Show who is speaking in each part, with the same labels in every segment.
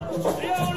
Speaker 1: 哎。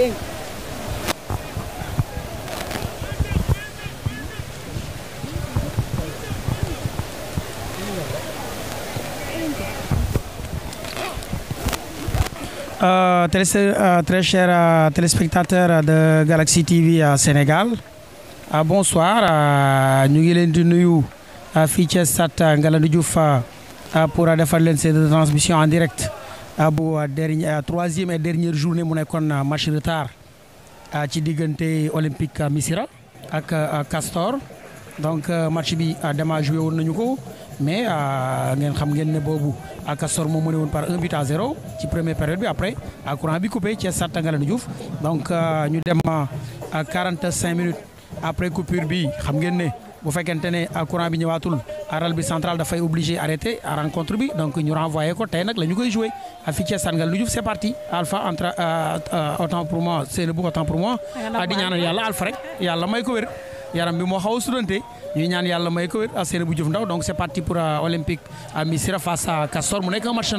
Speaker 2: Euh,
Speaker 3: euh, très, cher téléspectateur chers euh, téléspectateurs de Galaxy TV à Sénégal bonsoir à ngi leen di nuyu fii ci pour faire transmission en direct bu dernière troisième et dernière journée mu nekkoon match retard euh, ci diggante olympique Misira ak euh, Castor donc euh, match bi dama joué woon nañu ko mais ngeen xam ngeen ne à Castor mo mëne par un but à zéro ci première période bi après courant bi coupé ci Stade Ngalandou Diouf donc ñu dem 45 minutes après coupure bi xam ngeen ne bu fekkente ne courant bi ñewatul centrale central fay obligé arrêter à rencontre bi donc ñu renvoyé ko tey nag la koy jouer à fichier Sangal c'est parti Alpha entre euh, euh, autant pour moi c'est le bouc autant pour moi a ah, di a yalla Alpha rek a may ko Il yaram bi mo xaw a sudante ñuy ñaan yalla may ko a à bu Diouf Ndaw donc c'est parti pour euh, Olympique à Missira face à Kassor mu nekk un match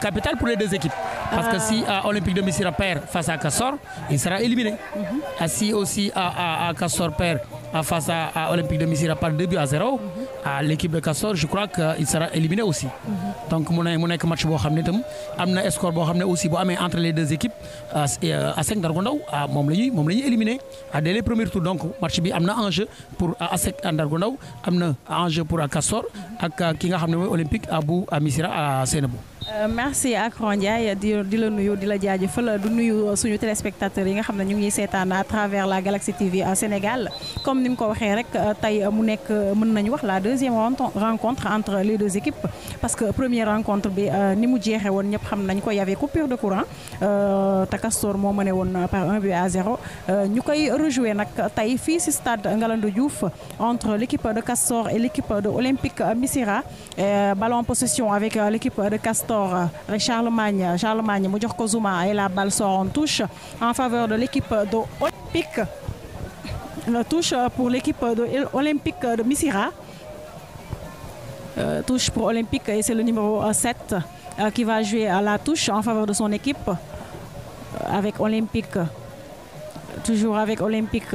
Speaker 3: capital pour les deux équipes parce que ah. si Olympique de Missira perd face à Kassor, il sera éliminé mhm. ah, si aussi à Castor perd face à Olympique de Missira par 2 buts à 0 à l'équipe de Castor je crois qu'il sera éliminé aussi. Mhm. donc mu ne mu un match boo xam ne a score boo xam aussi bu entre les deux équipes à euh, Ndargu Ndaw à moom la éliminé dès les premiers tours donc match bi Amna un enjeu pour ASEC Ndargu un am enjeu pour Castor ak ki nga xam olympique à à Sénébou.
Speaker 2: Euh, merci à Ron di di la nuyu di la jaajëfal du nuyu suñu téléspectateurs yi nga xamna ñu ngi seetaan à travers la Galaxy TV Sénégal comme ni ko waxé rek euh, tay mu nekk euh, mën nañ wax la deuxième rencontre entre les deux équipes parce que première rencontre bi ni mu jeexee woon ñëpp xam nañ ko y avait coupure de courant Takastor mo mëne won par 1 but à 0. ñu koy rejouer nak tay fi ci stade Ngalandou Diouf entre l'équipe de Castor et l'équipe de Olympique Missira ballon possession avec l'équipe de Castor euh, Charlemagne. Euh, Charlemagne, Moudjor Kozuma et la balle sort en touche en faveur de l'équipe d'Olympique. La touche pour l'équipe de olympique de Misira. Euh, touche pour Olympique et c'est le numéro 7 qui va jouer à la touche en faveur de son équipe avec Olympique. Toujours avec Olympique.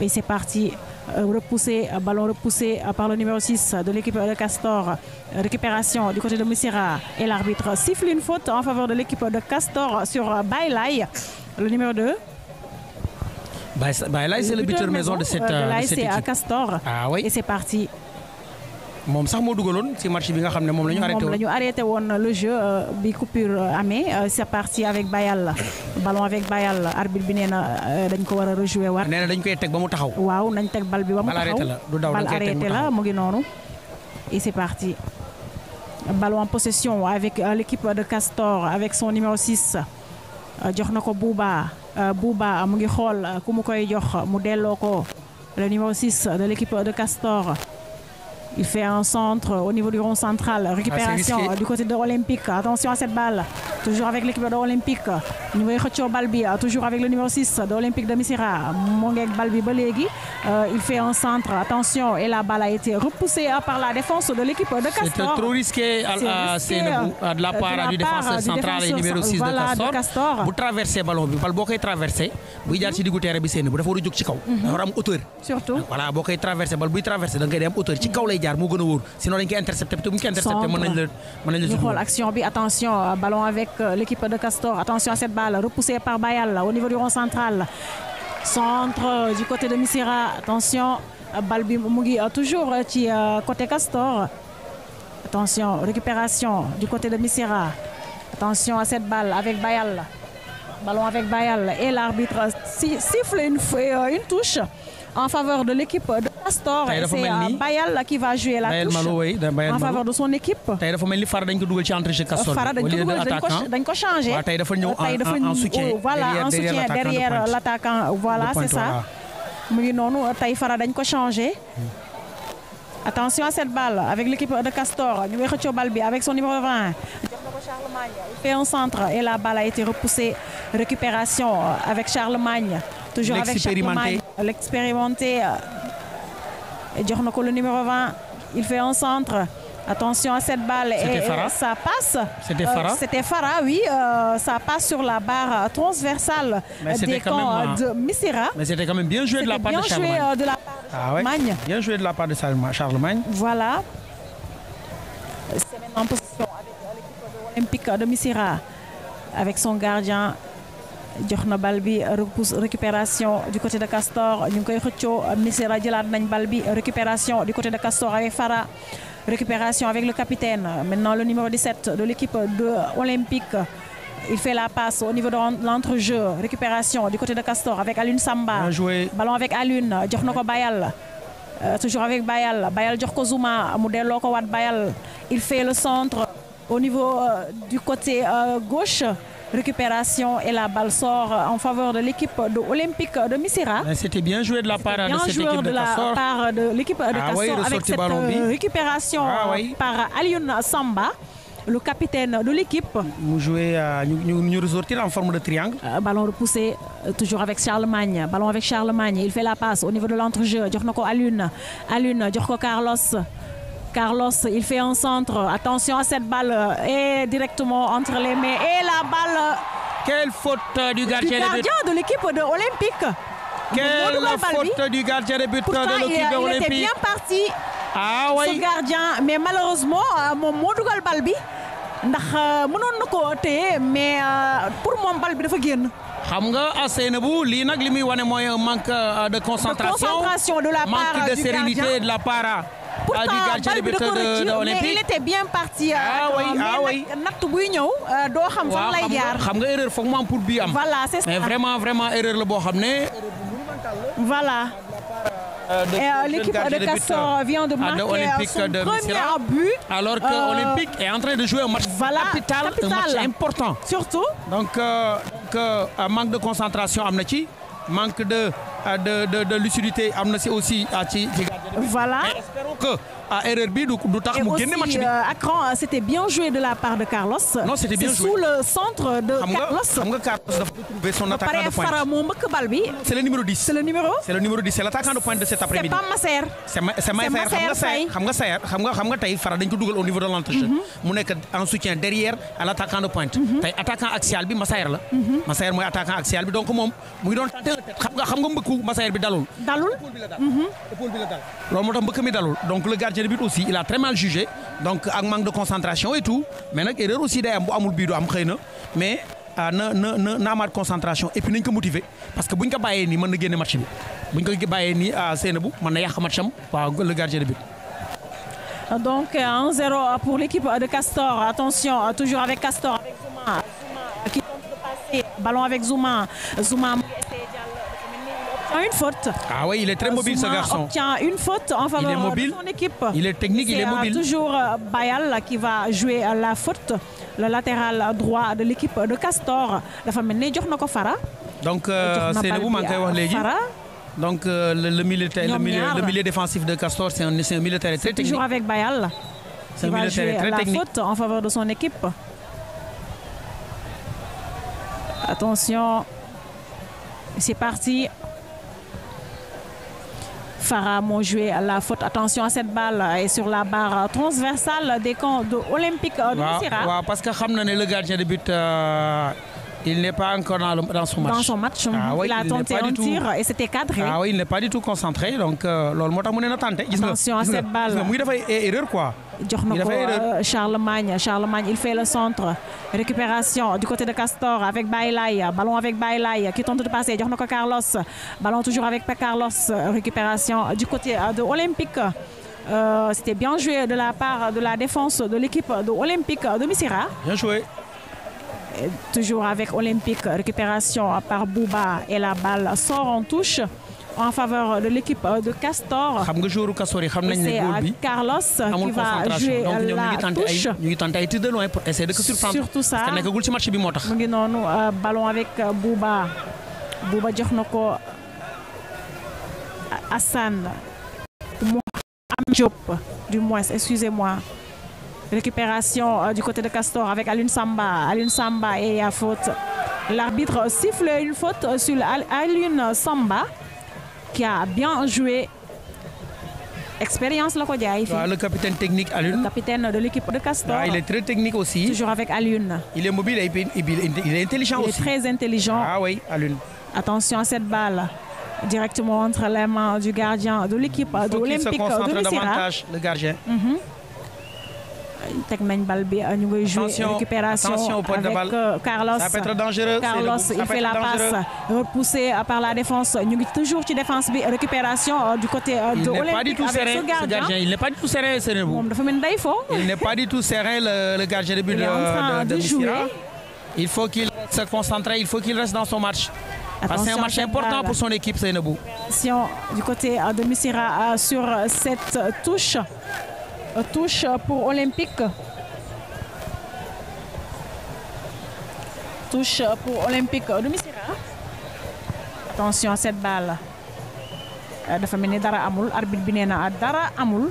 Speaker 2: Et c'est parti euh, repoussé, euh, ballon repoussé euh, par le numéro 6 de l'équipe de Castor. Récupération du côté de Messira et l'arbitre siffle une faute en faveur de l'équipe de Castor sur Baïlaï le numéro 2.
Speaker 3: Baïlaï c'est le buteur maison de cette, équipe de cette à
Speaker 2: Castor. Ah et c'est parti
Speaker 3: moom sax mo dugaloon ci match bi nga xam mom lañu arrêté woon moom la ñu
Speaker 2: arrêté woon le jeu euh, bi coupure euh, amee euh, c'est parti avec Bayal ballon avec Bayal arbitre bi néna dañ ko wara rejouer waat.
Speaker 3: néna dañ koy tek ba mu taxaw.
Speaker 2: waaw nañ tek bal bi ba mu taxaw bal arrêté la la mo ngi nonu et c'est parti. ballon en possession avec l'équipe de Castor avec son numéro 6 jox ko Bouba Bouba mo ngi xol ku koy jox mu delloo ko le numéro 6 de l'équipe de Castor. Il fait un centre au niveau du rond central. Ah, récupération du côté de l'Olympique. Attention à cette balle. Toujours avec l'équipe de l'Olympique. Balbi. Ah, toujours avec le numéro 6 de l'Olympique de Misira. Mongek Balbi Belegi. Euh, il fait un centre. Attention. Et la balle a été repoussée ah, par la défense de l'équipe de Castor. C'était trop risqué, à, euh, de la part, du défenseur central et numéro 6 de Castor.
Speaker 3: Vous traversez le ballon. Le ballon est traversé. Vous êtes du côté de la Vous avez vous hauteur. Surtout. Voilà, vous traversez. Vous traversez. Vous avez une hauteur sinon dañ intercepté
Speaker 2: action attention euh, ballon avec euh, l'équipe de Castor attention à cette balle repoussée par Bayal au niveau du rond central centre euh, du côté de misira attention balle bi toujours ci côté Castor attention récupération du côté de misira attention à cette balle avec Bayal ballon avec Bayal et l'arbitre siffle une, une touche en faveur de l'équipe de Castor. c'est Bayal qui va jouer la en faveur de son
Speaker 3: équipe. tey a Castor. changé. en soutien. voilà en soutien derrière
Speaker 2: l'attaquant voilà c'est ça. Mais non, changé. Attention à cette balle avec l'équipe de Castor. Numéro Balbi avec son numéro 20. Il fait un centre et la balle a été repoussée. Récupération avec Charlemagne. Toujours euh, et L'expérimenté. Djornoko, le numéro 20, il fait un centre. Attention à cette balle. Et, euh, ça passe. C'était Farah. Euh, c'était Farah, oui. ça passe sur la barre transversale mais des camps même, de Missira.
Speaker 3: Mais c'était quand même bien joué de la part de Charlemagne. Ah bien joué de la part de Charlemagne.
Speaker 2: Voilà. C'est maintenant en position avec l'équipe olympique de Misera avec son gardien joxna récupération du côté de Castor ñu koy récupération du côté de Castor avec Farah récupération avec le capitaine maintenant le numéro 17 de l'équipe de Olympique il fait la passe au niveau de l'entrejeu récupération du côté de Castor avec Alune Samba ballon avec Alune jox Bayal euh, toujours avec Bayal Bayal jox ko Zuma mu Bayal il fait le centre au niveau euh, du côté euh, gauche récupération et la balle sort en faveur de l'équipe de olympique de Misera.
Speaker 3: C'était bien joué de la part hein,
Speaker 2: de l'équipe de ah avec cette euh, récupération ah par Aliun Samba. Le capitaine de l'équipe. Nous jouons, nous, en forme de triangle. Euh, ballon repoussé, euh, toujours avec Charlemagne. Ballon avec Charlemagne. Il fait la passe au niveau de l'entrejeu. Djornoko Alune. à' Carlos. Carlos, il fait un centre. Attention à cette balle. Euh, et directement entre les mains. Et la balle. Euh, Quelle faute du gardien, de, l'équipe de Olympique. Quelle faute
Speaker 3: du gardien de but de l'équipe de Olympique. Il était bien
Speaker 2: parti. Ah Ce gardien. Mais malheureusement, mon euh, Modougal Balbi. ndax je ko côté, mais pour moi bal bi dafa génn.
Speaker 3: je nga Seynabou lii li un manque de concentration de concentration la part manque de sérénité de la part pourtant ah, il était
Speaker 2: bien parti. Euh, ah oui ah
Speaker 3: oui vraiment vraiment erreur la voilà. Euh, Et euh, l'équipe de Castor vient de marquer son premier but. Alors que l'Olympique est en train de jouer un match voilà, capital, un match important. Surtout. Donc, un manque de concentration, Mnachi manque de euh, de de de lucidité am aussi ah, ci
Speaker 2: voilà mais espérons
Speaker 3: que à erreur bi du tax mu génn match bi euh,
Speaker 2: Accra hein, c'était bien joué de la part de Carlos non c'était bien joué sous le centre de Carlos xam nga
Speaker 3: Carlos son attaquant de
Speaker 2: pointe c'est
Speaker 3: le numéro 10 c'est le numéro c'est le numéro 10 c'est l'attaquant de pointe de cet après-midi c'est pas Masser c'est Masser xam nga Sayer xam nga xam nga tay Fara dañ ko dougal au niveau de l'entrejeu mhm. mu nek en soutien derrière à l'attaquant de pointe mhm. tay attaquant axial bi Masser la mhm. Masser moy attaquant axial bi donc moom mu ngi doon tenté xam nga xam nga mbëkku Masser bi dalul dalul épaule bi la dal loolu moo tax mi dalul donc le gardien premier but aussi il a très mal jugé donc avec manque de concentration et tout mais il erreur aussi des am mais il euh, na na de concentration et puis n'est ko motivé, parce que buñ ko bàyyee ne mën pas génne match bi buñ ko pas nii euh, Seynabou il ne peut matcham waaw le gardien de but.
Speaker 2: donc 1-0 pour l'équipe de Castor attention toujours avec Castor. Avec Zouma qui tente de passer ballon avec Zouma Zouma a ah, une faute. Ah oui, il est très euh, mobile ce garçon. obtient une faute en faveur de son équipe. Il est technique, il est euh, mobile. toujours euh, Bayal qui va jouer la faute, le latéral droit de l'équipe de Castor. La femme ni Farah
Speaker 3: donc c'est maa ngi donc le, milieu, le, milieu, le, milieu, défensif de Castor, c'est un, un militaire très technique. Toujours
Speaker 2: avec Bayal.
Speaker 3: C'est un va militaire jouer très la
Speaker 2: faute en faveur de son équipe. Attention, c'est parti. Farah Monjoué à la faute. Attention à cette balle et sur la barre transversale des camps de olympiques de
Speaker 3: parce que le gardien de but... Euh, il n'est pas encore dans, son match. Ah il a tenté un tir
Speaker 2: et c'était cadré. Ah
Speaker 3: il n'est pas du tout concentré. Donc, euh, Attention à cette balle. E-, a fait erreur quoi. Euh,
Speaker 2: Charlemagne Charlemagne il fait le centre récupération du côté de Castor avec Bailay ballon avec Bailay qui tente de passer Carlos ballon toujours avec Carlos récupération du côté euh, de Olympique c'était bien joué de la part de la défense de l'équipe de Olympique de Missira. Bien joué toujours avec Olympique, récupération par Bouba et la balle sort en touche en faveur de l'équipe de Castor.
Speaker 3: C'est Carlos
Speaker 2: qui va jouer
Speaker 3: la touche. Surtout ça.
Speaker 2: Euh, ballon avec euh, Bouba. Bouba Djoknoko. Hassan. Euh, Mohamed du moins, excusez-moi. Récupération euh, du côté de Castor avec Alune Samba. Alune Samba et à faute. L'arbitre siffle une faute sur Alune Samba qui a bien joué. Expérience, le
Speaker 3: capitaine technique Alune. Le capitaine de l'équipe de Castor. Ah, il est très technique aussi. Toujours avec Alune. Il est mobile et il est intelligent aussi. Il est très
Speaker 2: intelligent. Ah oui, Alune. Attention à cette balle directement entre les mains du gardien de l'équipe de se concentre davantage, le gardien. Mhm teg nañ bal bi ñu ngay jouer récupération avec Carlos Carlos il fait la passe repoussé euh, par la défense ñu toujours ci défense bi récupération euh, du côté euh, de Olympique avec ce il
Speaker 3: n'est pas du tout serré Seynabou moom il n'est pas du tout serré, le gardien de but de Missirah il faut qu'il se concentre il faut qu'il reste dans son match c'est un match important pour son équipe Seynabou
Speaker 2: attention du côté de Missirah sur cette touche touche pour Olympique. Touche pour Olympique attention Attention cette balle. Euh, de famille dara amul arbitre dara amul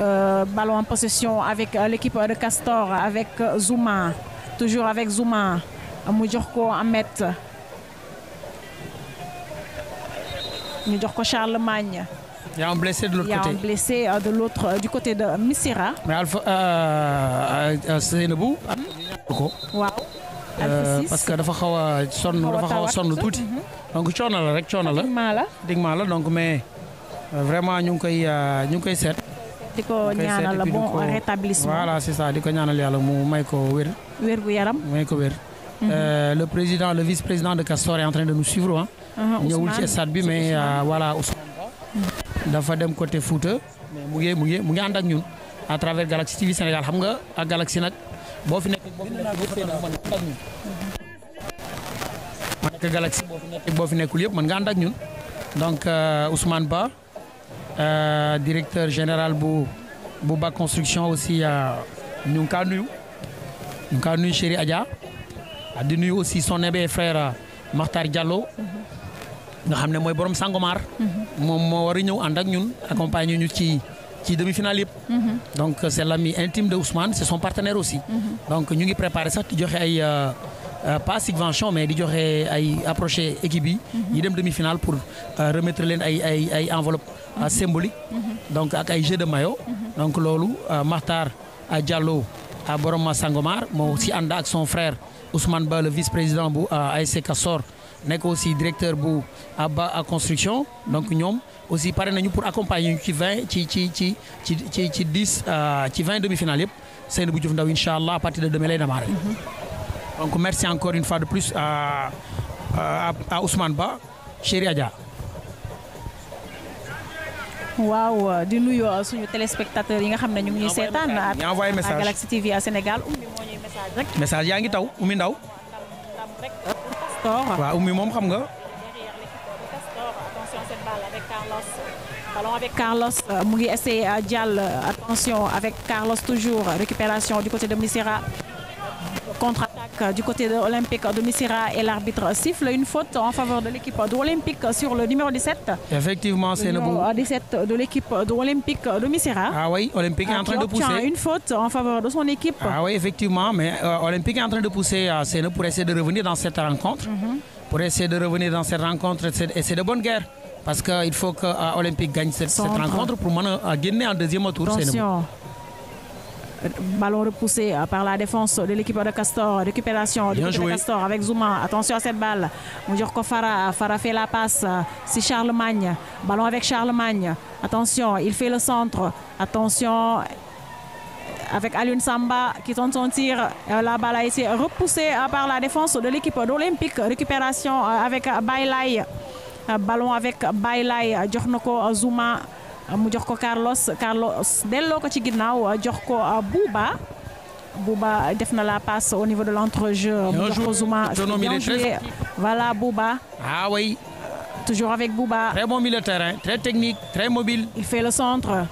Speaker 2: euh, ballon en possession avec euh, l'équipe de Castor avec Zuma. toujours avec Zuma. Mujorko Ahmed Mujorko Charlemagne
Speaker 3: il y a un blessé de l'autre côté. y a un
Speaker 2: blessé euh, de l'autre, euh, du côté de Misira
Speaker 3: Mais Alpha, euh, euh, euh bout Wow. parce que mhm. donc la donc mais vraiment ñu koy
Speaker 2: bon rétablissement. voilà
Speaker 3: c'est ça le président le vice président de Castor est en train de nous suivre hein. ah, mais voilà dafa dem côté Fouta mais mu ngi mu ngi mu ngi ànd ak ñun à travers Galaxy TV Sénégal xam nga ak Galaxy nag boo fi nekk boo fi fi nga Galaxy boo fi nekk boo fi nekkul yëpp man nga ànd ak ñun donc euh, Ousmane Ba euh, directeur général bu bu Ba construction aussi euh, ñu ngi kaa nuyu. ñu ngi kaa nuyu Chéri Adja di nuyu aussi son ébé frère Makhtar Diallo nga avons moy borom Sangomar. mon mo a ñëw ak ñun demi-finale C'est donc c'est l'ami intime de Ousmane c'est son partenaire aussi. donc ñu ngi préparé ça, di joxe ay euh, euh, pas subvention mais di joxe ay approché équipe yi. yi dem demi-finale pour euh, remettre leen ay ay ay enveloppe symbolique. donc ak ay jeu de maillot. donc loolu à Diallo borom Sangomar mo aussi Andag, son frère Ousmane Ba le vice président bu ASC Kassor nekk aussi directeur bu Abba à construction donc ñom aussi paré nañu pour accompagner ci 20 ci ci ci ci ci ci dix euh, ci demi finale yëpp seen bu jof Ndaw inshallah à partir de demain lay démarrer. Mhm. donc merci encore une fois de plus à à, à Ousmane Ba Chéri Adja.
Speaker 2: waaw di nuyo euh, suñu téléspectateurs yi nga xamné ñu ngi ñuy seetaan. ñu envoyé message à Galaxy TV à Sénégal. message
Speaker 3: message yaangi taw Oumy Ndaw.
Speaker 2: Castor. waaw cette balle xam nga. ballon avec Carlos euh, Mouri, ngi essayer euh, dial euh, attention avec Carlos toujours récupération du côté de Misera contre-attaque du côté de l'Olympique de Missira et l'arbitre siffle une faute en faveur de l'équipe de l'Olympique sur le numéro 17.
Speaker 3: Effectivement, c'est le numéro
Speaker 2: 17 de l'équipe de l'Olympique de Ah oui, Olympique est en ah, train de pousser. une faute en faveur de son équipe. Ah
Speaker 3: oui, effectivement, mais euh, Olympique est en train de pousser à euh, pour essayer de revenir dans cette rencontre. Mhm. Pour essayer de revenir dans cette rencontre, et c'est de bonne guerre parce qu'il faut que euh, Olympique gagne cette, rencontre pour gagner en deuxième tour. Attention.
Speaker 2: Ballon repoussé euh, par la défense de l'équipe de Castor. Récupération de, de Castor avec Zouma. Attention à cette balle. Moundir Kofara. Euh, Farah fait la passe. C'est euh, Charlemagne. Ballon avec Charlemagne. Attention, il fait le centre. Attention avec Alun Samba qui tente son tir. La balle a été repoussée par la défense de l'équipe d'Olympique. Récupération avec Bailay. Ballon avec Bailay. Djornoko Zouma mu Carlos Carlos delloo ko ci ginnaaw jox ko ah, Bouba Bouba def la passe au niveau de l'entrejeu jeu jox voilà Bouba ah oui toujours avec Bouba très bon milieu terrain très technique très mobile il fait le centre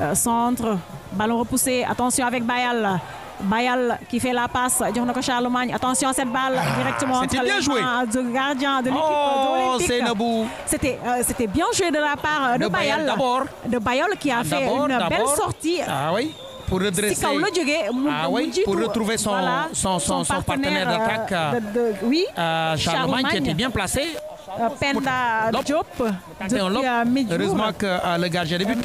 Speaker 2: euh, centre ballon repoussé attention avec Bayal Bayal qui fait la passe. Charlemagne. Attention cette balle ah, directement entre les joué. gardien de l'équipe euh, oh, C'était euh, c'était bien joué de la part euh, de, Bayal. de Bayal qui a ah, fait une belle sortie.
Speaker 3: Ah oui pour redresser. Ah oui, pour retrouver son, son, partenaire, d'attaque.
Speaker 2: oui, Charlemagne qui était bien placé. Penda Diop. Heureusement
Speaker 3: que le gardien débute.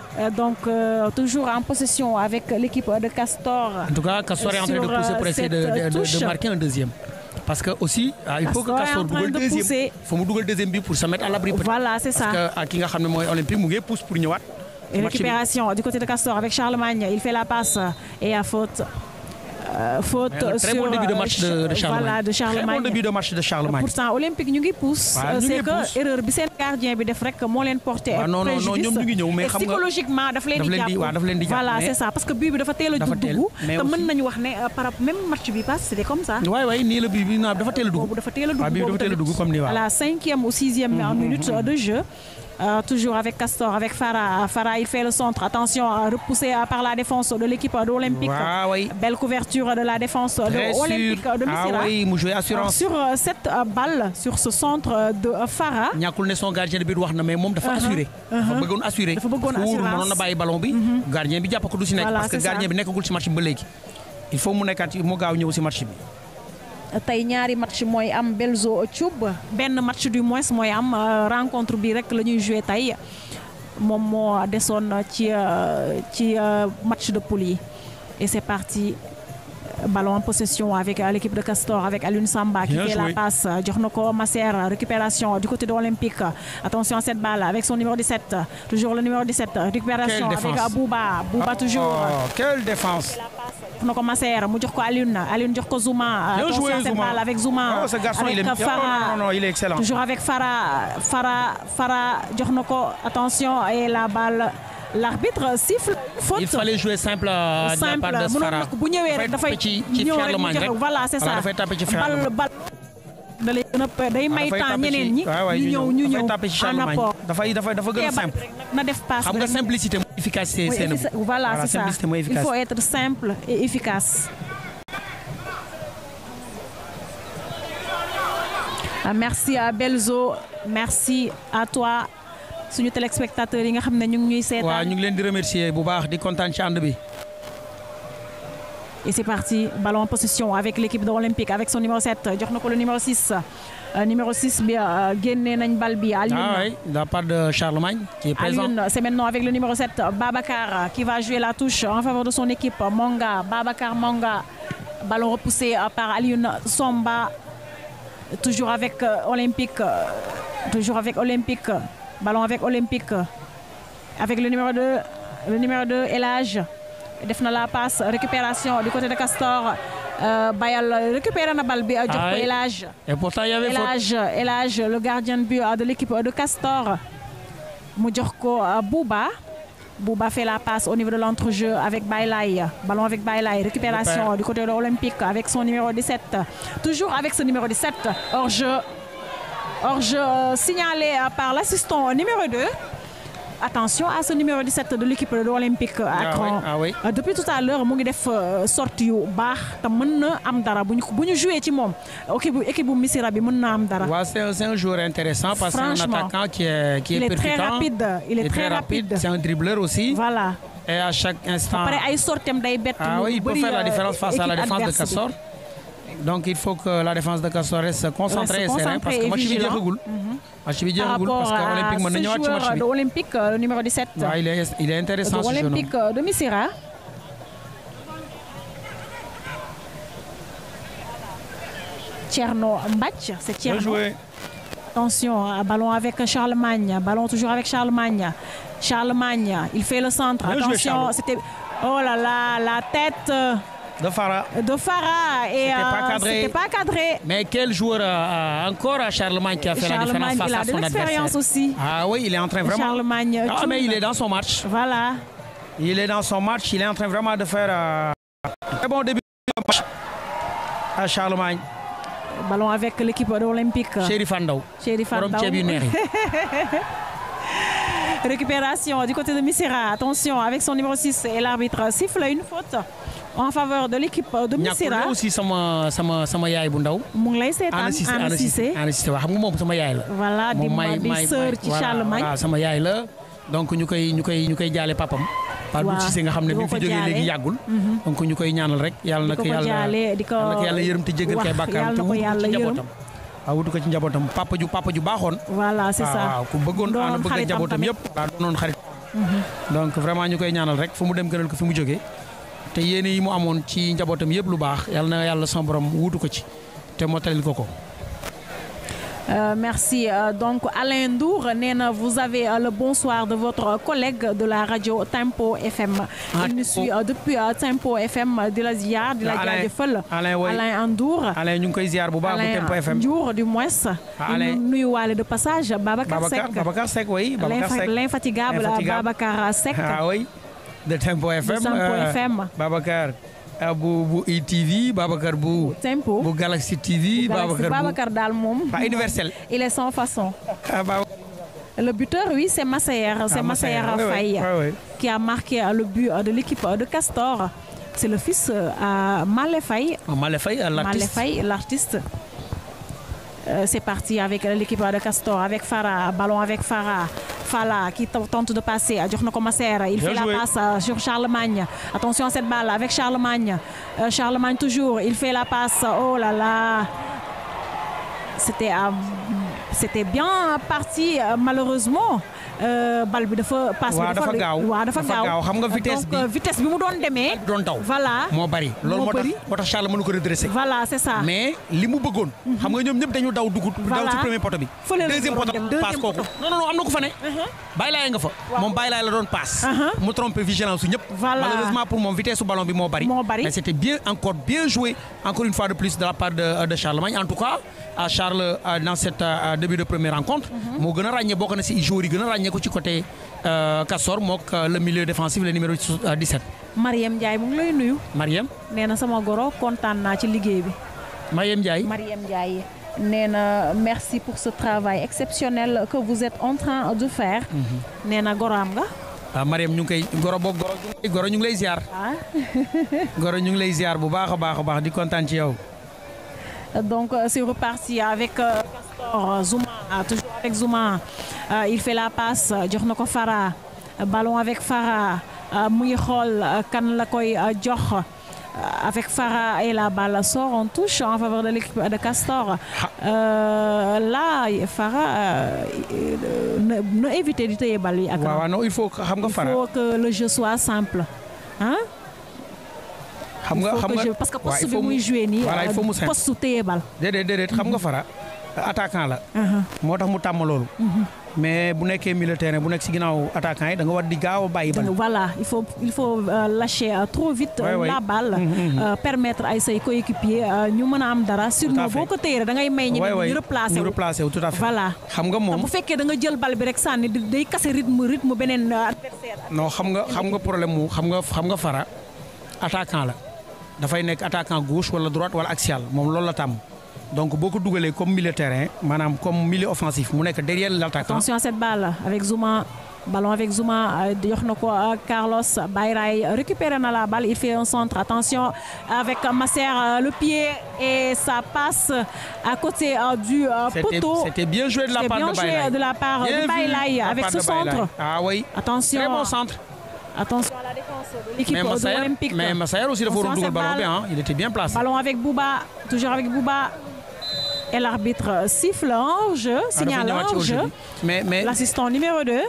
Speaker 2: Euh, donc euh, toujours en possession avec l'équipe de Castor. En tout cas, Castor est en train de pousser euh, pour essayer de, marquer
Speaker 3: un deuxième. Parce que aussi, ah, il faut que Castor double le deuxième. Il faut que deuxième but pour se mettre à l'abri. Voilà, c'est ça. Parce que à ah, Olympique, pousse pour Récupération
Speaker 2: du côté de Castor avec Charlemagne. Il fait la passe et à faute. Euh, faute sur très bon début de match de Charlemagne match olympique ñu ngi
Speaker 3: pousse. Euh, c'est que
Speaker 2: bi seen gardien bi def rek moo leen porté. non non non ñoom ñu ngi ñëw mais xam nga psychologiquement leen di jàpp waaw daf leen di jàpp voilà parce que bii bi dafa teel a te mën nañu wax ne euh, par même match bi passe c'était comme ça. waay
Speaker 3: waay nii la bii bi dafa teel a dugg. boobu dafa teel a dugg boobu tamit à
Speaker 2: la cinquième ou sixième mm-hmm, minute mm-hmm, de jeu. Euh, toujours avec Castor, avec Farah. Farah, il fait le centre. Attention, repoussé euh, par la défense de l'équipe olympique. Ah Belle couverture de la défense de Olympique de Missira. Ah, oui, Sur cette euh, balle, sur ce centre de Farah.
Speaker 3: Il ne son gardien de assurer. Il mais il Il faut Il Il faut Il Il assurer. Il Il faut ballon bi. Mm-hmm. gardien bi ko parce que gardien bi match il faut mu
Speaker 2: tey ñaari match mooy am Belzo Thioub benn match du moins mooy am euh, rencontre bi rek la ñuy joué tey moom moo desoon ci euh, ci euh, match de poule yi et c'est parti ballon en possession avec euh, l'équipe de Castor, avec Alun Samba qui fait la passe. Euh, Djornoko Masser, euh, récupération du côté de l'Olympique. Attention à cette balle avec son numéro 17. Toujours le numéro 17. Récupération avec Bouba. Bouba ah, toujours. Oh, quelle défense! Djornoko Masser, Moudjorko Alun, Alun Djorko Zuma. Bien attention cette balle avec Zuma. Oh, ce garçon, il est... Oh, il est excellent. Toujours avec Farah. Farah, Farah, Djornoko, attention et la balle l'arbitre siffle
Speaker 3: il fallait jouer simple il faut
Speaker 2: être simple et efficace ah, merci à Belzo merci à toi suñu téléspectateurs yi nga xam ne ñu ngi ñuy seetaan. ñu
Speaker 3: remercier bu baax di
Speaker 2: Et c'est parti, ballon en position avec l'équipe de l'Olympique, avec son numéro 7, le numéro 6. Euh, numéro 6, euh, Ah oui,
Speaker 3: la part de Charlemagne qui est présent.
Speaker 2: c'est maintenant avec le numéro 7, Babacar, qui va jouer la touche en faveur de son équipe. Manga, Babacar Manga, ballon repoussé euh, par Alioune Somba, toujours avec euh, Olympique, toujours avec Olympique ballon avec Olympique. Avec le numéro 2, le numéro 2, Elage. Defna la passe, récupération du côté de Castor. Euh, Bayal récupère la balle, euh, Elage.
Speaker 3: Et il y avait Elage,
Speaker 2: Elage, le gardien de but euh, de l'équipe euh, de Castor. Moudjorko Bouba. Bouba fait la passe au niveau de l'entrejeu avec Bailay. Ballon avec Bailay. Récupération du côté de l'Olympique avec son numéro 17. Toujours avec ce numéro 17. Hors jeu. Or, je euh, signalais par l'assistant numéro 2 attention à ce numéro 17 de l'équipe de l'Olympique à Cron. Ah oui, ah euh, Depuis tout à l'heure, mu ngi def euh, sortie bar. baax te mën am dara bu ñu
Speaker 3: c'est un joueur intéressant parce que c'est un attaquant qui est qui est, il est très rapide il est, très, rapide. C'est un dribbleur aussi. Voilà. Et à chaque instant. Après
Speaker 2: ay sortem day Ah il peut faire la différence face à la défense de Kassor.
Speaker 3: Donc il faut que la défense de se reste et concentrée parce que moi je suis bien bi mhm. parce que
Speaker 2: olympique mën na Parce le euh, numéro 17.
Speaker 3: il est intéressant ce jeune olympique
Speaker 2: euh, de Missira. Tcherno Mbatch. c'est Tcherno. Bien joué. Attention, euh, ballon avec Charlemagne, ballon toujours avec Charlemagne. Charlemagne, il fait le centre. Attention, c'était. Oh là là, la tête. De Farah. De Farah. Et euh, c'était pas cadré.
Speaker 3: Mais quel joueur euh, euh, encore à Charlemagne qui a fait la différence face il a de l'expérience aussi. Ah oui, il est en train vraiment. Charlemagne. Ah, mais il est dans son match. Voilà. Il est dans son match. Il est en train vraiment de faire un très bon début de match
Speaker 2: à Charlemagne. Ballon avec l'équipe olympique. Chéri Fandao. Chéri Récupération du côté de Misera. Attention avec son numéro 6 et l'arbitre siffle une faute. en faveur de l'équipe euh, de Missira aussi
Speaker 3: sama sama sama yaay bu ndaw. mu ngi lay seetaan Ana Cissé Ana Cissé waaw xam nga moom sama yaay la. voilà
Speaker 2: di ma di sœur ci Charlemagne waaw
Speaker 3: sama yaay la donc ñu koy ñu koy ñu koy jaale papam waaw Pape Cissé nga xam ne bi fi jógee léegi yàggul. Mm-hmm. donc ñu koy ñaanal rek. yàlla na ko yàlla di ko yàlla yërëm te jéggal kay bàkkaaram te wutu ci njabootam. waaw ah, wutu ko ci njabootam papa ju papa ju baaxoon.
Speaker 1: voilà c'est ça ah, waaw ku
Speaker 3: bëggoon aana ah, bëgg njabootam yëpp. waaw doonoon xarit. Mm-hmm. donc vraiment ñu koy ñaanal rek fu mu dem gënal ko fu mu jógee té yéene yi mu amone ci njabootam yëpp lu baax yalla na yalla sama borom wuutu ko ci té mottalil ko ko.
Speaker 2: Euh, merci. Euh, donc, Alain Dour, Nena, vous avez euh, le bonsoir de votre collègue de la radio Tempo FM. Ah, Il nous suit euh, depuis euh, Tempo FM de la ZIAR, de la ZIAR de Fol. Alain, oui. Alain Andour.
Speaker 3: Alain, nous sommes ZIAR, Boba, Tempo FM. Dour,
Speaker 2: du moins. Ah, Alain. Nous sommes de passage, Babacar Sek. Babacar Sek, oui. Euh, l'infatigable Babacar Sek. Ah oui
Speaker 3: de Tempo FM. Euh, FM. Euh, Babacar bu bu Babacar Galaxy TV. Babacar
Speaker 2: bu universel. il est sans façon. Ah, bah le buteur, oui, c'est Massayer, ah, c'est Massayer qui a marqué le but euh, de l'équipe de Castor. C'est le fils à Malefay.
Speaker 3: Ah, l'artiste.
Speaker 2: l'artiste. c'est parti avec l'équipe de Castor, avec Farah, ballon avec Farah. Fala qui tente de passer à Djurno Il fait la passe sur Charlemagne. Attention à cette balle avec Charlemagne. Eh, Charlemagne toujours. Il fait la passe. Oh là là. c'était ah, bien parti euh, malheureusement Euh, bal bi dafa passe bi dafa gaaw waaw dafa gaaw xam nga euh, vitesse bi mu doon demee doon daw voilà
Speaker 3: moo bari loolu moo tax moo tax Charles mënu ko redressé voilà mais li mu bëggoon mhm. xam nga ñoom ñëpp dañu daw dugg daw ci premier poto bi deuxième poto passe kooku non non am na ko fa ne uh-huh. bàyyi nga fa mom bàyyi la doon passe mu tromper vigilance ñep malheureusement pour mon vitesse su ballon bi mo bari mais c'était bien encore bien joué encore une fois de plus de la part de euh, de Charlemagne en tout cas à Charles euh, dans cette euh, début de première rencontre mo mhm. gëna a bokk na ci joueur yi gëna a ko ci côté Kassor mook le milieu défensif le numéro 17
Speaker 2: Mariam Ndiaye mo ngi lay nuyu Mariam nee sama goro contane na ci liggéey bi Mariam Ndiaye Mariam Ndiaye Nena, merci pour ce travail exceptionnel que vous êtes en train de faire. Mhm. Nen na nga.
Speaker 3: ah Mariam nous sommes koy goro boog goro ñu ngi lay ziar. ah. goro ñu ngi lay ziar bu baax a di ci
Speaker 2: donc euh, c'est reparti avec euh, Castor euh, Zouma ah, toujours avec Zuma, il fait la passe jox Farah, ballon avec Farah, mu ngi xool euh, avec Farah et la balle sort en touche en faveur de l'équipe de Castor. Euh, là, Farah euh, ne éviter du tout balle. Il faut que le jeu soit simple. Hein?
Speaker 1: Il faut que je... parce que poste que je jouer
Speaker 2: ni euh, poste téye balle.
Speaker 3: déedéet déedéet xam mm-hmm. Farah attaquant la. Uh-huh. motax mu tam lolu uh-huh. mais bu nekkee milieu terrain bu nek ci ginnaaw attaquant yi da nga war di gaaw a bàyyi
Speaker 2: voilà il faut il faut euh, lâcher euh, trop vite. Euh, la balle mm-hmm, mm-hmm. permettre ay say coéquipier ñu mëna am dara. sur nous boko téyee da ngay may ñu replacer wu.
Speaker 3: replacer tout à fait voilà. xam nga moom bu
Speaker 2: fekkee da nga jël balle bi rek sànni day kase rythme rythme benen adversaire.
Speaker 3: non xam nga xam nga problème mu xam nga xam nga fara attaquant la da fay nek attaquant gauche wala droite wala axial mom loolu la tam donc beaucoup de doublés comme milieu terrain Madame comme milieu offensif mu derrière l'attaquant. attention à
Speaker 2: cette balle avec Zuma, ballon avec Zuma, euh, euh, Carlos Bayray récupéré la balle il fait un centre attention avec Masser euh, le pied et ça passe à côté du poteau. C'était bien joué de la part de
Speaker 3: Bayray. bien joué de la part de Bayray avec ce centre. ah oui attention très bon centre.
Speaker 2: Attention à
Speaker 1: la défense de l'équipe l'Olympique. Mais
Speaker 3: Massaer aussi, il faut retourner le ballon bien. Hein. Il était bien placé.
Speaker 2: Ballon avec Bouba, toujours avec Bouba. Et l'arbitre siffle en jeu, ah, signale en Mais, L'assistant numéro 2.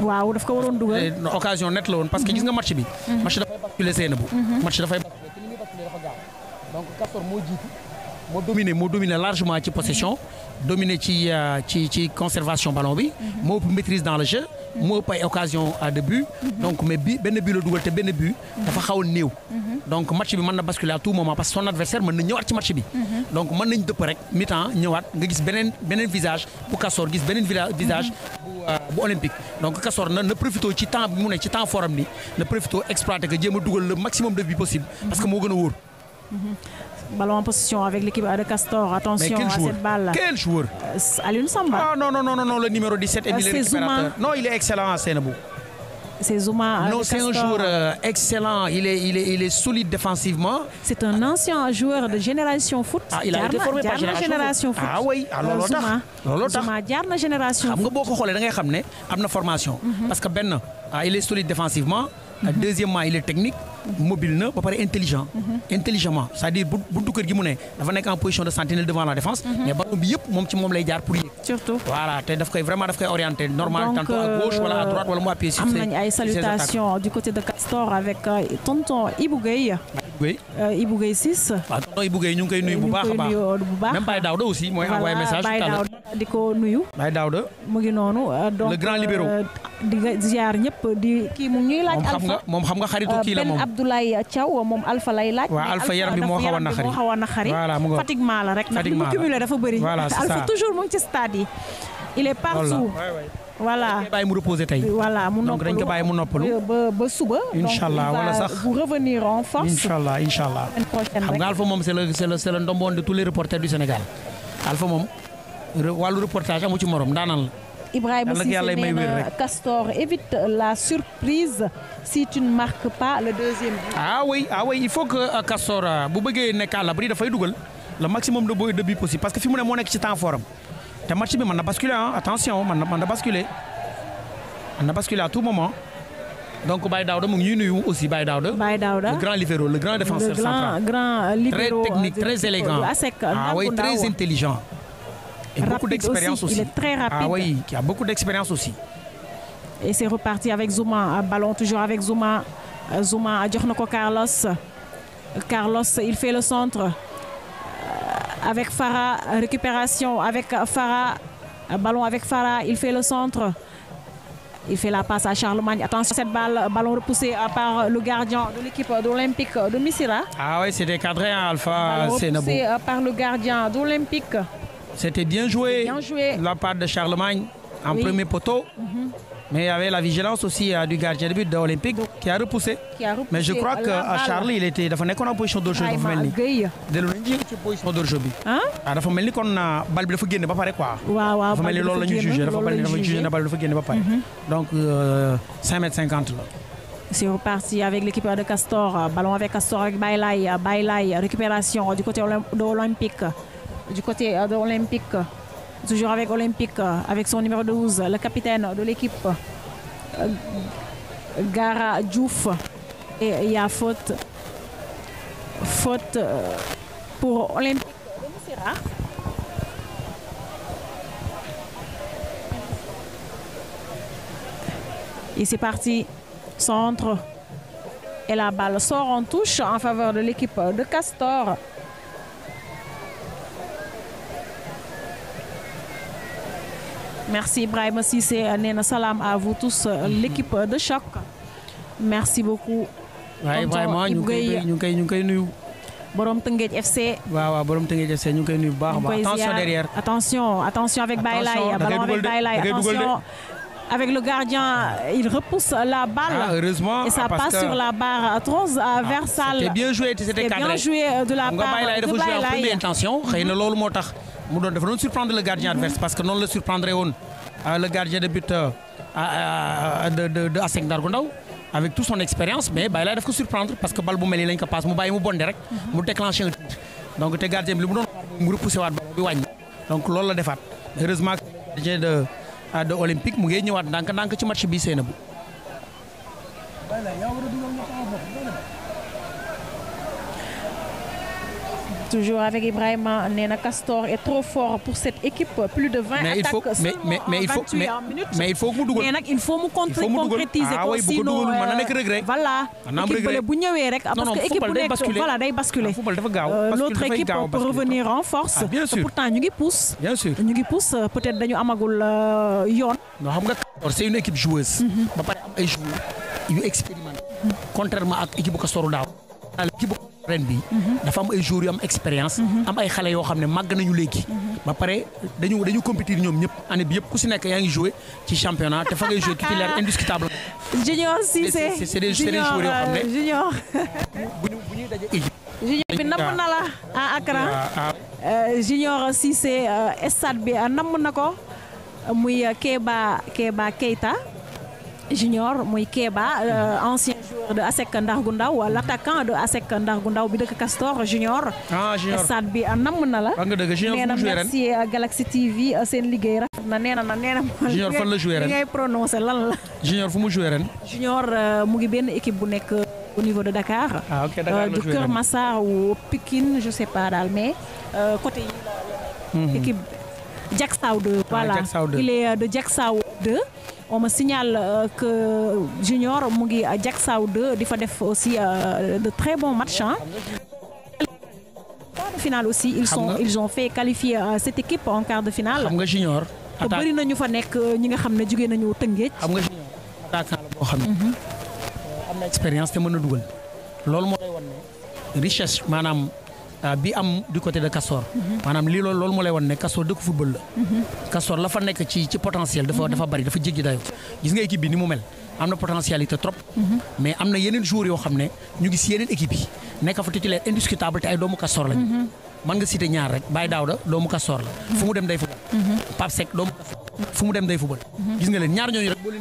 Speaker 2: waaw daf ko eh,
Speaker 3: occasion nette parce que gis nga mhm. match bi. match est le match dafay mhm. donc 14 mo jiitu mo dominer, mo largement ci possession. Mhm dominé euh, ci ci conservation ballon bi. Mhm. maîtrise dans le jeu. Mhm. moo ëpp ay occasion à euh, début. Mhm. donc mais bi but le double, te but. dafa xaw a néew. donc match bi basculé basculer à tout moment parce que son adversaire est venu ñëwaat ci match bi. donc je suis dëpp rek mi-temps ñëwaat nga gis beneen beneen visage bu Castor gis beneen visage. Euh, bu olympique donc Castor na na profité ci temps bi ne ci temps forum ni na profité exploité que jéem a le maximum de buts possible. parce que moo gën a wóor.
Speaker 2: Ballon en position avec l'équipe de Castor. Attention à cette balle. Quel joueur euh, Alun
Speaker 3: Samba. Ah non, non, non, non, le numéro 17, Émile euh, récupérateur. Non, il est excellent à Sénabou. C'est
Speaker 2: Zuma. Euh, non, c'est un joueur euh,
Speaker 3: excellent. Il est, il, est, il est solide défensivement.
Speaker 2: C'est un ancien joueur de Génération Foot. Ah, il a été formé par Génération, Génération Foot. Ah oui, alors ah, Zuma.
Speaker 3: Alors Zuma, Diarna Génération Foot. Xam nga boko xolé da ngay xamné amna formation mhm. parce que ben il est solide défensivement deuxièmement il est technique mobile na intelligent intelligemment c'est-à-dire bu bu dukkër gi en position de sentinelle devant la défense mhm. mais ballon a yëpp de ci moom lay pour surtout voilà il daf vraiment daf orienté normal tantôt à euh, gauche voilà, à droite wala mu à sur salutations
Speaker 2: du côté de Castor avec euh, tonton Ibou Ibou Gueye. Euh, Ibou Gueye Ciss. waaw
Speaker 3: ah, tonton Ibou ñu ngi koy nuyu bu baax a baax bu baax aussi mooy envoyé message. Baye
Speaker 2: di ko nuyu. Baye Daouda. mu ngi noonu euh, donc le grand euh, libéro. di nga ziar ñëpp di kii mu ñuy laaj. Alpha moom xam nga moom kii la moom Ben Abdoulaye Thiaw moom Alpha lay laaj. waaw Alpha yaram bi moo xaw a naxari moo xaw a naxari. voilà mu ngoog fatiguement la rek. fatiguement la ndax li mu cumulé dafa bëri. voilà c'est ça Alpha toujours voilà dañ
Speaker 3: koy reposer voilà mu noppalu donc dañ ko
Speaker 2: noppalu. ba ba wala vous revenir en force. Inshallah,
Speaker 3: inshallah. Alpha Mom, c'est le c' de tous les reporters du Sénégal. Alpha Mom, le reportage amu ci morom
Speaker 2: Ibrahim la. Ibrahima Cissé nee na Castor évite la surprise si tu ne marques pas le deuxième but. ah
Speaker 3: oui ah oui il faut que euh, Castor euh, bu bëggee nekk à l'abri dafay dugal le maximum de buts possible parce que fi mu ne moo ci temps te match mais on hein. attention on a basculé. On a basculé à tout moment donc Baye Daouda a aussi Baye
Speaker 2: le grand libéro
Speaker 3: le grand défenseur central.
Speaker 2: Euh, très euh, technique très élégant. ah très intelligent. et beaucoup d'expérience aussi il est très ah rapide ah oui
Speaker 3: qui a beaucoup d'expérience aussi.
Speaker 2: et c'est reparti avec Zouma euh, ballon toujours avec Zuma. Zouma a Carlos Carlos il fait le centre. Euh, avec Farah, euh, récupération avec Farah, euh, ballon avec Farah, il fait le centre. Il fait la passe à Charlemagne. Attention, cette balle, ballon repoussé par le gardien de l'équipe d'Olympique de Missira.
Speaker 3: Ah oui, c'était cadré, hein, Alpha Senabou. Repoussé
Speaker 2: par le gardien d'Olympique.
Speaker 3: C'était bien joué. la part de Charlemagne en premier poteau. Mhm. Mais il y avait la vigilance aussi euh, du gardien de but de Olympique qui a repoussé. Qui a repoussé Mais je crois que à Charlie, il était qu'on a position de jeu.
Speaker 2: Ah,
Speaker 3: de l'Olympique, il position de jeu. Hein? Il faut que qu'on a balle de Fouguine, pas pareil quoi. Il faut que l'on le juge. Il faut que l'on juge la balle de Fouguine, pas pareil. Donc, 5 mètres 50 là.
Speaker 2: C'est reparti avec l'équipe de Castor. Ballon avec Castor, avec Bailay. Bailay, récupération du côté de l'Olympique. Du côté euh, de l'Olympique toujours avec Olympique, euh, avec son numéro 12, le capitaine de l'équipe, euh, Gara Djouf. Et il y a faute, faute euh, pour Olympique Et c'est parti, centre. Et la balle sort en touche en faveur de l'équipe de Castor. Merci Ibrahim Sissé, Nena Salam à vous tous, euh, l'équipe de choc. Merci beaucoup. FC.
Speaker 3: borom attention derrière
Speaker 2: attention attention avec Bailaï, attention avec avec le gardien, euh, il repousse la balle. Ah, Et ça passe sur la barre 13 à Versal. C'était bien joué, c'était cadré. bien joué euh, de la part de faut jouer en première
Speaker 3: intention. Il mhm. faut surprendre le gardien mhm. adverse parce que non le surprendrait on. Euh, le gardien de but de, de, de Aseng Dargondaou avec toute son expérience mais Bayla daf ko surprendre parce que le bu est nii lañ ko passe mu bàyyi mu bonde rek. Mhm. mu déclenché donc le gardien il li mu doon mu repoussé waat ballon. bi fait. donc loolu la defaat heureusement de. a de olympique mu ngi ñëwaat ndànk ndànk ci match bi Seynabou
Speaker 2: Toujours avec Ibrahima Nena Castor est trop fort pour cette équipe. Plus de 20 mais attaques il faut, seulement mais, mais, en il faut, mais, minutes. Mais il faut que nous Il faut nous concrétiser. Ah oui, sinon, euh, voilà. Ah, équipe de bougnoué rek. Parce que équipe basculer. Voilà, d'ailleurs basculer. L'autre équipe peut revenir en force. Ah, bien sûr. Pourtant, nous qui pousse. Bien sûr. Nous pousse. Euh, peut-être d'ailleurs Amagoul euh, Yon. Non,
Speaker 3: c'est une équipe joueuse.
Speaker 2: Mm -hmm. Elle jouent.
Speaker 3: Contrairement à l'équipe Castor Dao. ci bo ren bi dafa am ay joueurs yu am expérience am ay xale yoo xam ne màgg nañu léegi ba pare dañu dañu compétir ñoom ñëpp année bi yëpp ku si nekk yaa ngi joué ci championnat te fa ngay ki titulaire ah. indiscutable junior
Speaker 2: Cissé c'est des joueurs yoo xam ne euh, junior bu ñuy daje bi namm na la à Accra ah, ah. Euh, junior Cissé euh, stade bi nam na ko muy Kéba Kéba Keita Junior muy Kéba euh, ancien joueur de ASEC Ndargou Ndaw l'attaquant de ASEC Ndargou Ndaw bi dëkk Castor Junior.
Speaker 3: ah Junior stade
Speaker 2: bi namm na la. wax ah, nga dëgg Junior fu jouer ren nee na merci euh, Galaxy TV euh, sen liguey raf na nena na nena Junior fan la joué ren ngay prononcé lan la.
Speaker 3: Junior fu mu joué ren.
Speaker 2: Junior mu ngi benn équipe bu nek au niveau de Dakar.
Speaker 1: ah ok Dakar la du Kër Massar
Speaker 2: ou Pikine je sais pas dal mais côté yi la mhm. équipe Jack 2. Ah, voilà il est de Jack Diacksao 2 on me signale euh, que Junior mu ngi Diacksao 2 di fa def aussi euh, de très bons matchs hein. Quart de finale aussi ils sont ils ont fait qualifier euh, cette équipe en quart de finale. xam nga Junior. te bëri na fa nek ñi nga xam ne nañu Tëngéej. xam nga
Speaker 3: Junior attaquant la bo xam ne. Mhm. am na expérience té mëna duggal. dugal. loolu moo lay wan richesse manam Euh, bi am du côté de Castor. maanaam lii loolu loolu moo lay wan ne Castor dëkk football la. Castor la fa nekk ci ci dafa bari dafa jéggi dayo gis nga équipe bi ni mu am na potentialité trop. mais am na yeneen joueurs yoo xam ne ñu ngi si yeneen équipe yi nekk fa titulaire indiscutable te ay doomu Castor lañu. mën nga citer ñaar rek Baye Daouda doomu Castor la. fu mu dem day fu mu dem nga leen ñaar ñooñu rek boo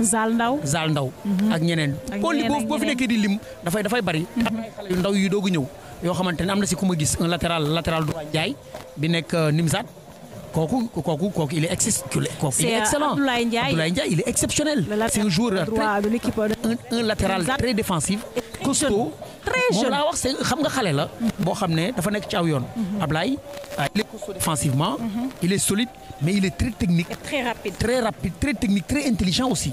Speaker 3: Ndaw Zal Ndaw. ak ñeneen. ak ñeneen boo a il est euh, il est exceptionnel. c'est un joueur un latéral très défensif. costaud très jeune il est défensivement. Mhm. il est solide mais il est très technique. très rapide très rapide très technique très intelligent aussi.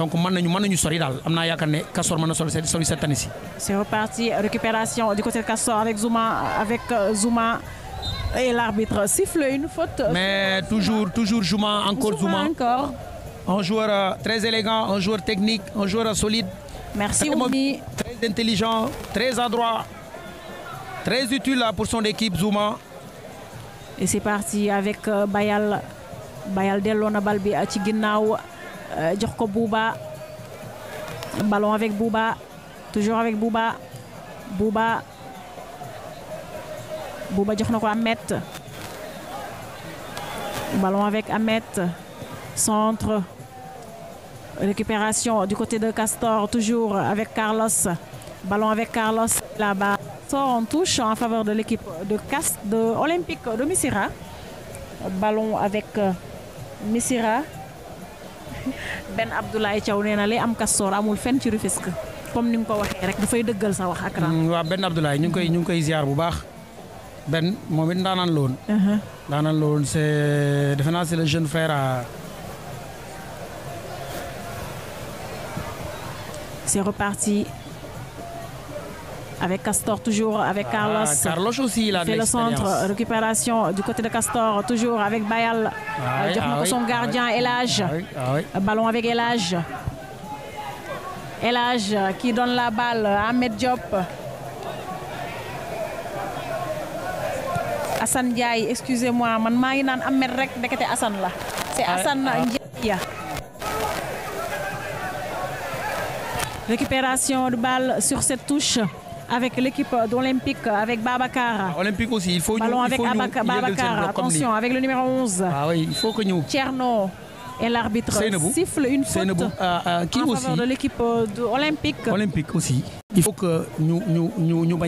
Speaker 3: donc on
Speaker 2: c'est reparti récupération du côté de avec Zouma avec euh, zuma et l'arbitre siffle une faute. mais toujours toujours Zouma encore Zouma encore.
Speaker 3: un joueur euh, très élégant un joueur technique un joueur solide. merci Oumy très intelligent très adroit très utile pour son équipe Zouma.
Speaker 2: et c'est parti avec euh, Bayal Bayal Delona Balbi bal Djurko euh, Bouba ballon avec Bouba toujours avec Bouba Bouba Bouba Djurko Ahmed ballon avec Ahmed centre récupération du côté de Castor toujours avec Carlos ballon avec Carlos là-bas sort en touche en faveur de l'équipe de de Olympique de Missira ballon avec euh, misira. benn Abdoulaye Thiaw nee na li am Castor amul fenn ci Rufisque comme ni nga ko waxee rek dafay dëggal sa wax ak ran
Speaker 3: mm, waaw benn Abdoulaye ñu ngi koy ñu ngi koy ziar bu baax benn moom it ndaanaan la woon uh-huh. ndaanaan la woon c'est defe naa c'est le jeune frère à
Speaker 2: c'est avec Castor toujours, avec ah, Carlos. Carlos aussi, il C'est fait le centre, récupération du côté de Castor, toujours avec Bayal. Euh, son gardien, Elage. Euh, ballon avec Elage. Elage euh, qui donne la balle à Ahmed Diop. Hassan Ndiaye, excusez-moi, man maa nan Ahmed rek Hassan la. C'est Hassan Ndiaye. Récupération de balle sur cette touche avec l'équipe d'Olympique, avec Babacar. Ah, olympique
Speaker 3: aussi, il faut Ballon avec attention,
Speaker 2: avec le numéro 11. Ah oui, il faut que nous. Tcherno. Et l'arbitre siffle une faute ah, ah, qui aussi? de l'équipe olympique.
Speaker 3: Olympique aussi. Il faut que nous, nous, nous, nous,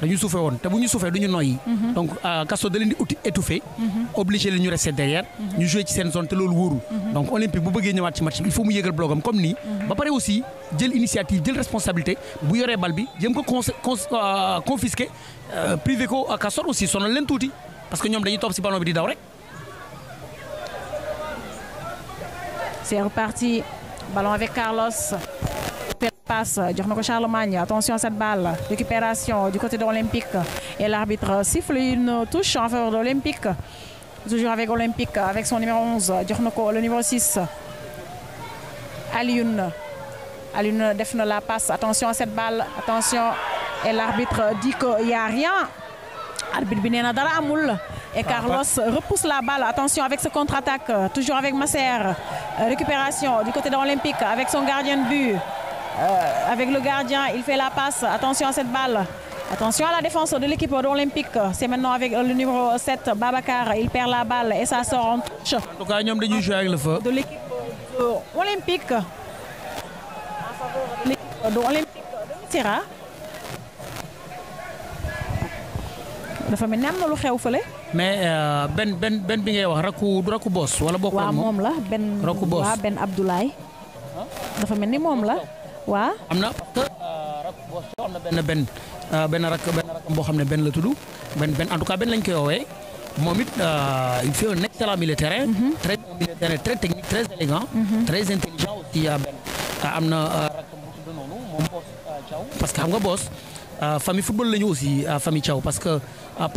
Speaker 3: dañu suufe woon té bu ñu suufee du ñu mhm. donc à da de di outil étouffé mhm. obligé li ñu rester derrière mhm. ñu jouer ci sen zone té lolu wouru donc olympique bu bëggé ñëwaat ci match il faut mu yëgal blogam comme ni, ba paré aussi jël initiative jël responsabilité bu yoré bal bi jëm ko euh, confisqué euh, privé ko Castor aussi sonal leen tuuti parce que ñom dañuy top si ballon bi
Speaker 2: di daw rek c'est reparti ballon avec Carlos passe, Charlemagne attention cette balle récupération du côté de l'Olympique et l'arbitre siffle une touche en faveur de l'Olympique toujours avec Olympique avec son numéro 11 jox le numéro 6 Alioune Alioune défend la passe attention à cette balle attention et l'arbitre dit qu'il n'y a rien arbitre et ah, Carlos repousse la balle attention avec ce contre-attaque toujours avec Masser récupération du côté de l'Olympique avec son gardien de but euh, avec le gardien. Il fait la passe. Attention à cette balle. Attention à la défense de l'équipe olympique. C'est maintenant avec le numéro 7, Babacar. Il perd la balle et ça sort en touche.
Speaker 3: tout cas, nous avons le feu. De
Speaker 2: l'équipe olympique. de l'équipe de olympique de Tira. dafa mel le lu xew mais euh,
Speaker 3: Ben Ben Ben bi ngay wax rakku rakku le wala bokk mom
Speaker 2: la Ben boss ben Abdoulaye. dafa melni waaw am na parce que euh, rak boo soo am na benn
Speaker 3: benn euh, benn rak benn rakam boo xam ne benn la tudd benn benn en tout cas benn lañ koy woowee moom it euh, il fait un excellent militaire. Mhm. Mhm. am na
Speaker 1: rakam bu tudd noonu
Speaker 3: que xam nga boos famille football la aussi famille parce que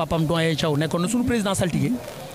Speaker 3: papam doyen Thiaw nekkoon na suñu président saltigué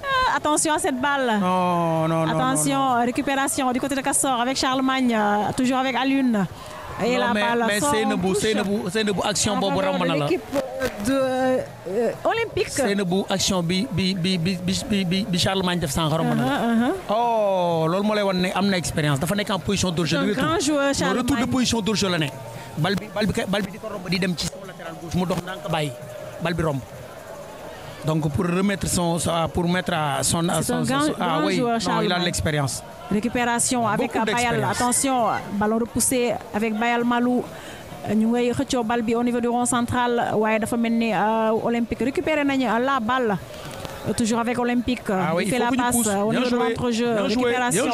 Speaker 2: Ah, attention à cette balle. Non, non, non. Attention, récupération du côté de Cassor avec Charlemagne, euh, toujours avec Alune. Et la balle. c'est une
Speaker 3: action de
Speaker 2: euh, euh, olympique. C'est
Speaker 3: action bi Charlemagne uh-huh, uh-huh. Oh, expérience. Un grand joueur position donc pour remettre son, pour mettre à son, ah oui, il a l'expérience.
Speaker 2: Récupération avec Bayal, attention, ballon repoussé avec Bayal Malou. ñu avons xëccoo bal au niveau du rond central waaye dafa euh, olympique récupérer la balle toujours avec olympique ah il fait la passe au niveau de l'entrejeu récupération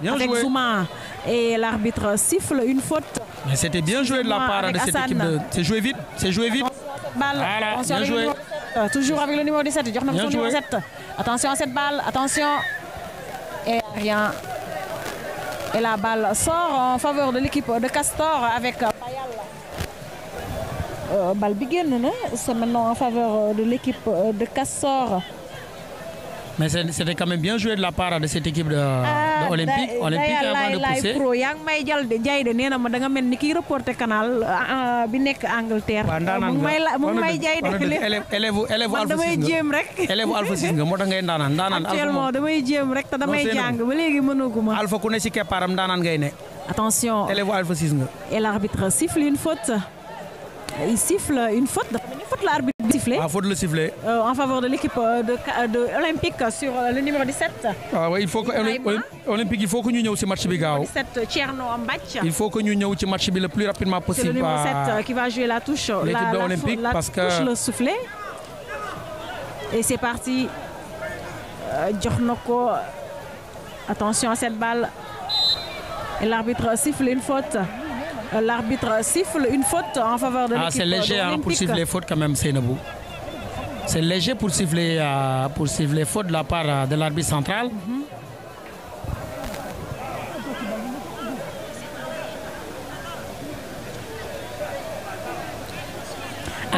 Speaker 2: bien avec Zouma et l'arbitre siffle une faute
Speaker 3: c'était bien joué de la part de cette équipe c'est joué vite c'est joué vite balle. attention
Speaker 2: euh, Toujours avec le numéro 17. 7. Attention à cette balle. Attention. Et rien. Et la balle sort en faveur de l'équipe de Castor avec euh, Payal. Euh, balle begin, c'est maintenant en faveur de l'équipe euh, de Castor.
Speaker 3: Mais c'était quand même bien joué de la part de cette équipe de, ah, bah, Olympique. Bah, de pousser. attention
Speaker 2: et l'arbitre siffle une faute il siffle une faute. Une faute l'arbitre siffle. Ah, euh, en faveur de l'équipe euh, de, Olympique sur euh, le numéro 17. Ah il faut que
Speaker 3: Olympique il faut que nous ce match Il faut que nous ñëw ce match le plus rapidement possible. C'est le numéro 7 bah.
Speaker 2: qui va jouer la touche. L'équipe de Olympique la, parce que touche le soufflet. Et c'est parti. Euh, Djornoko. Attention à cette balle. Et l'arbitre siffle une faute. Euh, l'arbitre siffle une faute en faveur de ah, l'équipe. Ah, c'est léger hein, pour siffler les
Speaker 3: fautes quand même, Seynabou. C'est léger pour siffler, euh, pour siffler les fautes de la part euh, de l'arbitre central. Mm
Speaker 1: -hmm.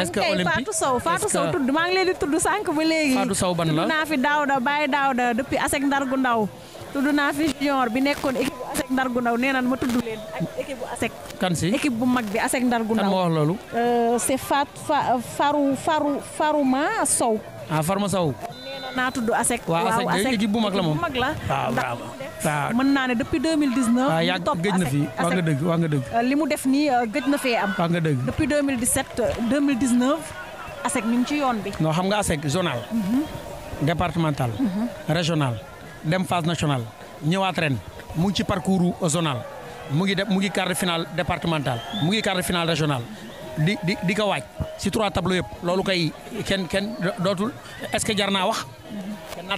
Speaker 1: est-ce que olympique Fatou Sow Fatou Sow tudd
Speaker 2: maa leen di tudd sank ba léegi. Fatou Sow ban la naa fi daaw da bàyyi daaw da depuis ASEC Ndargu Ndaw. tudd naa fi junior bi nekkoon équipe bu ASEC ndar gu ndaw nee naan ma tudd leen ak équipe bu ASEC. kan si équipe bu mag bi asek, ndar gu kan ndaw kan moo wax loolu. Euh, c' est Fat Farou Farou Farouma Sow.
Speaker 3: ah Farouma Sow. nee
Speaker 2: na naa tudd ASEC. waaw équipe bu mag la moom mag la. waaw waaw waaw mën naa ne depuis 2019. waaw ah, yaa gëj na fi wax nga dëgg wax nga dëgg. Euh, li def nii euh, gëj na fee am. wax nga dëgg depuis 2017 2019 asek mi ngi ci yoon bi.
Speaker 3: non xam nga ASEC zonal. Mhm. départemental. Mhm. régional. dem phase nationale ñëwaat ren mu ngi ci parcours zonal mu ngi dem mu ngi quart de finale départemental mu ngi quart de finale régional di di di ko waaj si trois tableaux yëpp loolu kay kenn kenn dootul est-ce que jar naa wax kenn naa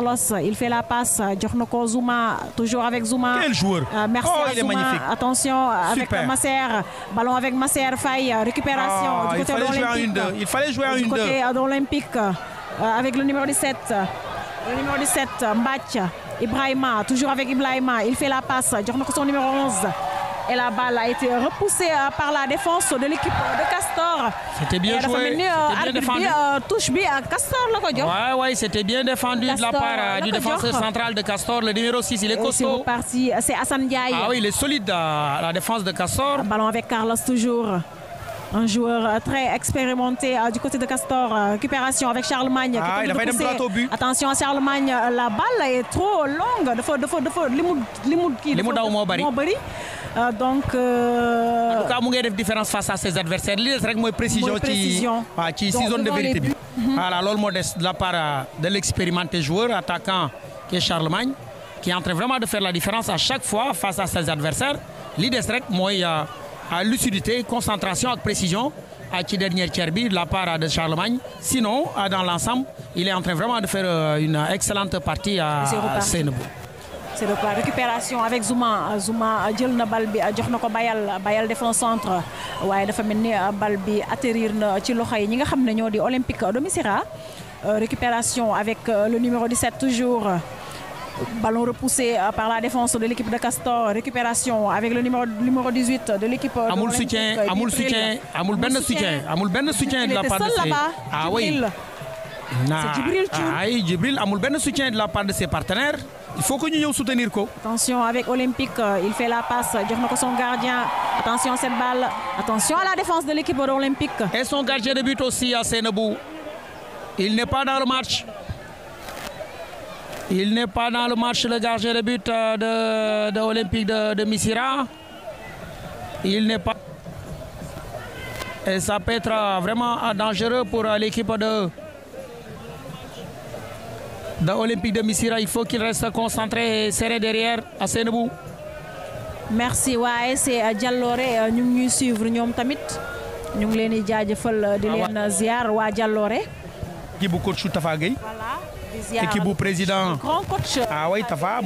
Speaker 2: Carlos. Il fait la passe. Djornoko Zuma, toujours avec Zuma. Quel joueur euh, Merci oh, il Zuma. Est magnifique. Attention avec Super. Masser. Ballon avec Masser. Faille. Récupération ah, du côté il fallait, jouer à une deux. il fallait jouer à une Du côté d'Olympique euh, avec le numéro 17. Le numéro 17, Mbach. Ibrahima, toujours avec Ibrahima. Il fait la passe. Djornoko, son numéro 11. Et la balle a été repoussée euh, par la défense de l'équipe de Castor. C'était bien joué. Euh, c'était bien défendu. Euh, touche bien à Castor.
Speaker 3: Oui, c'était bien défendu de la part du défenseur central de Castor, le numéro 6. Il est costaud.
Speaker 2: C'est Hassan Diaye. Ah oui, il
Speaker 3: est solide la défense de
Speaker 2: Castor. ballon avec Carlos toujours. Un joueur très expérimenté du côté de Castor. Récupération avec Charlemagne. Ah, il a but. Attention à Charlemagne, la balle est trop longue. Il faut, il faut, il faut, ah, donc. Euh, en tout
Speaker 3: cas y différence face à ses adversaires c'est rek moi, précision. ci qui, ci de vérité mhm. voilà de la part euh, de l'expérimenté joueur attaquant qui est Charlemagne qui est en train vraiment de faire la différence à chaque fois face à ses adversaires il y a a lucidité concentration et précision. à qui dernière Kirby de la part euh, de Charlemagne. Sinon, dans l'ensemble, il est en train vraiment de faire une excellente partie à Sénébou
Speaker 2: c'est la récupération avec Zouma Zouma jël na bal bi jox na Bayal Bayal def un centre ouais dafa mel euh, bal bi atterrir na ci loxo yi ñi nga ñoo di Olympique domicile euh, récupération avec euh, le numéro 17 toujours ballon repoussé par la défense de l'équipe de Castor récupération avec le numéro numéro 18 de l'équipe amul soutien amul soutien amul Ben soutien
Speaker 3: amul Ben soutien de la part de ah, ah oui Djibril Djibril amul Ben soutien de la part de ses partenaires
Speaker 2: il faut que nous nous soutenir attention avec Olympique euh, il fait la passe dire son gardien attention cette balle attention à la défense de l'équipe olympique. et son gardien de but aussi à Sénébou
Speaker 3: il n'est pas dans le match il n'est pas dans le match le gardien de but euh, de de Olympique de de Missira il n'est pas. et ça peut être euh, vraiment dangereux pour l'équipe de dans l'Olympique de Missira, il faut qu'il reste concentré et serré derrière à Sénébou.
Speaker 2: merci c'est euh, euh, nous suivre tamit Nous sommes di euh, ah, coach voilà
Speaker 1: qui
Speaker 3: président grand coach ah oui Tafa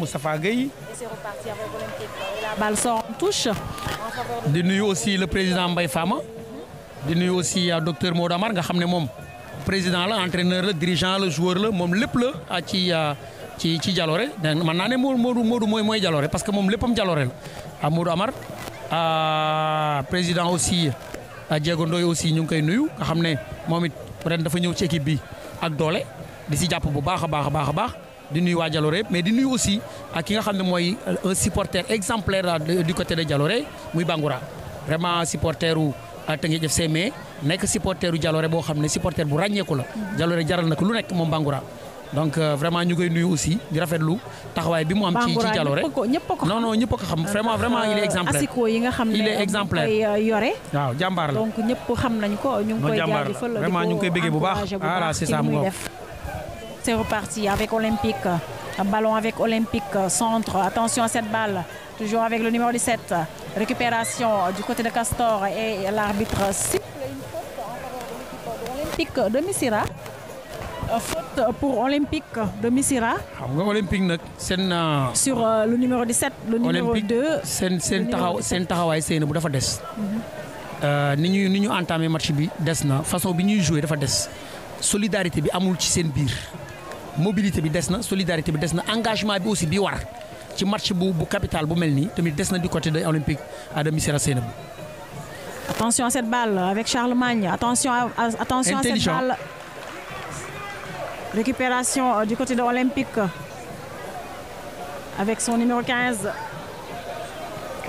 Speaker 3: balle sort touche aussi le président Mbaye Fama aussi docteur président là, entraîneur là, dirigeant le joueur là, moom lépp la ah, ci ah, ci ci jaloore man naa ne Modou Modou mooy mooy jaloore parce que mon léppam jaloore la ah Modou Amar ah, président aussi Diego Ndoye aussi ñu ngi koy nuyu nga xam ne moom it ren dafa ñëw ci équipe bi ak Dolé, di si jàpp bu baax a baax a baax a baax di nuyu mais di nuyu aussi ak ki nga quand même euh, un supporter exemplaire du côté de Dialoré, Mouy Bangoura vraiment supporteru Tëngéej FC mais nekk supporteru Jalooré boo xam ne supporter bu ràññeeku la. Jalooré jaral na lu nekk moom Bangoura. donc euh, vraiment ñu koy nuyu aussi di rafetlu taxawaay bi mu am. ci ci Jalooré non non ko xam. vraiment vraiment il est
Speaker 2: yi nga xam ne il est euh, yore. waaw la ñu koy bëggee bu baax. voilà c'est ça mu c'est reparti avec Olympique. Ballon avec Olympique, euh, centre. Attention à cette balle. Toujours avec le numéro 17. Récupération du côté de Castor et l'arbitre siffle une faute en Olympique de Missira. Euh, faute pour Olympique de Missira.
Speaker 3: Olympique euh, sur
Speaker 2: le numéro 17. le numéro 2
Speaker 3: C'est un taxaw seen taxawaay seen bu dafa mhm. match bi des na façon bi ñuy joué dafa solidarité bi amul ci mobilité bi solidarité bi engagement bi aussi bi war ci match bu bu capital bu mel nii tamit des na du côté de olympique à
Speaker 2: attention à cette balle avec Charlemagne attention à, attention à cette balle. récupération euh, du côté de olympique avec son numéro 15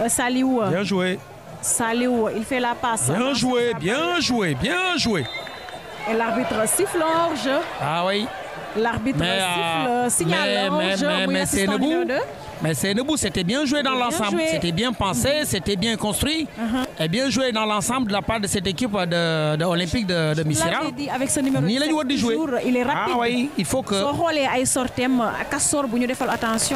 Speaker 2: euh, Saliou. bien joué. Saliou il fait la passe. bien
Speaker 3: joué bien joué bien joué.
Speaker 2: et l'arbitre siffle en jeu. ah oui. L'arbitre siffle, euh, euh, signale mais, hein, mais, mais, c'est
Speaker 3: mais c'est debout, c'était bien joué dans l'ensemble. C'était bien pensé, mhm. c'était bien construit. Uh-huh. Et bien joué dans l'ensemble de la part de cette équipe de, de olympique de, de Missira.
Speaker 2: dit avec ce numéro Ni il est ah rapide. Ah oui, il faut que. attention.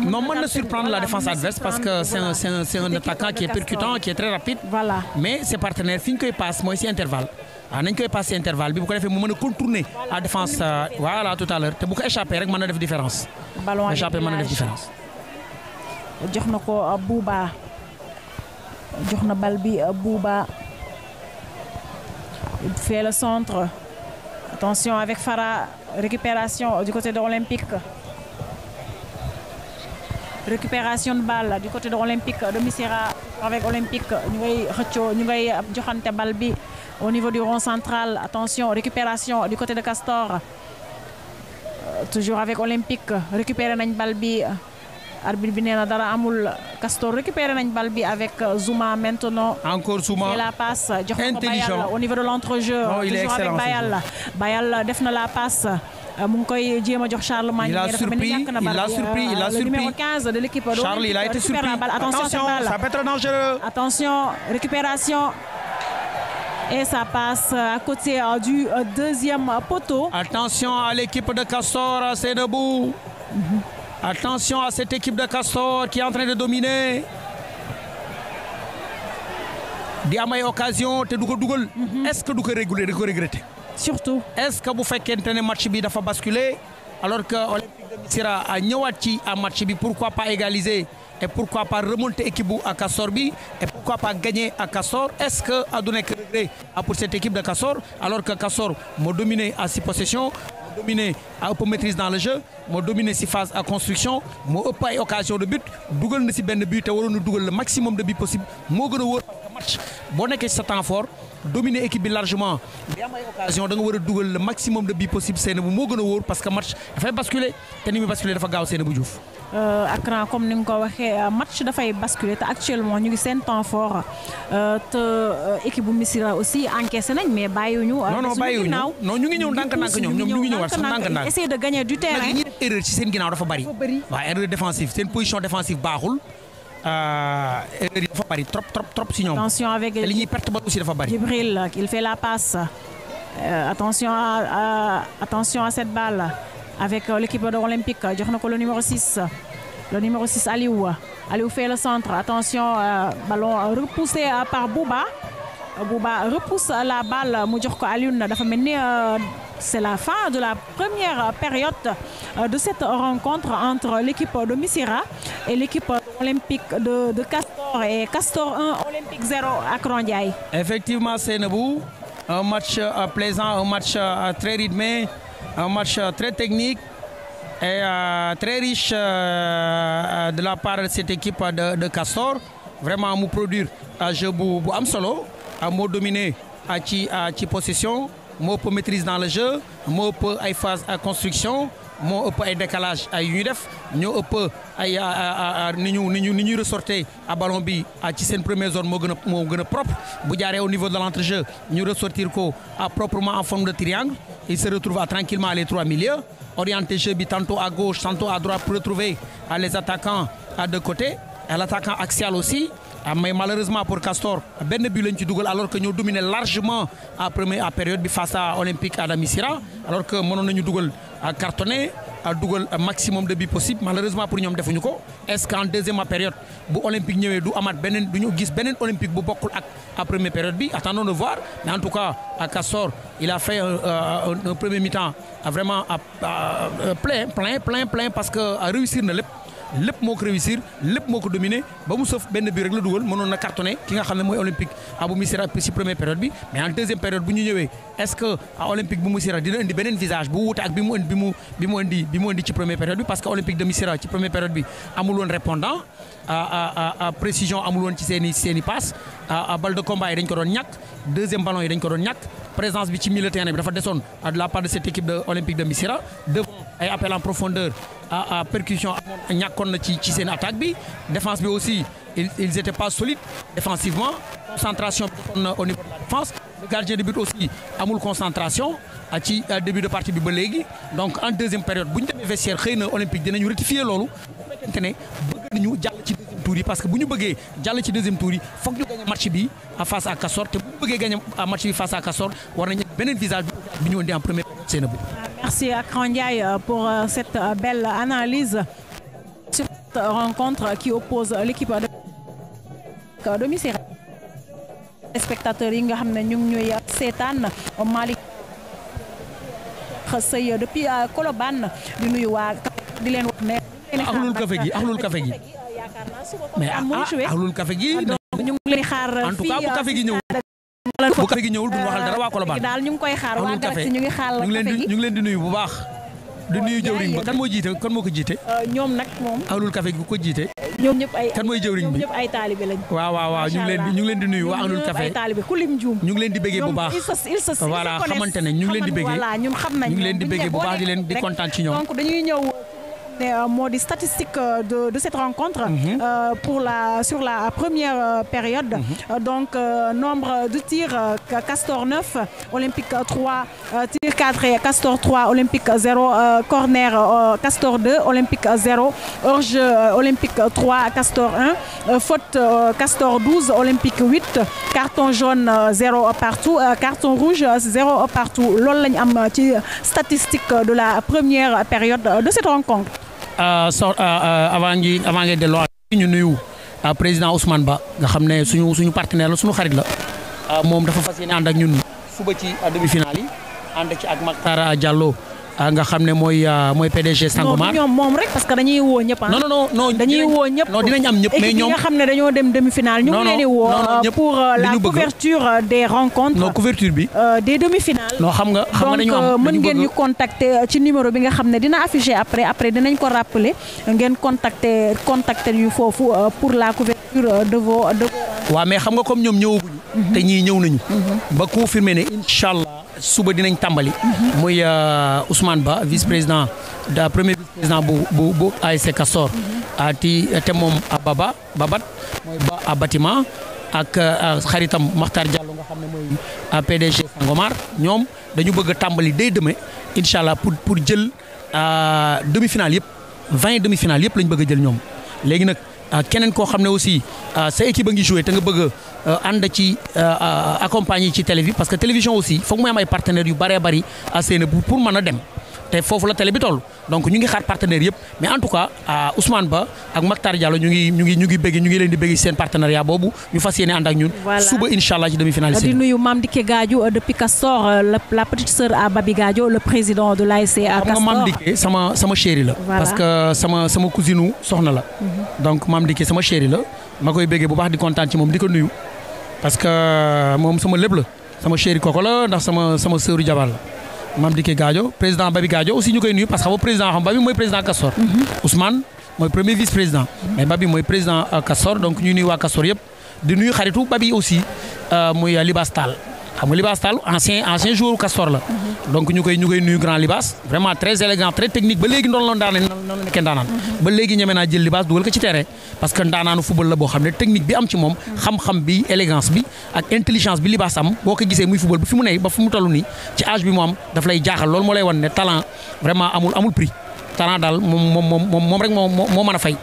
Speaker 2: Non, je ne surprendre la défense adverse parce que c'est un, un, attaquant qui est percutant, qui est très
Speaker 3: rapide. Voilà. Mais ses partenaires, fin qu'il passe, moi aussi, intervalle. On ah, a koy passé intervalle bi bu ko defee mu mën contourner à défense euh, voilà tout à l'heure te bu ko échappé rek mën na def différence. ballon échappé mën na def différence.
Speaker 2: jox na euh, Bouba bi euh, Bouba fait le centre attention avec Farah récupération du côté de Olympique. récupération de balle du côté de Olympique de Missira avec Olympique ñu ngay xëccoo ñu ngay joxante bal bi au niveau du rond central. Attention, récupération du côté de Castor. Euh, toujours avec Olympique, récupérer nañ bal bi arbitre bi Castor récupérer nañ avec euh, Zuma maintenant. encore Zouma et la passe jox au niveau de l'entrejeu. jeu oh, il est excellent toujours avec Bayal Bayal def la passe. Euh, il a surpris il a surpris il a surpris le numéro 15 de l'équipe. Charles il a été surpris attention ça peut être dangereux. attention récupération et ça passe à côté euh, du euh, deuxième poteau.
Speaker 3: Attention à l'équipe de Castor, c'est debout. Mhm. Attention à cette équipe de Castor qui est en train de dominer. bien occasion te mhm. est-ce que vous pouvez regretter. surtout est-ce que vous qu'un que de match bi faut basculer alors que Olympique de Missirah a ñëwaat à match pourquoi pas égaliser et pourquoi pas remonter équipe bu à Kassor et pourquoi pas gagner à Kassor est-ce que a nekk regret pour cette équipe de Kassor alors que Kassor m'a dominé à six possessions dominé à peu maîtrise dans le jeu m'a dominé si phase à construction m'a pas eu occasion de but dugal na si de but te waroon na le maximum de buts possible moo gën a wóor match bon nekkee si temps fort dominer équipe largement day occasion da nga war a le maximum de buts possible Seynabou moo gën a wóor parce que match fait basculer te ni muy basculer dafa gaaw Seynabou Diouf
Speaker 2: euh, Accra comme ni nga ko waxee euh, match dafay basculer te actuellement ñu ngi seen temps fort euh, te équipe bu Missirah aussi encaissé nañ mais bàyyiwuñu. non non bàyyiwuñu
Speaker 3: non ñu ngi ñëw ndànk-ndànk ñoom ñoom ñu ngi ñëwaat sax ndànk-ndànk. essayer de
Speaker 2: gagner du terrain nag ñi
Speaker 3: erreur ci seen ginnaaw dafa bari. waaw erreur défensive seen position défensive baaxul. erreur yi dafa bari trop trop trop
Speaker 2: si ñoom. attention avec li ñuy perte ba aussi dafa bari. Djibril il fait la passe attention à attention à cette balle avec euh, l'équipe olympique. le numéro 6. Le numéro 6, Aliou. Aliou fait le centre. Attention, euh, ballon repoussé euh, par Bouba. Bouba repousse la balle. C'est la fin de la première période de cette rencontre entre l'équipe de Misira et l'équipe olympique de, Castor. Et Castor 1, Olympique 0 à
Speaker 3: Effectivement, c'est un match plaisant, un match très rythmé un match euh, très technique et euh, très riche euh, de la part de cette équipe de, Castor. Vraiment, nous produire un jeu pour Amsolo, à mot dominé à qui possession, mot pour maîtrise dans le jeu, mot pour phase la construction moo ëpp ay décalage à yu Nous def ñoo ëpp ay ni ñu ni ni à ballon bi ci première zone moo gën propre bu au niveau de l'entrejeu ñu ressortir ko à proprement en forme de triangle il se retrouve tranquillement à les trois milieux orienté jeu tantôt à gauche tantôt à droite pour retrouver à les attaquants à deux côtés à l'attaquant axial aussi ah, mais malheureusement pour Castor ben lañ alors que nous dominé largement à première période face à Olympique à Damisira alors que nous nañu à ah, cartonné ah, un maximum de buts possibles. malheureusement pour nous defuñu est-ce qu'en deuxième période bu Olympique ñëwee du amaat du Olympique bu première période attendons de voir mais en tout cas à Castor il a fait euh, euh, un, premier mi-temps vraiment euh, plein plein plein plein parce que à réussir ne lepp moko réussir lepp moko dominer dominé ba mu sëf benn bi rek la dugal mënoon na cartonné ki nga xamné moy olympique abou bu Missirah ci première période bi mais en deuxième période bu ñu est ce que olympique bu Missirah dina indi benen visage bu wuute ak bi mu indi bi mu bi mu indi bi mu indi ci première période bi parce que olympique de Missirah ci première période bi amul won répondant à précision amul won ci seen i passe à, à balle de combat yi dañ ko doon ñak deuxième ballon yi dañ ko doon ñak présence bi ci milieu terrain bi dafa desoon de la part de cette équipe de olympique de Missirah devant ay appel en profondeur à percussion à attaque bi défense bi aussi ils n'étaient pas solides défensivement concentration au niveau de la défense le gardien de but aussi amul concentration début de partie bi donc en deuxième période vous avez vestiaire xëy olympique dinañu rectifier que nous bëgg nañu ci deuxième tour yi parce que bu ñu voulons gagner ci deuxième tour yi foog ñu gagné match bi face à Kassor te bu ñu bëggee gagné match bi face à Castor war nañu beneen visage bi ñu en première Sénégal.
Speaker 2: Merci à Ndiaye euh, pour euh, cette euh, belle analyse sur cette rencontre qui oppose l'équipe de domicile. spectateurs yi nga xam ne ñu ngi ñuy seetaan Mali Seye depuis Colobane di nuyu waa di leen wax ne axlul café gi ah, ah, axlul café gi mais axlul café gi ñu ngi lay xaar en tout cas ah, bu café gi bu café ñëwul bu ñu waxal dara waa Colobane daal ñu ngi koy xaar waa Galaxy ñu ñu
Speaker 3: ngi leen di nuyu bu moo jiite kan moo ko jiite euh, ñoom nag moom axlul café gi ko jiite
Speaker 2: ñoom mooy jëwriñ bi waaw waaw ñu ngi leen ñu ngi leen di nuyu waa ahlul café
Speaker 3: ñu ngi leen di bëggee bu baax voilà xamante ne ñu ngi leen di bëggee ñu ngi leen di bëggee bu baax di leen di kontaan ci
Speaker 2: ñoom Euh, des statistiques statistique euh, de cette rencontre. Mhm. Euh, pour la sur la première période. Mhm. donc nombre de tirs Castor 9 Olympique 3 tir 4 et Castor 3 Olympique 0 corner Castor 2 Olympique 0 hors Olympique 3 Castor 1 faute Castor 12 Olympique 8 carton jaune 0 partout carton rouge 0 partout L'Olympique statistique de la première période de cette rencontre
Speaker 3: Euh, so euh, euh, avant ñi avant ngay delloo ñu nuyu président Ousmane Ba nga xam ne suñu suñu partenaire la suñu xarit la moom dafa fas yéene ànd ak ñun suba ci demi-finale yi ci ak Makhtar Diallo Ah, nga xamné moy ah, moy PDG Sangomar
Speaker 2: ñoom moom rek parce que dañuy wo ñëpp ah. non non non dañuy wo ñëpp non dinañ am ñëpp mais ñoom nga xamné ne dañoo dem demi-finale ñu ngi leen di pour euh, la couverture euh, des rencontres non couverture bi euh, des demi-finales non xam nga xam nga dañu am donc mën ngeen ñu contacter ci numéro bi nga xamné dina afficher après après dinañ ko rappeler ngeen contacter contacter yu fofu pour la couverture de vos de
Speaker 3: wa mais xam nga comme ñom ñewu mhm. te ñi ñew nañu mhm. ba confirmer ne inchallah suba dinañ tàmbali. mooy muy euh, Ousmane Ba vice président da premier vice président bu bu bu ASC Castor. Ah, ti te moom a Baba Babat ba a bâtiment ak euh, xaritam maxtar Diallo nga xam ne mooy euh, PDG Sangomar ñoom dañu bëgg tàmbali dès demain incha allah pour pour jël demi-finale yëpp vingt demi-finale yëpp lañ bëgg a jël ñoom léegi nag. Euh, keneen koo xam ne aussi euh, sa équipe a ngi joué te nga bëgg a euh, ànd ci accompagner ci télé parce que télévision aussi foog mu am ay partenaires yu bëree bëri à seen pour mën a dem. te la télé bi toll donc ñu ngi xaar partenaire yëpp mais en tout cas Ousmane Ba ak Mactar Diallo ñu ngi ñu ngi ñu ngi bëgg ñu ngi leen di bëgg seen partenariat bobu ñu fas yéene ànd ak ñun. suba inshallah ci demi finale. di
Speaker 2: nuyu mam Dické Gadio euh, depuis Castor euh, la petite sœur à Babi Gadio le président de l'ASC à Castor. mam nga
Speaker 3: sama sama chérie la. parce que sama sama cousine soxna la. Mhm. donc mam Dické sama chérie la ma koy bëggee bu baax di content ci mom diko nuyu. parce que euh, mom sama lepp la sama chérie koko la ndax sama sama sœur jabar la. Mame Dike Gadio président Babi Gadio aussi ñu koy parce que le président xam Babi président Kassor. Mhm. Ousmane moi premier vice président. Mhm. mais Babi moi président Kassor, euh, donc ñu nuyu waa Kassor. yëpp di nuyu Babi aussi euh, Libas Libastal xam nga Libaas ancien ancien joueur Castor la. donc ñu koy ñu nuyu grand libas vraiment très élégant très technique ba léegi noonu la daanee noonu la nekkee ndaanaan. ba léegi ñeme naa jël Libaas dugal ko ci parce que ndaanaanu football la boo xam technique bi am ci mom, xam-xam bi élégance bi ak intelligence bi Libaas am boo ko muy football ba fimu mu ne ba fimu tollu ni, ci âge bi mo am daf lay jaxal loolu mo lay wan ne talent vraiment amul amul prix talent dal mom mom mom mom rek mo meuna mën a fay.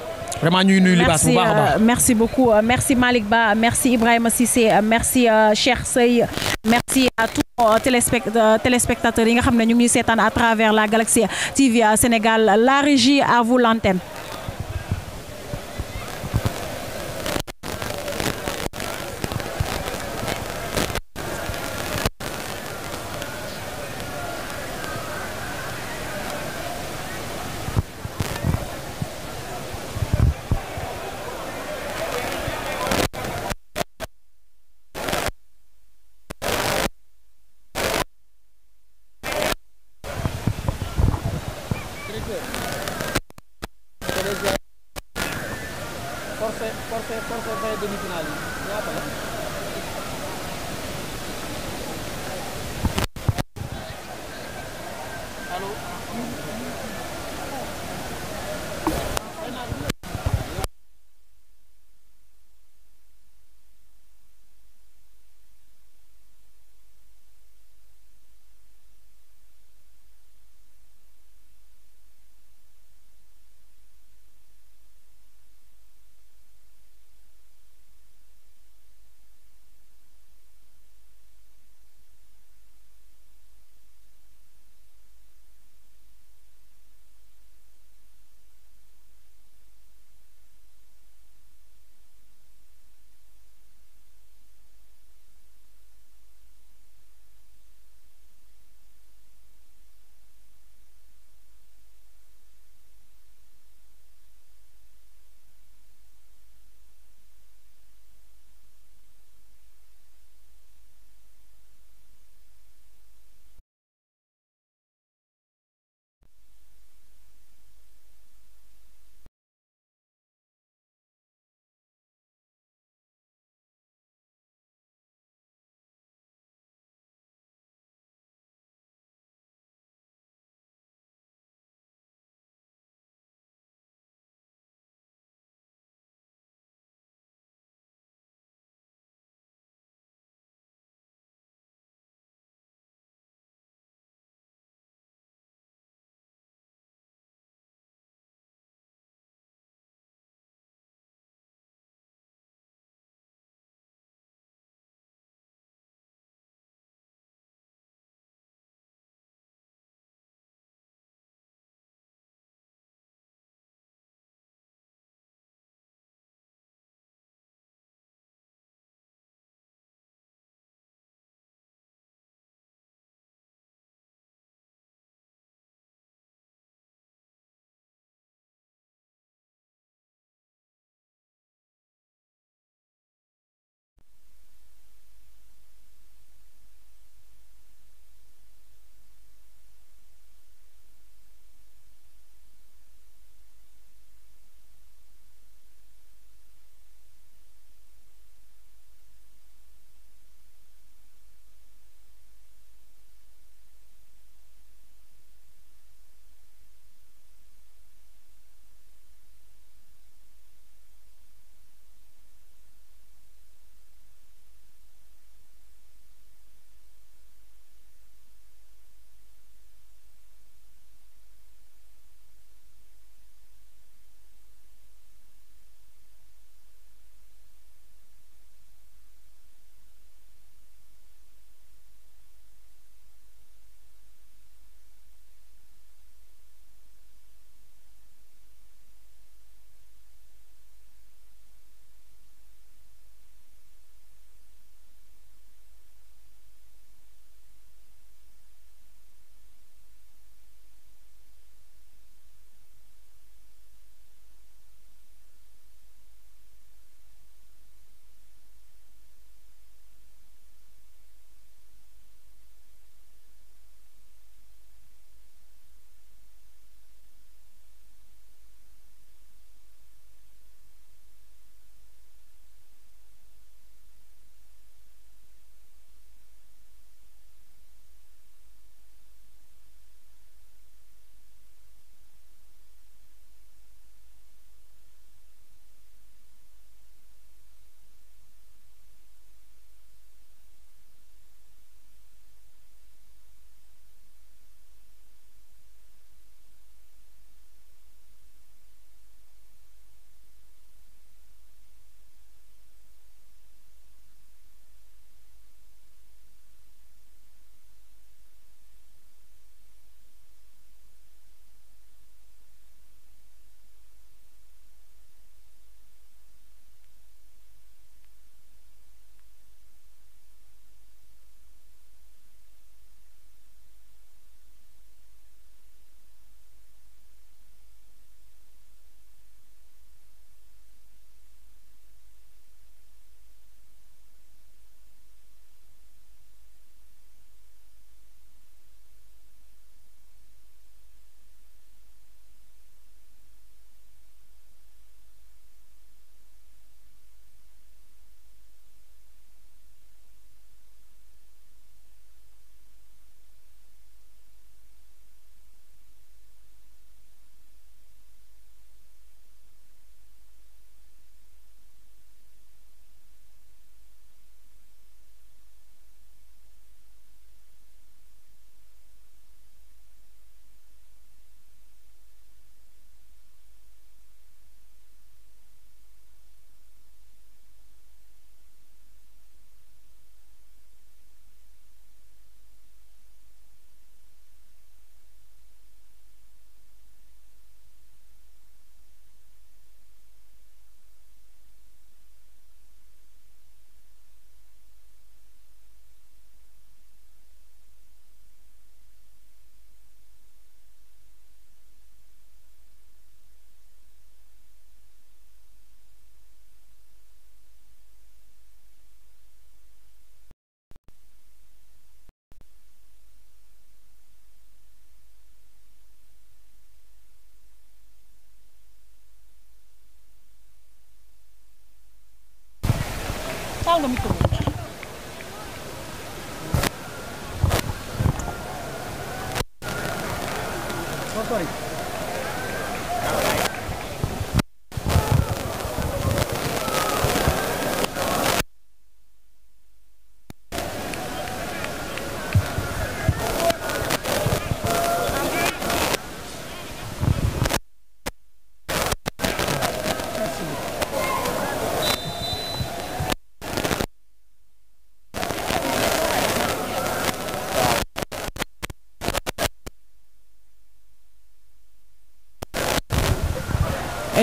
Speaker 3: Euh,
Speaker 2: merci beaucoup euh, merci Malik Ba merci Ibrahim, Sissé, euh, merci Cher Sey, merci à tous nos téléspectateurs Nous sommes à travers la galaxie TV Sénégal la régie à vous l'antenne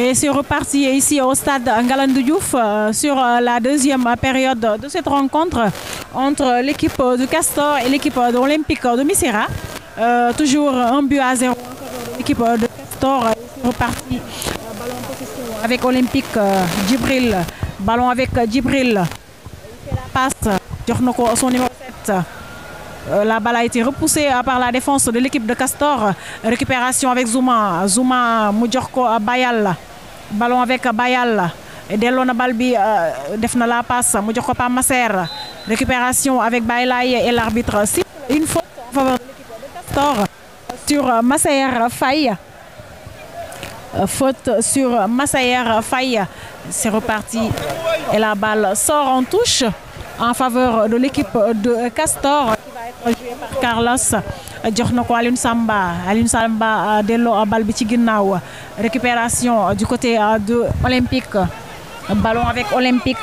Speaker 2: Et c'est reparti ici au stade Ngalandou Diouf euh, sur euh, la deuxième période de cette rencontre entre l'équipe de Castor et l'équipe de de Misera. Euh, toujours un but à zéro l'équipe de Castor. est reparti avec Olympique Djibril. Ballon avec Djibril. Passe. son numéro 7. la balle a été repoussée par la défense de l'équipe de Castor. Récupération avec Zouma. Zouma Moudjorko Bayal ballon avec Bayal et Balbi bal euh, la passe mu jox pas récupération avec Baylay et l'arbitre une faute en faveur de l'équipe de Castor sur Masser Faye faute sur Massayer Faye c'est reparti et la balle sort en touche en faveur de l'équipe de Castor qui va être jouée par Carlos jox ko Samba Aliou Samba à euh, euh, bal récupération euh, du côté de Olympique ballon avec Olympique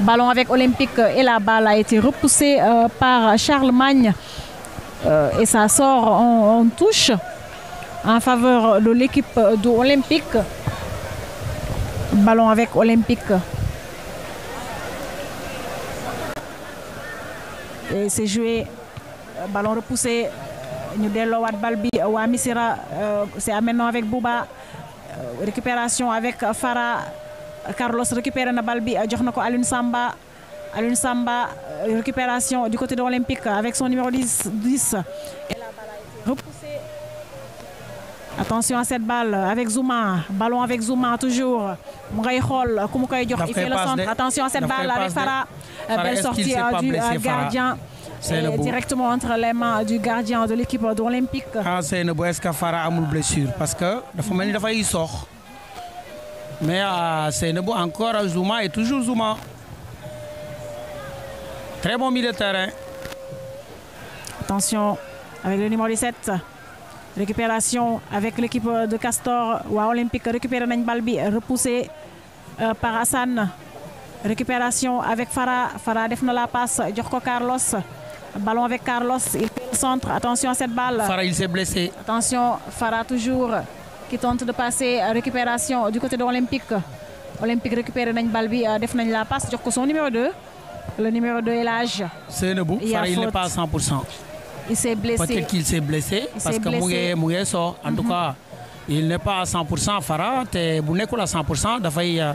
Speaker 2: ballon avec Olympique et la balle a été repoussée par Charlemagne et ça sort en, en touche en faveur de l'équipe de Olympique ballon avec Olympique et c'est joué euh, ballon repoussé euh, ñu Balbi Balbi, bi euh, c'est à maintenant avec Bouba récupération avec Farah Carlos récupère la Balbi, bi Samba Alun Samba récupération du côté de l'Olympique avec son numéro 10 attention à cette balle avec Zouma ballon avec Zouma toujours ngay le centre attention à cette balle avec Farah belle sortie du gardien c'est directement entre les mains du gardien de l'équipe d'Olympique ah
Speaker 3: Seynabou est-ce que a blessure parce que dafa mel dafay sort mais ah, c'est Seynabou encore Zuma et toujours Zuma très bon milieu de terrain.
Speaker 2: attention avec le numéro 17. récupération avec l'équipe de Castor à Olympique récupéré nañ bal repoussé euh, par Hassan récupération avec Farah. Farah défend la passe jox Carlos. Ballon avec Carlos, il fait le centre. Attention à cette balle. Farah, il s'est blessé. Attention, Farah toujours qui tente de passer. Euh, récupération du côté de l'Olympique. Olympique récupère une balle, def la passe, sur son numéro 2. Le numéro 2 est l'âge.
Speaker 3: C'est Nebou, Farah, il n'est pas à 100%.
Speaker 2: Il s'est blessé. Peut-être qu'il s'est blessé parce que Mouye
Speaker 3: Mouye, sort. En tout mhm. cas, il n'est pas à 100%. Farah, tu es à 100%.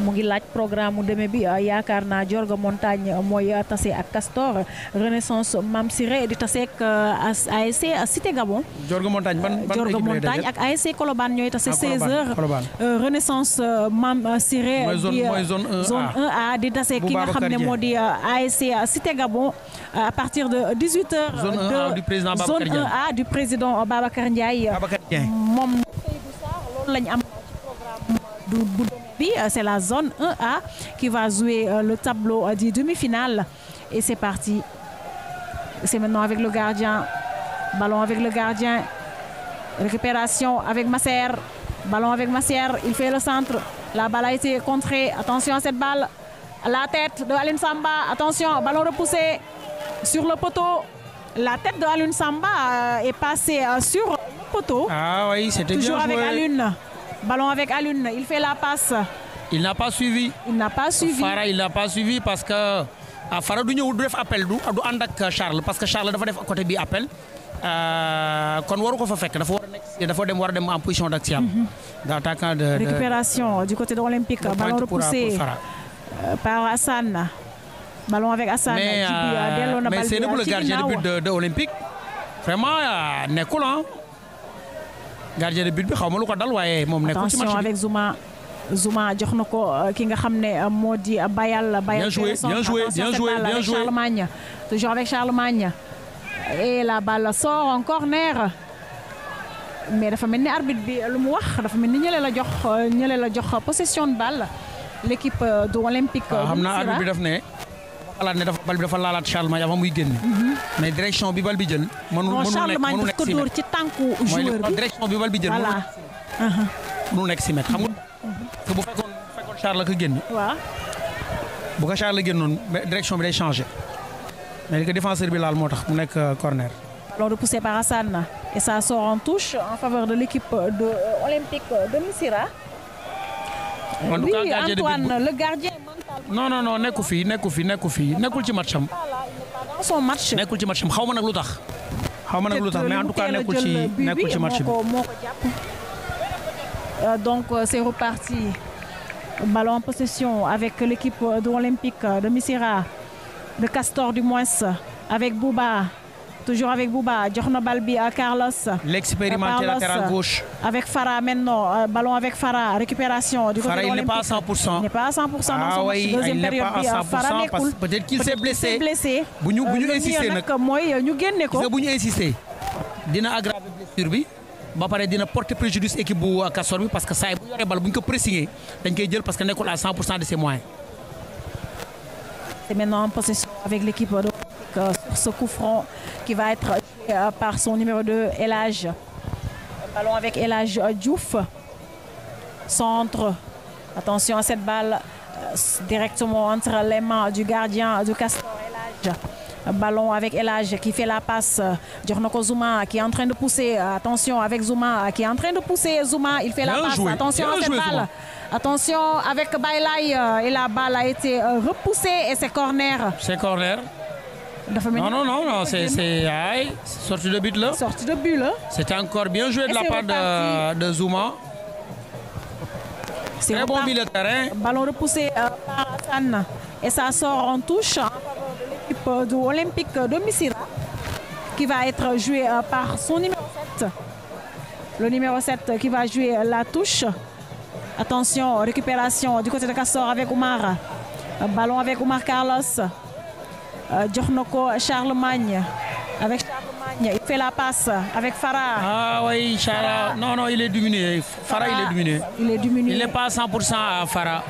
Speaker 2: mu ngi laaj programme deme bi yaakaar naa Jorga Montagne mooy tase ak Castor Renaissance Mam Siré di tase ak euh, ASC Cité Gabon.
Speaker 3: Jorga Montagne ban ban Jorga Montagne ak
Speaker 2: ASC Colobane ñooy tase 16h. Ah, euh, Renaissance euh, Mam Siré. zone 1A di tase ki nga xam ne moo di ASC Cité Gabon à partir de 18h. zone 1A du président Babacar Ndiaye zone 1A du président Babacar Ndiaye. moom. loolu lañ am ci programme du bu. Euh, c'est la zone 1A e qui va jouer euh, le tableau euh, du demi-finale. Et c'est parti. C'est maintenant avec le gardien. Ballon avec le gardien. Récupération avec Masser. Ballon avec Masser. Il fait le centre. La balle a été contrée. Attention à cette balle. La tête de Aline Samba. Attention, ballon repoussé sur le poteau. La tête de Alun Samba est passée sur le poteau. Ah oui, c'était Toujours avec Alun. Ballon avec Alun, il fait la passe.
Speaker 3: Il n'a pas suivi. Il n'a pas suivi. Farah, il n'a pas suivi parce que à ah, Farah du ñëw du appel du du Charles parce que Charles dafa def côté bi appel euh, kon waru ko fa fek dafa a dafa dem wara dem en position d'action. Mhm.
Speaker 2: récupération du côté de l'Olympique. Ballon repoussé euh, par Hassan. Ballon avec Hassan. Mais, euh, mais c'est le gardien de but
Speaker 3: de, l'Olympique. Vraiment, il Cool, hein gardien de but bi xawma lu ko dal waaye moom nekkul ci match avec
Speaker 2: Zuma Zuma jox na euh, ki nga xam euh, modi euh, Bayal. Bayal bien joué bien joué bien joué bien joué Charlemagne toujours avec Charlemagne et la balle sort en corner mais dafa mel arbitre bi lu mu wax dafa mel ni ñële la jox ñele la jox possession de balle l'équipe de l'Olympique waaw ah, arbitre bi
Speaker 3: daf ne xalaat ne dafa bal bi dafa laalaat Charlemagne avant muy génn. Mhm. mais direction bi bal bi jël. mënu mënu nekk mënu nekk si mètre
Speaker 2: ci tànku
Speaker 1: joueur
Speaker 3: bi direction bi bal bi jël. voilà mënu nekk si mettre xam nga. te bu fekkoon bu fekkoon Charles ko génn. waaw bu ko Charles génnoon direction bi day changé. mais que défenseur bi laal moo tax mu nekk euh, corner.
Speaker 2: alors repoussé par Hassan et ça sort en touche en faveur de l'équipe de euh, Olympique de Missirah.
Speaker 3: en tout gardien Antoine le gardien non non non nekku fi nekku fi nekku fi nekkul ci matcham am. son match nekkul ci matcham xawma nak lutax xawma nak lutax mais en tout cas nekkul ci nekkul ci match bi.
Speaker 2: Euh, donc euh, c'est reparti ballon en possession avec l'équipe de l'Olympique de Misira de Castor du moins avec Bouba Toujours avec Bouba, Djorno Balbi à Carlos. L'expérimenté latéral gauche. Avec Farah maintenant, euh, ballon avec Farah, récupération du Farah, il n'est pas
Speaker 3: à 100%. Il
Speaker 2: n'est pas à 100% dans ah son oui, deuxième il période. Pas à 100% euh,
Speaker 3: peut-être qu'il s'est blessé. Il s'est blessé.
Speaker 2: bu ñu euh, insister nag mooy ñu génne ko. bu ñu insister
Speaker 3: dina aggraver blessure bi ba dina porter préjudice équipe bu de bi parce que ça yi bu yoree bal bu il ko dañ koy jël parce que nekkul à 100% de ses moyens.
Speaker 2: C'est maintenant en possession avec l'équipe sur ce coup franc va être euh, par son numéro 2, Elage. Ballon avec Elage euh, djouf Centre. Attention à cette balle euh, directement entre les mains du gardien du Castor Ballon avec Elage qui fait la passe. Djornoko Zuma qui est en train de pousser. Attention avec Zuma qui est en train de pousser. Zuma, il fait la passe. Attention à cette balle. Attention avec Bailaï. Et la balle a été repoussée et c'est corner. C'est
Speaker 3: corner non non non, non c'est c'est sortie de but là. sortie de but c'était encore bien joué de la part de, de Zouma.
Speaker 2: très bon milieu de terrain. ballon repoussé euh, par Hassan et ça sort en touche en faveur de l'équipe de Olympique de Missira qui va être joué euh, par son numéro 7. Le numéro 7 qui va jouer la touche. Attention, récupération du côté de Castor avec Omar. Ballon avec Omar Carlos. Djornoko euh, Charlemagne avec Charlemagne il fait la passe avec Farah. ah oui Farah non
Speaker 3: non il est diminué Farah il est diminué. il est diminué il n'est pas à 100% à Farah.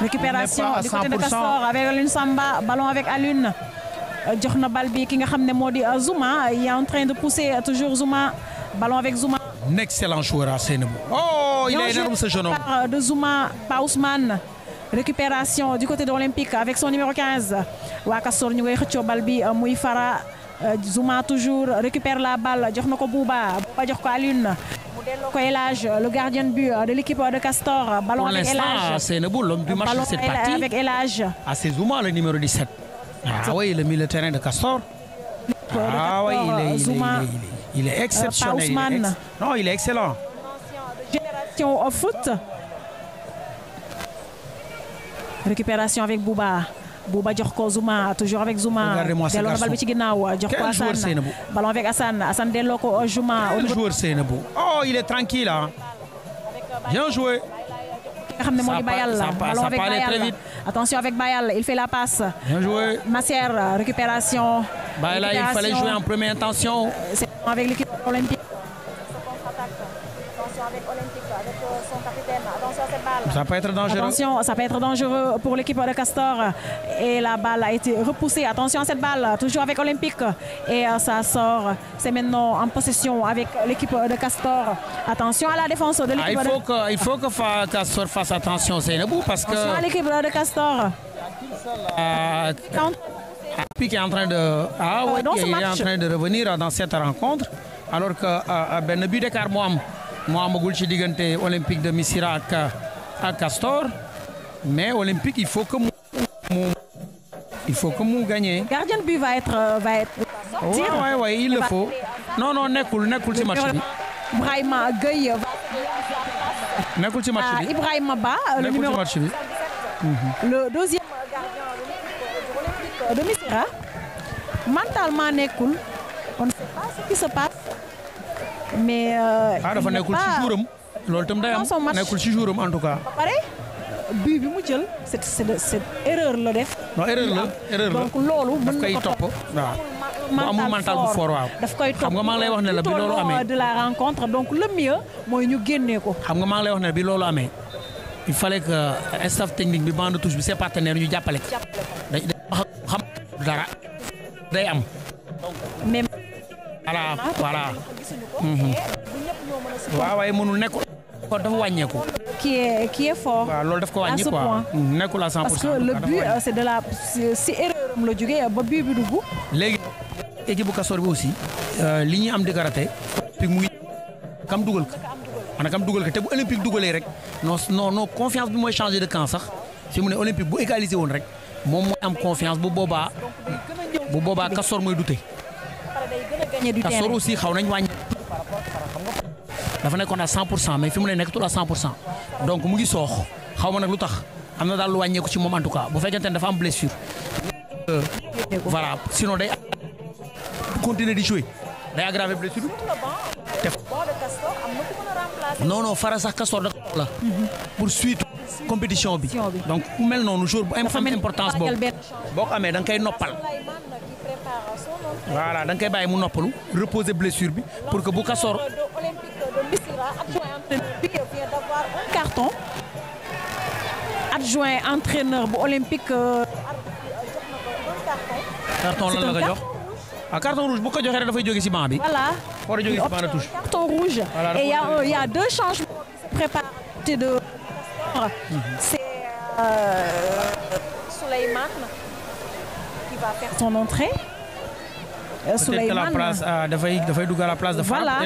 Speaker 2: récupération du côté de Castor avec Alun Samba ballon avec Alun euh, jox Balbi euh, il est en train de pousser toujours Zuma. ballon avec Zuma.
Speaker 3: un excellent joueur à
Speaker 2: Sénégal oh il est énorme ce jeune homme. de Zuma, pas Ousmane récupération du côté de l'Olympique avec son numéro 15 Ou à ñu Balbi, euh, Mouifara euh, Zouma toujours récupère la balle jox Bouba Bouba euh, le gardien de but de l'équipe de Castor ballon avec Elage
Speaker 3: c'est l'homme du match de cette partie avec Elage. ah c'est Zouma le numéro 17 ah oui le milieu de terrain de Castor
Speaker 2: ah oui il est Zuma. il est exceptionnel
Speaker 3: non il est excellent
Speaker 2: génération foot récupération avec Bouba Bouba Djorko, Zuma, toujours avec Zuma. Regardez-moi ça garçon. ballon avec Hassan. Hassan Deloko, Zuma. Zouma quel
Speaker 3: joueur oh il est tranquille hein. bien joué Ça xam ça,
Speaker 2: attention avec Bayal il fait la passe bien joué euh, Massière récupération Bayal il fallait jouer en première intention c'est avec l'équipe olympique attention avec Olympique ça peut être dangereux. ça peut être dangereux pour l'équipe de Castor. Et la balle a été repoussée. Attention à cette balle, toujours avec Olympique. Et euh, ça sort. C'est maintenant en possession avec l'équipe de Castor. Attention à la défense de ah, l'équipe il faut de...
Speaker 3: que Il faut que Castor fasse attention, c'est parce que... Attention à l'équipe
Speaker 2: de Castor.
Speaker 3: Euh, qui ah, est en train de, ah, euh, oui il est en train de revenir dans cette rencontre, alors que euh, ben but d'écart Moam, Olympique de Missira à Castor, mais Olympique, il faut que Mou, il faut
Speaker 2: que Mou gagne. Gardien de but va être. Euh, va être oui, oui, il le faut.
Speaker 3: Non, non, Nekul, Nekul, c'est machine.
Speaker 2: Ibrahima Gueye va. Nekul, c'est machine. Ah, Ibrahima Ba, euh, le numéro. Le deuxième gardien de Messira. Euh, Mentalement, Nekul, on ne sait pas ce qui se passe. Mais. Euh, ah, il n'est pas...
Speaker 3: loolu itam day am nekkul ci jour am en
Speaker 2: bi mu jël c'est c'est erreur la def. non erreur la erreur la donc loolu. mën na ko topp
Speaker 3: waaw
Speaker 2: amul mental bu foor waaw. daf koy topp xam nga maa lay wax ne la bi loolu amee de la rencontre donc mooy
Speaker 3: ñu génnee ko. xam nga maa ngi lay wax ne bi loolu amee. il fallait que staff technique bi bande touche bi ses partenaires ñu jàppale ko. dañ xam dara day am. voilà voilà. Mhm. waaw waaye mënul nekk. kon dafa wàññeeku.
Speaker 2: qui est qui est fort. waaw loolu daf ko wàññi quoi
Speaker 3: mm, nekkul à 100 parce que le but euh,
Speaker 2: c'est de la si erreur am la jógee ba bii bi dugg.
Speaker 3: léegi équipe bu Castor bi aussi euh, li ñuy am di ko puis muy kam dugal ko maanaam kam dugal ko te bu olympique dugalee rek non non non confiance bi mooy changer de camp sax fi mu ne olympique bu égaliser woon rek moom mooy am confiance bu boobaa bu boobaa Castor mooy dute.
Speaker 2: Castor aussi xaw
Speaker 3: nañ wàññi dafa nekkoon à 100 pour cent mais fi mu ne tout à 100 pour cent donc mu ngi soox xaw ma nag lu tax am na daal lu wàññeeku ci moom en tout cas bu fekkente ne dafa am blessure. Euh, voilà sinon day continuer di jouer day aggraver blessure non non fara sax Castor da la mhm. pour suite compétition bi donc ku mel noonu jour bu am importance boobu boo ko amee da nga koy noppal voilà da nga koy bàyyi mu noppalu reposer blessure bi pour que bu Castor
Speaker 2: Missira, adjoint entraîneur bi euh, vient d'avoir un carton adjoint entraîneur bu olympique euh, carton lan la ko jox ah, carton
Speaker 3: rouge bu ko joxee rek dafay jóge ci banc bi. voilà war a jóge ci banc de touche.
Speaker 2: carton rouge et il y a euh, il y a deux changements qui se préparent. Mhm. c'est Souleymane qui va faire son entrée.
Speaker 3: Souleymane dafay dafay dugg à la place de. Fara voilà.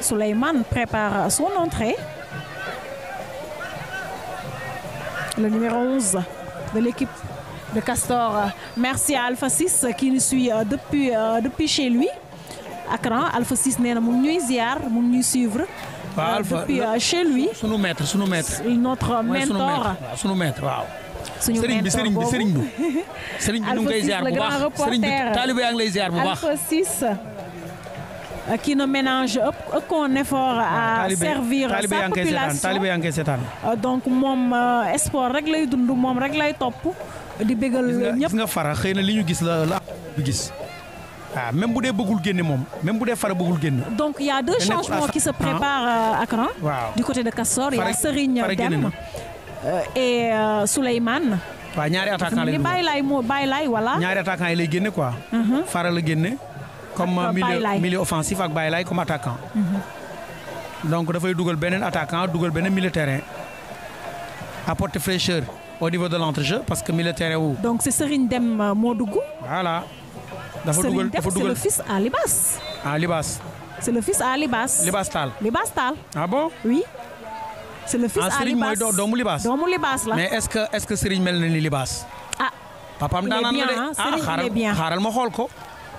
Speaker 2: Souleyman prépare son entrée. Le numéro 11 de l'équipe de Castor. Merci à Alpha 6 qui nous suit euh, depuis, euh, depuis chez lui. Akran, Alpha 6 n'est pas nous ziar, nous suivre.
Speaker 3: Euh, depuis chez lui. Sunu maître, sunu maître. Notre mentor. Sunu maître, wow. suñu mentor bi serigne bi serigne bi.
Speaker 1: serigne bi nu ngi ziar bu baax serigne bi talibé yaa
Speaker 3: lay ziar bu baax. Alpha
Speaker 2: 6 qui ne ménage aucun effort à ah, servir sa population taalibe yaa ngi seetaan euh, donc moom euh, espoir, rek lay dund moom rek lay top. di bégal ñëpp
Speaker 3: gis nga fara xëy na li ñu gis la la bi gis ah même bu dee bëggul génne moom même bu dee fara bëggul génne.
Speaker 2: donc il y a deux changements qui se ah, préparent euh, à Cran. waaw du côté de Castor il y a Serigne Deme et Souleymane.
Speaker 3: waaw ñaari attaquant lay dugg bàyyi
Speaker 2: laay moo bàyyi laay voilà. ñaari
Speaker 3: attaquant yi lay génne quoi. Mhm. fara la génne comme milieu milieu offensif ak Baye comme attaquant.
Speaker 1: Mhm.
Speaker 3: donc faut dugal beneen attaquant dugal beneen militaire terrain apporter fraîcheur au niveau de l'entrejeu parce que militaire terrain où
Speaker 2: donc c'est Serigne Dem euh, moo
Speaker 3: voilà c'est le
Speaker 2: fils à Libas. à ah, Libas. c'est le fils à Libas. Libas Tal. Libas Tal.
Speaker 3: ah bon oui.
Speaker 2: c'est le fils ah, à Libas mooy Libas. Libas là. mais
Speaker 3: est-ce que est-ce que Serigne mel est Libas. ah il est bien. Hein? ah est bien. ma est ko.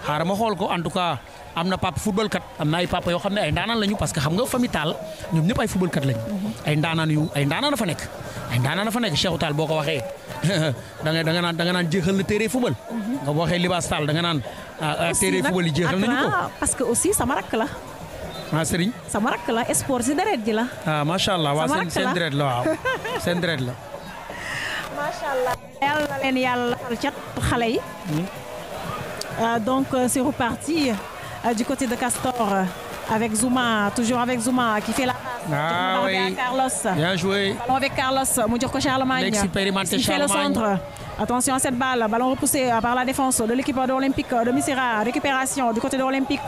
Speaker 3: xaaral ma xool ko en tout cas am na papa football kat am na ay yoo xam ne ay ndaanaan lañu parce que xam nga famille Tall ñoom ñëpp ay football kat lañu. Mhm. ay ndaanaan yu ay ndaanaan dafa nekk ay ndaanaan dafa nekk Cheikh Tall boo ko waxee da nga da nga naan da naan jéexal na téere football. Mhm. nga boo waxee Libaas Tall da nga naan. Ah, ah, téere football yi jéexal nañu ko
Speaker 2: parce que aussi sama rakk la. ah Serigne. sama rakk la sport si deret ji la.
Speaker 3: ah macha allah waa seen seen deret la waaw seen deret la.
Speaker 2: macha allah. yàlla leen yàlla cat xale yi. Hmm? Euh, donc, euh, c'est reparti euh, du côté de Castor avec Zuma, toujours avec Zuma qui fait la
Speaker 3: ah oui. Carlos. Bien joué.
Speaker 2: allons avec Carlos, Moudjurko Charlemagne. Charlemagne. fait le centre. Attention à cette balle, ballon repoussé euh, par la défense de l'équipe de euh, de Récupération du côté de l'Olympique.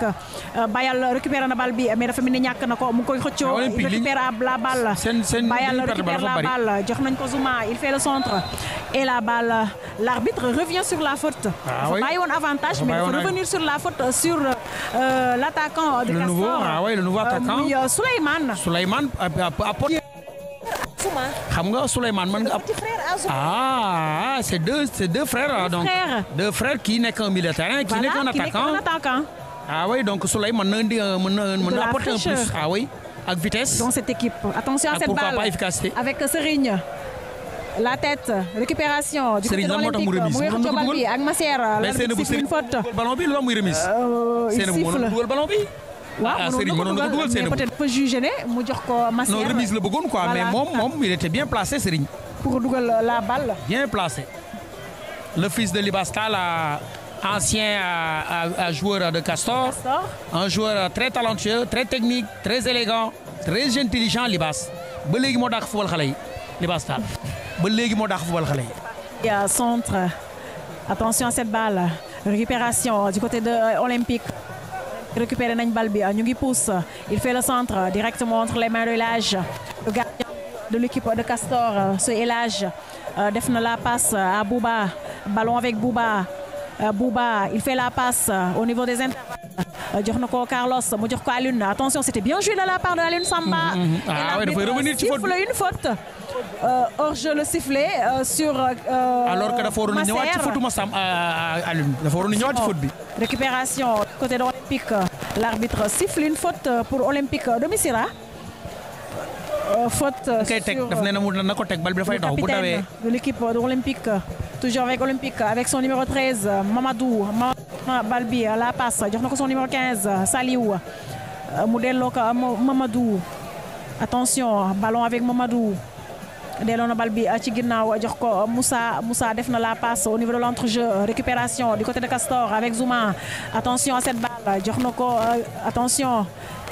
Speaker 2: Euh, Bayal récupère la balle, mais la famille ñak nako mu koy récupère la balle. Bayal récupère la balle, jox Kozuma il fait le centre et la balle l'arbitre revient sur la faute. Ah, Bayon avantage mais il faut revenir sur la faute sur l'attaquant de le Nouveau, ah, le nouveau attaquant. Euh,
Speaker 3: Suleiman xam nga Souleyman mën nga ah c'est deux c'est deux frères hein, donc deux frères qui nekk un militaire qui nekk un attaquant ah oui donc Souleyman mën na indi euh, mën na mën apporter un plus ah oui avec
Speaker 2: vitesse dans cette équipe attention à ah, cette balle pas efficacité avec Serigne la tête récupération du côté de l'Olympique mu wér Diobal bi ak Massière la c'est une faute ballon bi
Speaker 3: lu muy remise c'est euh, le
Speaker 2: ballon bi waaw ah, Serigne mënoon na ko dugal peut-être dafa jugé ne mu jox ko Massière non remise le bougon, quoi mais moom
Speaker 3: moom il était bien placé Serigne.
Speaker 2: pour le la
Speaker 3: balle. bien placé. le fils de Libasta euh, ancien à, euh, à, euh, joueur de Castor, Castor, un joueur très talentueux, très technique, très élégant, très intelligent Libas. Ba légui mo dakh football xalé yi. Libas Tal. Ba légui mo dakh football xalé
Speaker 2: yi. centre. Attention à cette balle. Récupération du côté de Olympique récupéré euh, pousse il fait le centre directement entre les mains de l'âge le gardien de l'équipe de Castor euh, ce Elage euh, Defne la passe à Bouba ballon avec Bouba Bouba il fait la passe au niveau des intervalles Carlos attention c'était bien joué de la part de Alun Samba. Mmh, mmh, mmh. ah oui revenir une faute. Euh, hors je le sifflet euh, sur. Euh, alors que la waroon récupération côté de l'Olympique l'arbitre siffle une faute pour Olympique de faute sur de l'équipe de l'Olympique. Toujours avec Olympique, avec son numéro 13, Mamadou, Balbi, à la passe. Son numéro 15, Saliou, Moudel Mamadou. Attention, ballon avec Mamadou delloo Balbi, bal bi eh, ci eh, eh, Moussa Moussa def la passe au niveau de l'entrejeu récupération du côté de Castor avec Zuma. attention à cette balle jox attention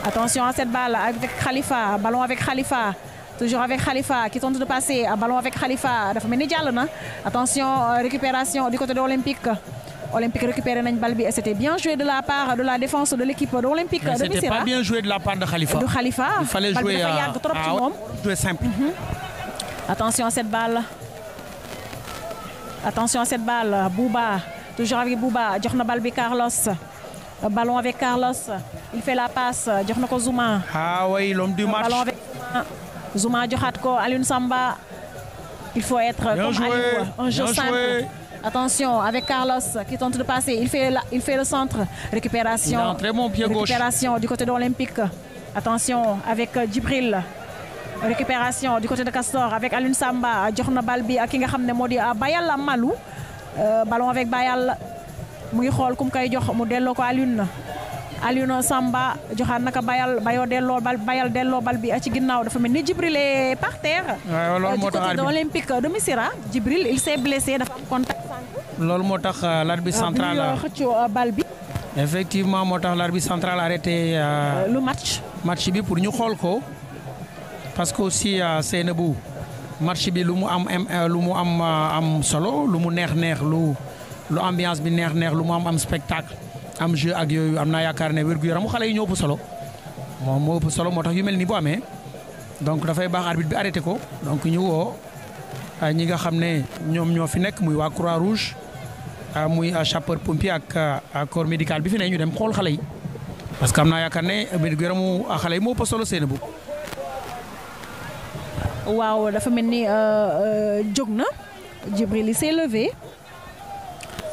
Speaker 2: attention à cette balle avec Khalifa ballon avec Khalifa toujours avec Khalifa qui tente de passer ballon avec Khalifa dafa melni attention récupération du côté de l'Olympique. Olympique récupéré c'était bien joué de la part de la défense de l'équipe d'Olympique. C'était pas bien
Speaker 3: joué de la part de Khalifa. Khalifa. Il fallait jouer à, à, à, jouer simple. Mhm.
Speaker 2: Attention à cette balle. Attention à cette balle. Bouba, toujours avec Bouba. balle avec Carlos. Ballon avec Carlos. Il fait la passe. Djornoko Zuma. Ah oui, l'homme du match. Ballon avec Zuma. Djornoko, Alun Samba. Il faut être Bien comme Un jeu Attention avec Carlos qui tente de passer. Il fait, il fait le centre. Récupération. très bon pied Récupération du côté de l'Olympique. Attention avec Djibril récupération du côté de Castor avec Alun Samba jox Balbi, bal bi ak nga xamné modi euh, Bayal Malou euh, ballon avec Bayal mu ngi kum kay jox mu dello ko Alun Alun Samba joxaat naka Bayal Bayo dello bal Bayal dello bal bi ci ginnaw dafa mel ni est par terre. waaw loolu euh, du de Olympique de Misira, Djibril il s'est blessé dafa am contact.
Speaker 3: loolu tax l'arbitre central effectivement l'arbitre central a arrêté. le match. match bi pour nous parce que aussi euh, Seynabou marché bi lu mu am euh, lu mu am euh, am solo lu mu neex neex lu lu ambiance bi neex neex lu mu am am spectacle am jeu ak yoyu am naa yaakaar ne wér-gu-yaramu ñoo bu solo mo moo ëpp solo motax yu mel nii bu amé donc da fay baax arbitre bi arrêté ko donc ñu wo ñi nga xamné ñom ñoom ñoo fi nekk muy wa croix rouge muy chapeur pompier ak corps médical bi fi ne ñu dem xol xalé yi parce que am naa yaakaar ne wér-gu-yaramu xale yi moo ëpp solo Seynabou
Speaker 2: waaw dafa mel ni euh, euh, jóg na Djibril s'est levé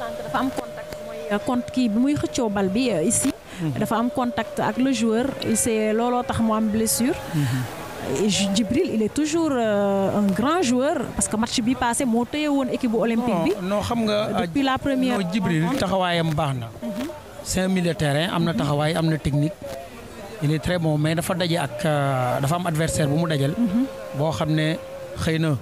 Speaker 2: sànq dafa am contact mooy euh, compte kii bi muy xëccoo bal bi ici mhm. dafa am contact ak le joueur c'est looloo tax mu am blessure mhm. Djibril il est toujours un grand joueur parce que match bi passé moo tëye woon équipe olympique bi. non xam nga depuis ah, la première non Djibril taxawaayam
Speaker 3: baax na. Mhm. c'est un milieu de terrain am na taxawaay am na technique il est très bon mais dafa dajé ak euh, dafa am adversaire bu mu dajal. Mm-hmm. bo xamné xeyna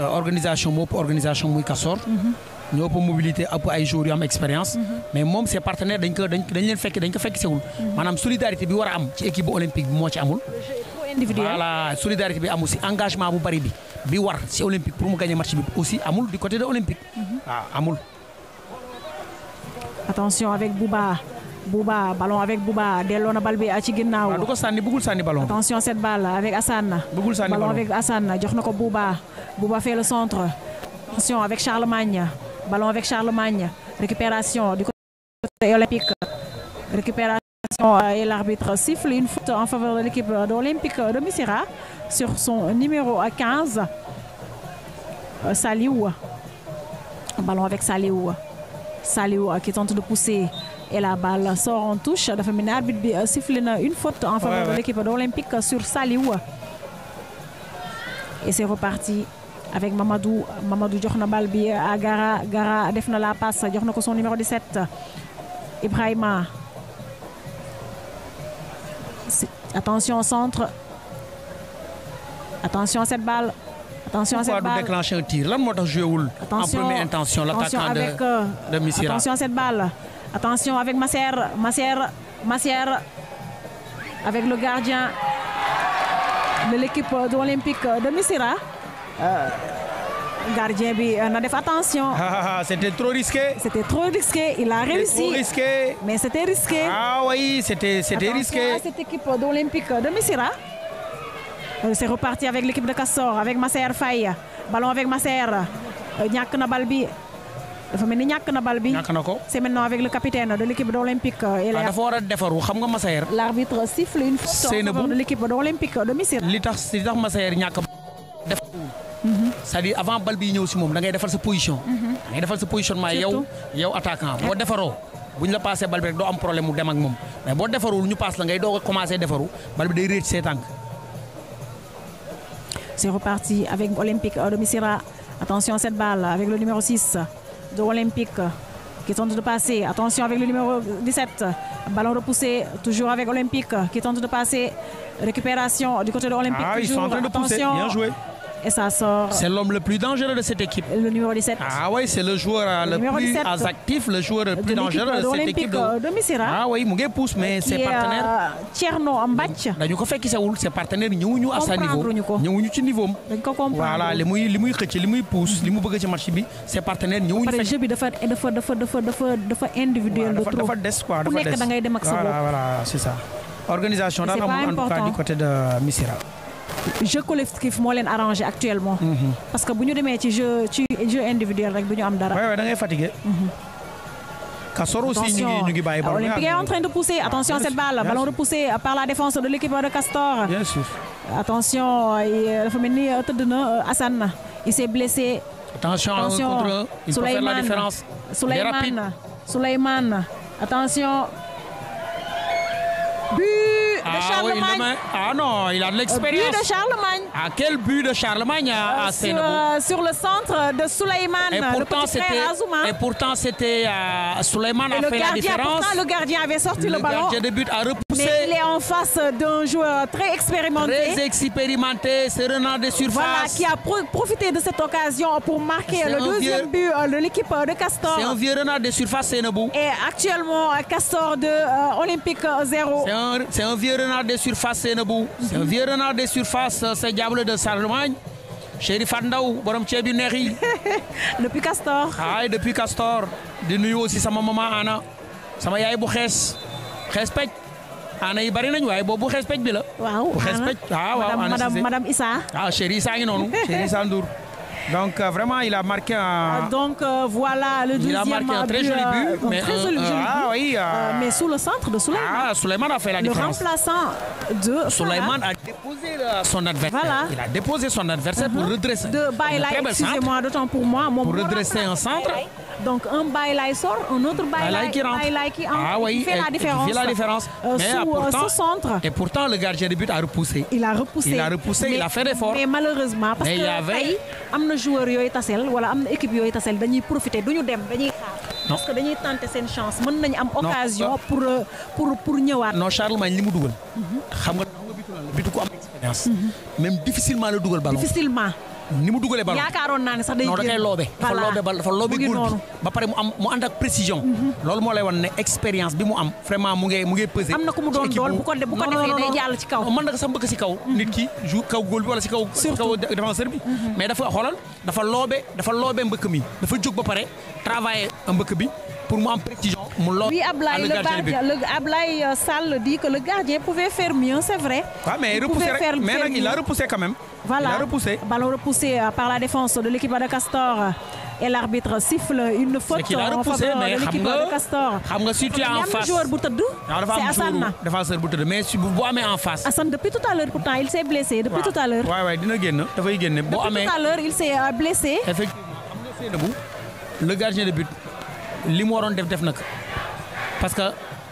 Speaker 3: euh, organisation moo organisation muy kassor mm-hmm. ñoo mobilité ëpp ay joueurs yu am expérience. Mm-hmm. mais mom ses partenaires dañ ko dañ leen fekk dañ ko fekk séwul manam solidarité bi wara am ci équipe olympique mo ci amul. individuel voilà solidarité bi amul si engagement bu bari bi bi war ci olympique pour mu gagner match bi aussi amul du côté de olympique. Ah, amul.
Speaker 2: attention avec Bouba. Bouba ballon avec Bouba delona Balbi, à
Speaker 3: attention
Speaker 2: cette balle avec Hassan ballon avec Hassan, Bouba. Bouba fait le centre. attention avec Charlemagne. ballon avec Charlemagne. récupération du côté olympique. récupération et l'arbitre siffle une faute en faveur de l'équipe d'Olympique de Missira sur son numéro 15. Saliou. Ballon avec Saliou. Saliou qui tente de pousser et la balle sort en touche La femme arbitre euh, une faute en faveur de l'équipe olympique sur Saliou et c'est reparti avec Mamadou Mamadou jox une balle à Gara Gara a la passe jox son numéro 17 Ibrahima attention au centre attention à cette balle Attention à cette balle.
Speaker 3: déclencher un tir Là, moi, je joue en première intention l'attaquant de euh, Attention à
Speaker 2: cette balle. Attention avec Massière, Massière, Massière, avec le gardien de l'équipe d'olympique de Misira. Euh, gardien on a fait attention. Ah,
Speaker 3: ah, ah, c'était trop risqué. C'était trop risqué. Il a réussi. Trop Mais c'était risqué. Ah oui, c'était risqué.
Speaker 2: cette équipe d'Olympique de Messira. Euh, c'est reparti avec l'équipe de Cassor, avec Masser Faye. Ballon avec Masser. Nyak euh, Nabalbi dafa mel ni ñàkk na bal bi ñàkk na ko c'est maintenant avec le capitaine de l'équipe olympique et euh, la ah, dafa war a
Speaker 3: defaru xam nga Massaer
Speaker 2: l'arbitre siffle une faute de l'équipe olympique de
Speaker 3: Missirah li tax li tax Massaer ñàkk defaruwul mhm. c'est-à-dire avant bal bi ñëw si moom da ngay defar sa position mhm. da ngay defar sa positionnement yow yow attaquant boo defaroo buñ la passé bal bi rek doo am problème mu dem ak moom mais boo defarul ñu passe la ngay doog a commencé defaru bal bi day réer ci say tànk
Speaker 2: c'est reparti avec Olympique de Missirah attention cette balle avec le numéro 6 de Olympique qui tente de passer. Attention avec le numéro 17. Ballon repoussé, toujours avec Olympique qui tente de passer. Récupération du côté de Olympique. toujours. Ah, sont en train de Attention. Bien joué et ça sort. C'est
Speaker 3: l'homme le plus dangereux de cette équipe. Le
Speaker 2: numéro 17. Ah
Speaker 3: oui, c'est le joueur euh, le, le plus 17. actif, le joueur le plus dangereux de cette équipe. De... Euh,
Speaker 2: Misira. Ah oui, Mougué pousse, mais ses partenaires. Euh, Tierno Ambach.
Speaker 3: dañu ko qui sewul ses partenaires ñëwuñu à sa niveau ñëwuñu ci niveau dañ ko comprendre voilà li muy li muy xëcc li muy pousse li mu bëgg ci match bi ses partenaires ñëwuñu fekk jeu
Speaker 2: bi dafa de faire, de faire, de faire, de faire dafa des De faire des ku nekk da ngay dem ak sa bopp
Speaker 3: voilà c'est ça organisation daal amul en tout cas du côté de Missira
Speaker 2: jeu collectif moo leen arrangé actuellement. Mhm. parce que bu ñu demee ci jeu jeu individuel rek du ñu am dara. fatigué. Mhm.
Speaker 3: Kassor aussi ñu ngi ñu ngi Olympique est en train
Speaker 2: de pousser ah, attention cette balle ballon repoussé par la défense de l'équipe de Castor. bien sûr. attention euh, dafa mel ni euh, tëdd na euh, Assane il s'est blessé. attention contre il peut faire la différence. Souleymane Souleymane attention
Speaker 3: but ah, Charlemagne. ah non, il a de l'expérience. de Charlemagne. À ah, quel but de Charlemagne à, euh,
Speaker 2: sur, le centre de Souleymane. Et pourtant, c'était.
Speaker 3: Et pourtant, c'était. Euh, Souleymane a le fait gardien, la différence. Pourtant, le
Speaker 2: gardien avait sorti le, ballon. Le gardien de but a repoussé. Mais il est en face d'un joueur très expérimenté. Très expérimenté, c'est Renard de surface. qui a profité de cette occasion pour marquer le deuxième but euh, de l'équipe de
Speaker 3: Castor. C'est un vieux Renard de surface, Sénébou. Et actuellement, Castor de euh, Olympique 0. C'est un, un vieux vieux renard des surfaces c'est un vieux renard des surfaces euh, c'est Diable de Charlemagne Chéri Fandaw borom ceeb yu depuis Castor aay depuis Castor De nuit aussi sa maman Anna. C'est ma bu xees respect. Anna ana yi bari nañ waaye respect, xees pecc bi la waaw ah, madame Issa ah chéri Issa ngi noonu chéri Issa donc euh, vraiment, il a marqué un.
Speaker 2: Ah, donc euh, voilà le deuxième. Il a marqué un très joli but. Euh, mais, très ah oui, mais sous le centre de Souleymane. Ah, Souleymane a fait la différence. Le remplaçant de. Souleymane a déposé
Speaker 3: son adversaire. Voilà. Il a déposé son adversaire pour uh-huh. redresser. De bailaï, excusez-moi,
Speaker 2: d'autant pour moi.
Speaker 3: Mon pour redresser un centre.
Speaker 2: Donc un bailaï sort, un autre bailaï qui rentre. qui ah, oui, il fait la différence. Il Fait la différence. mais sous, pourtant, ce centre.
Speaker 3: Et pourtant, le gardien de but a repoussé. Il a repoussé.
Speaker 2: Il a repoussé, il a fait l'effort. Mais malheureusement, parce mais que avait na joueur yoy tassel wala am équipe yoy tassel dañuy profiter duñu dem dañuy xaar. parce que dañuy tenter sen chance meun nañ am. occasion pour euh, pour pour
Speaker 3: ñëwaat. non Charlemagne li mu dugal. Mhm. xam nga bitu ko am expérience. Mhm. même difficilement le dugal ballon. difficilement. ni mu dugalee ballon yaakaaroon naa ne sax day non da koy loobe dafa loobe bal dafa loobe gul bi ba pare mu am mu ànd ak mhm. loolu moo lay wan ne expérience bi mu am vraiment mu ngi mu am na ku mu doon dool bu ko bu ko defee day jàll ci kaw mën na ko sax mbëkk si kaw mhm. nit ki jou kaw góol bi wala si kaw kaw défenseur bi mhm. mais dafa xoolal dafa loobe dafa loobe mbëkk mi dafa jóg ba pare travailler mbëkk bi pour mu am précision oui Ablaï, le gardien le
Speaker 2: euh, Sall dit que le gardien pouvait faire mieux c'est vrai. waaw ah, mais repoussé mais il a repoussé quand même. voilà il a repoussé. ballon repoussé euh, par la défense de l'équipe de Castor. et l'arbitre siffle une faute en faveur de l'équipe de Castor. nga si tu es en face c'est Assane
Speaker 3: mais si vous en face.
Speaker 2: depuis tout à l'heure pourtant il s'est blessé. depuis tout
Speaker 3: à l'heure Oui, oui, dina depuis tout à
Speaker 2: l'heure il s'est euh, blessé. effectivement
Speaker 3: le gardien de but. li mu waroon def def na ko parce que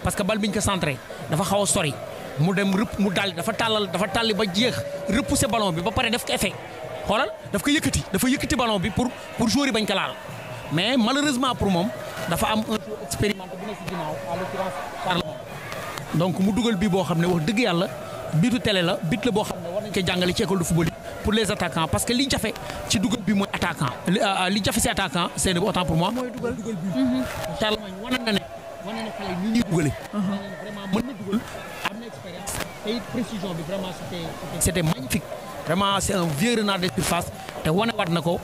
Speaker 3: parce que bal biñ ko centré dafa xaw a sori mu dem rëpp mu dal dafa tàllal dafa tàlli ba jeex repousser balon bi ba pare daf ko effet xoolal daf ko yëkkati dafa yëkkati balon bi pour pour joueur bañ ko laal mais malheureusement pour moom dafa am un joueur expérimenté bu ne si donc mu dugal bi boo xam ne wax dëgg yàlla biitu télé la bit la boo xam ne war nañ ko jàngale ci école de football pour les attaquants parce que li jafe ci dugal bi mooy attaquant li euh, euh, jafe si attaquant seen bi autant pour moi mooy dugal dugal bi mhm. Talla mooy wane na ne wane na xale yi ñuy uh-huh. vraiment mën na dugal am expérience et précision bi vraiment c'était c'était magnifique vraiment c'est un vieux renard de surface te wane waat na ko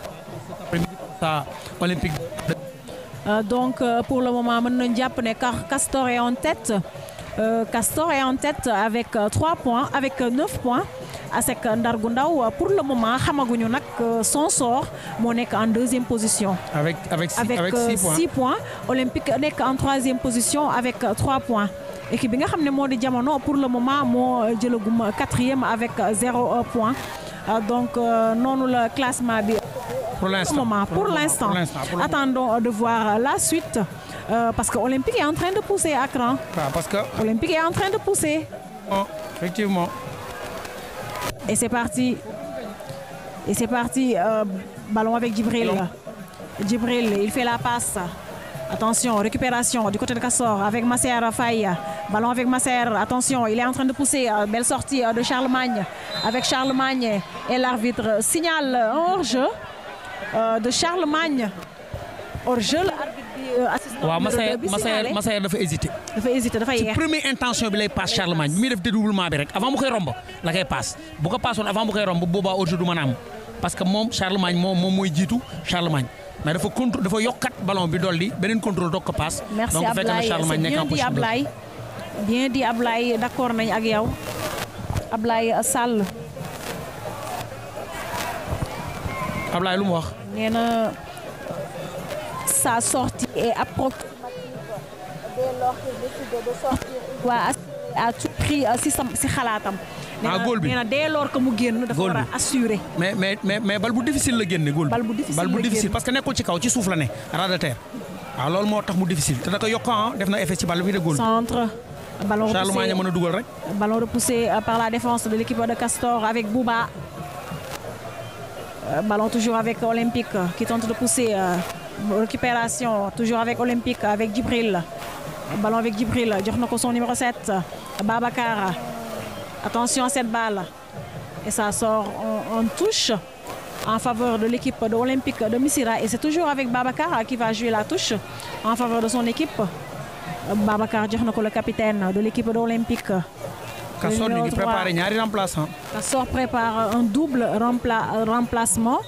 Speaker 3: cet olympique
Speaker 2: euh, donc pour le moment mën nañ jàpp ne Castor est en tête euh, Castor est en tête avec 3 euh, points, avec 9 euh, points. ASEC Ndargundaou, pour le moment, son sort, est en deuxième position.
Speaker 3: Avec 6 avec avec, avec
Speaker 2: points. Olympique est en troisième position avec 3 points. Et Équipe nga xamné modi diamant, pour le moment mo jëlagum 4e avec 0 point. Donc non le classement pour l'instant. Pour l'instant. Attendons de voir la suite. Euh, parce que Olympique est en train de pousser à cran. Ah, parce que... Olympique est en train de pousser. Oh, effectivement. Et c'est parti. Et c'est parti. Euh, ballon avec Gibril. Djibril, il fait la passe. Attention, récupération du côté de Cassor avec Masser Faye. Ballon avec Masser, attention, il est en train de pousser. Euh, belle sortie de Charlemagne avec Charlemagne. Et l'arbitre signale un jeu de Charlemagne hors jeu la arbitre bi euh, assistant. waaw Massayer Massayer hésiter. dafa hésité. dafa hésité dafa yeex ci première
Speaker 3: intention bi lay paas Charlemagne bi muy def dédoublement bi rek avant mu koy romb la koy paas bu ko paasoon avant mu koy romb boobaa hors jeu du mën parce que moom Charlemagne moom moom mooy jiitu Charlemagne. mais dafa contre dafa yokkat ballon bi dolli beneen contrôle doog ko paas. donc fekk na Charlemagne nekk en
Speaker 2: Bien dit, merci bien dit ablay, d' accord nañ ak yow Ablaye Sall. Ablaye lu mu wax. nee sa sortie est approximative
Speaker 1: dès lors qu'il décide de sortir il
Speaker 2: doit à tout prix euh, si sam si xalaatam ah, dès lors que mu génn dafa assurer
Speaker 3: mais mais mais mais bal bu difficile la génne góol bi bal bu difficile parce que nekkul ci kaw ci souffle la ne ras de terre waaw ah, loolu moo tax difficile te da ko yokk ah def na effet ci bal bi de góol centre
Speaker 2: ballon repoussé mën a dugal rek ballon repoussé euh, par la défense de l'équipe de Castor avec Bouba euh, ballon toujours avec Olympique qui tente de pousser récupération toujours avec Olympique avec Djibril ballon avec Djibril son numéro 7 Babacar attention à cette balle et ça sort en touche en faveur de l'équipe de Olympique de Missira et c'est toujours avec Babacar qui va jouer la touche en faveur de son équipe Babacar le capitaine de l'équipe d'olympique Olympique Kassor
Speaker 3: prépare
Speaker 2: prépare un double remplacement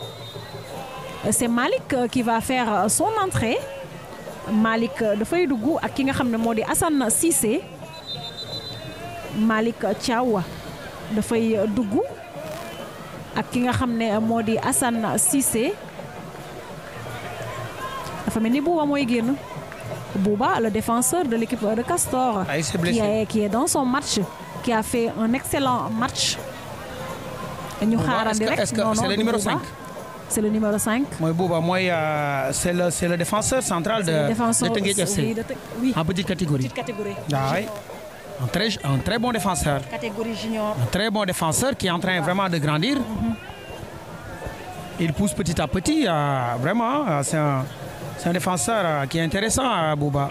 Speaker 2: c'est Malik euh, qui va faire euh, son entrée Malik de feuille d'ougou ki nga xam Hassan Sissé. Malik, Assane Cissé feuille d'ougou, dafay euh, de ak ki nga La modi Assane le défenseur de l'équipe de Castor ah, qui est, dans son match qui a fait un excellent match Est-ce que c'est le numéro 5 c'est le numéro 5.
Speaker 3: Moi, Bouba, moi, euh, c'est le, défenseur central de, défenseur, de
Speaker 2: En petite catégorie. Ah
Speaker 3: un, très, bon défenseur.
Speaker 2: Un
Speaker 3: très bon défenseur qui est en train vraiment de grandir. Mm-hmm. Il pousse petit à petit. Euh, vraiment, euh, c'est un, défenseur qui est intéressant, à Bouba.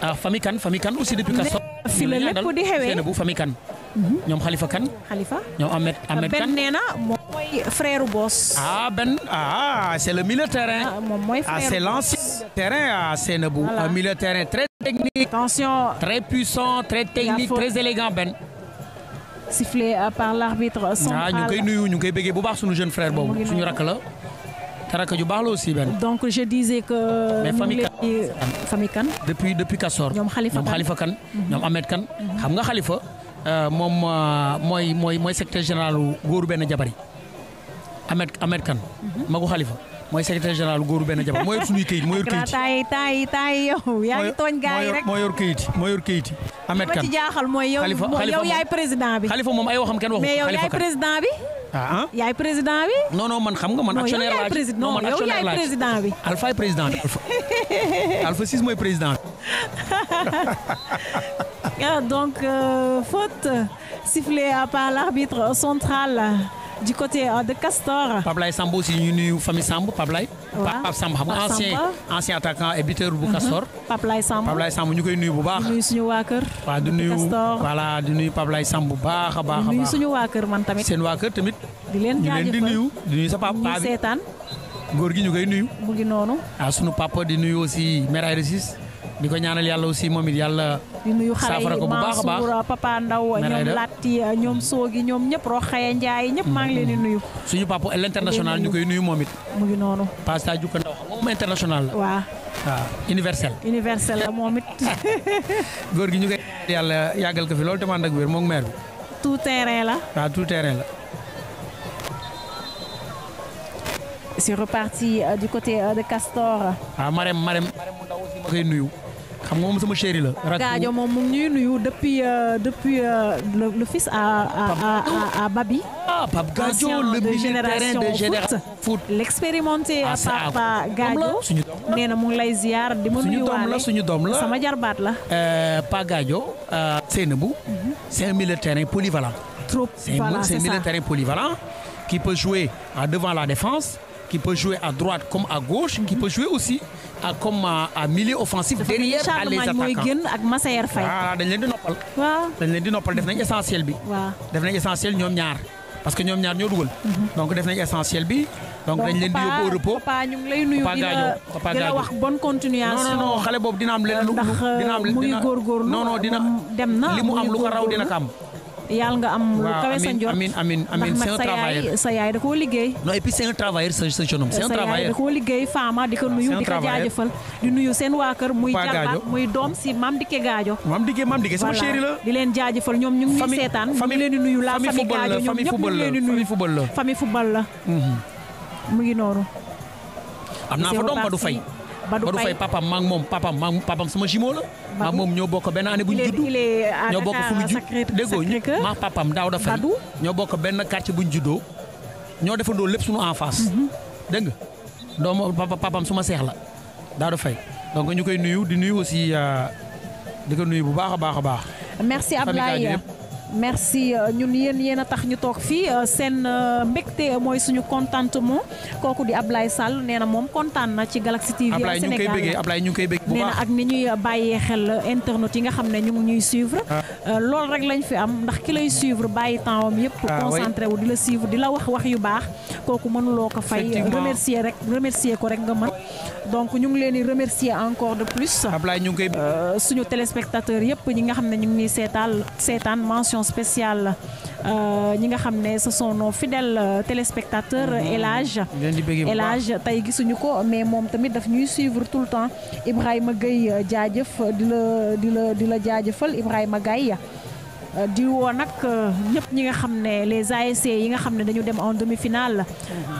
Speaker 3: ah kan aussi depuis. Mhm. Khalifa Ben
Speaker 2: Boss. ah
Speaker 3: Ben ah c'est le milieu terrain.
Speaker 2: Ah, ah, c'est
Speaker 3: l'ancien terrain ah, milieu terrain très technique. très puissant très technique très élégant Ben.
Speaker 2: sifflé euh, par l'arbitre central. nous,
Speaker 3: nous nous taraka ju baax la aussi benn.
Speaker 2: donc je disais que. mais famille kan
Speaker 3: famille kan. depuis depuis Kassor. ñoom Khalifa kan ñoom Khalifa kan. Mhm. ñoom Ahmed kan. Mhm. xam nga Khalifa euh, mom euh, moy moy moy secrétaire général goor ben jabar Ahmed Ahmed kan. Mhm. magu Khalifa mooy secrétaire général góoru benn jabar moo yor suñuy këyit moo yor këyit
Speaker 2: tay tay tay yow yaa ngi tooñ gaa yi rek moo yor
Speaker 3: këyit moo yor këyit Ahmed Kane ci jaaxal mooy yow yow yaay président bi xalifa moom ay waxam kenn waxu mais yow président
Speaker 2: bi ah, ah yaay président bi non non man xam nga man actionnaire laa non man actionnaire laa président bi alpha ay président bi alpha alpha six mooy président ah, donc euh, faute sifflée par l'arbitre central du côté euh, de Castor. Pablay
Speaker 3: Samb aussi ñu nuyu famille Samb Pablay. waaw Pape Samb xam nga ancien ancien attaquant et buteur bu Castor.
Speaker 2: Mm-hmm. Pablay Samb Pablay Samb
Speaker 3: ñu koy nuyu bu baax. nuyu suñu waa kër. waa di nuyu voilà di nuyu lay Samb bu baax a baax a baax. nuyu suñu
Speaker 2: waa kër man tamit. seen
Speaker 3: waa kër tamit. di leen jaajëfal ñu leen di nuyu di nuyu sa papa bi
Speaker 2: ñu
Speaker 3: góor gi ñu koy nuyu. mu ngi noonu. ah sunu di nuyu aussi mère di ko ñaanal yàlla aussi moom it yàlla bu baax a yi Mansour
Speaker 2: Papa Ndaw ñoom Latti ñoom Soogi ñoom ñëpp Roxaya Njaay ñëpp maa ngi leen di mm-hmm. nuyu
Speaker 3: suñu papa l'international ñu koy nuyu moom it mu ngi noonu pasta jukka ndaw xam moom international la waaw waaw universel
Speaker 2: universel la moom it
Speaker 3: góor gi ñu koy yàlla yàggal ko fi loolu tamit ak wér moom maire bi
Speaker 2: tout terrain la
Speaker 3: waaw tout terrain la
Speaker 2: c'est reparti euh, du côté euh, de Castor
Speaker 3: ah marem marem marem mu ndaw aussi ma koy nuyu xam nga moom sama chéri la. Gaajo
Speaker 2: moom mu ñuy nuyu depuis euh, depuis euh, le fils à à à Babi.
Speaker 1: ah Pape Gaajo le militaire de génération
Speaker 2: foot. l'expérimenté ah, Papa Gaajo nee na mu ngi lay ziar di ma nuyuwaale suñu doom la sama jarbaat la.
Speaker 3: Euh, pa Gaajo Seynabou. Mhm. c'est un militaire polyvalent. trop voilà c'est ça c'est un militaire polyvalent qui peut jouer devant la défense qui peut jouer à droite comme à gauche qui mhm. peut jouer aussi. à comme à milieu offensif. derrière les attaquants mooy génn
Speaker 2: ak Massayer Faye. waaw dañ leen di noppal. waaw
Speaker 3: dañ leen di noppal def nañ essentiel bi. waaw def nañ essentiel ñoom ñaar parce que ñoom ñaar ñoo dugal. Mhm. donc def nañ essentiel bi. donc dañ leen di yóbbu au repos
Speaker 2: papa ñu lay nuyu di wax bonne continuation. xale
Speaker 3: boobu dina am leneen lu. dina am euh, dina non non dina li mu am lu ko raw dina ko am.
Speaker 2: yàlla nga am. lu kawe sa njort
Speaker 3: amiin amiin
Speaker 2: sa yaay da koo liggéey. non et puis c'est un sa
Speaker 3: sa jeune homme. da koo
Speaker 2: liggéey Fama di ko ah, nuyu di ko jaajëfal. di nuyu seen waa kër muy. jàmbaat muy doom si Mame di Gadio. Mame Diké Mame Diké sama di leen jaajëfal ñoom ñu ngi ñuy seetaan. famille leen di nuyu la famille Gadio ñoom ñëpp ñu leen di nuyu famille football la famille football la. Mhm. mu ngi noonu. Mhm.
Speaker 3: am naa fa doom fa du fay Badou Faye papam maa moom papam maa papam suma jumeau la maa moom ñoo bokk benn année bu ñu judd ñoo bokk fu ñu judd déggoo maa papam daaw dafa ñoo bokk benn quartier bu ñu juddoo ñoo defandoo lépp suma en face mhm. dégg nga doomu papam suma seex la daaw dafa fay donc ñu koy nuyu di nuyu aussi euh, di ko nuyu bu baax a baax a baax
Speaker 2: merci Ablaye merci euh, ñun yéen yéen a tax ñu toog fii euh, seen euh, mbégte mooy suñu contentement kooku di Ablaye Sall nee na moom kontaan na ci Galaxy TV Sénégal ñu koy bëggee
Speaker 3: ñu koy bëgg bu baax ak
Speaker 2: ni ñuy bàyyee xel internet yi nga xam ne ñu ngi ñuy suivre ah. loolu rek lañ fi am ndax ki lay suivre bàyyi temps am yëpp ah, concentré wu di la suivre di la wax wax yu baax kooku mënuloo ko fay remercier rek remercier ko rek nga mën donc ñu ngi leen di remercier encore de plus. Ablaye ñu ngi koy. Euh, suñu téléspectateurs yëpp ñi nga xam ne ñu ngi nii seetaal seetaan mention spéciale euh, ñi nga xam ne ce sont nos fidèles euh, téléspectateurs. El Hadj El Hadj tey gisuñu ko mais moom tamit daf ñuy suivre tout le temps Ibrahima Gueye jaajëf di la di la di la jaajëfal Ibrahima Gueye. diwoo woo nag euh, ñëpp ñi nga xam ne les ASC yi nga xam ne dañu dem en demi-finale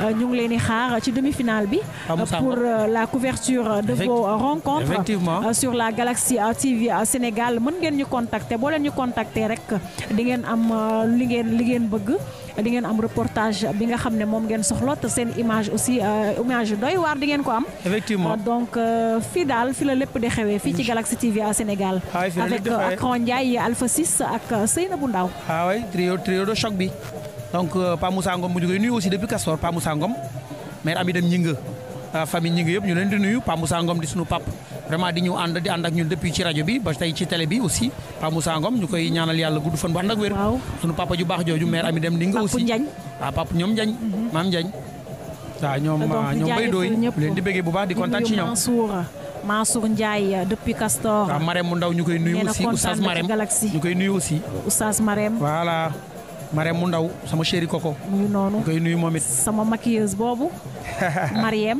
Speaker 2: euh, ñu ngi leen di xaar ci demi-finale bi euh, pour la couverture de vos rencontres sur la Galaxy TV Sénégal mën ngeen ñu contacter boo leen ñu contacter rek di ngeen am li ngeen li ngeen bëgg di ngeen am reportage bi nga xam ne moom ngeen soxla te seen image aussi euh, image doy waar di ngeen ko am.
Speaker 3: effectivement euh,
Speaker 2: donc euh, fii daal fi la lépp di xewee. fii ci Galaxy TV à Sénégal. avec ak Ron Ndiaye Alpha 6 ak Seynabou Ndaw.
Speaker 3: ah oui trio trio de choc bi donc Pa Moussa Ngom bu ñu koy nuyu aussi depuis Castor Pa Moussa Ngom maire Amidam Ñinga ah, famille Ñinga yëpp ñu leen di nuyu Pa Moussa Ngom di sunu pap vraiment di ñu and di and ak ñun depuis ci radio bi ba tay ci télé bi aussi pa Moussa Ngom ñukoy ñaanal yalla gudd fan bu and ak wër sunu papa ju baax joju maire ami dem di nga aussi ah papa ñom jagn mhm. mam jagn waaw ñom ñom bay doy leen di bëggé bu baax di contact ci ñom
Speaker 2: Mansour Ndiaye euh, depuis Castor. Ah,
Speaker 3: Marème mu ndaw ñu koy nuyu aussi Oustaz Marem. ñu koy nuyu aussi.
Speaker 2: Oustaz Marem.
Speaker 3: voilà Marème Mundaw sama chérie Coco. ñu noonu ñu koy nuyu sama maquilleuse bobo Mariem.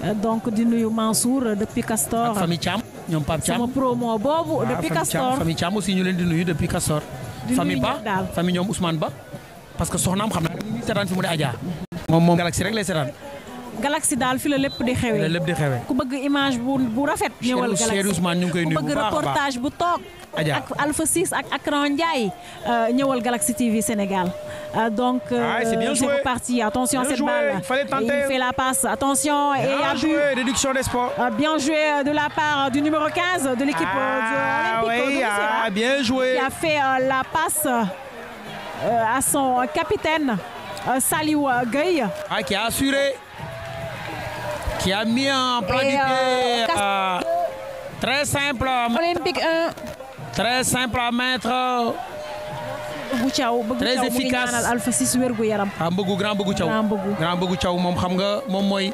Speaker 2: Eh, donc di nuyu Mansour eh, depuis Castor. ak famille
Speaker 3: Thiam ñoom Pape sama
Speaker 2: promo boobu. Ah, depuis Castor famille
Speaker 3: cham aussi ñu leen di nuyu depuis Castor. di famille Ba famille ñom Ousmane Ba. parce que soxnam xamna naa ne fi mu di Adja. mom mom
Speaker 2: Galaxy rek lay seetaan. Galaxy dal fi la lepp di xewé la di xewé ku bëgg image bu bu rafet. ñewal Galaxy Cheikh Ousmane ñu koy nuyu ku bëgg reportage bu tok ak Alpha 6 ak Akran Ndiaye euh, ñewal Galaxy TV Sénégal. Euh, donc, euh, ah, c'est reparti. Attention à cette balle. Il fait la passe. Attention. et à joué. Réduction euh, bien joué de la part du numéro 15 de l'équipe ah, olympique. Ah, bien joué. Qui a fait la passe à son capitaine Saliou Gueye.
Speaker 3: qui a assuré. Qui a mis en plan très simple. Olympique 1. Très simple à mettre.
Speaker 2: bëggu Thiaw bëggu Thiaw mu ngi ñaanal Alpha 6 wér gu yaram.
Speaker 3: ah mbëggu grand bëggu Thiaw grand bëggu. grand bëggu Thiaw moom xam nga moom mooy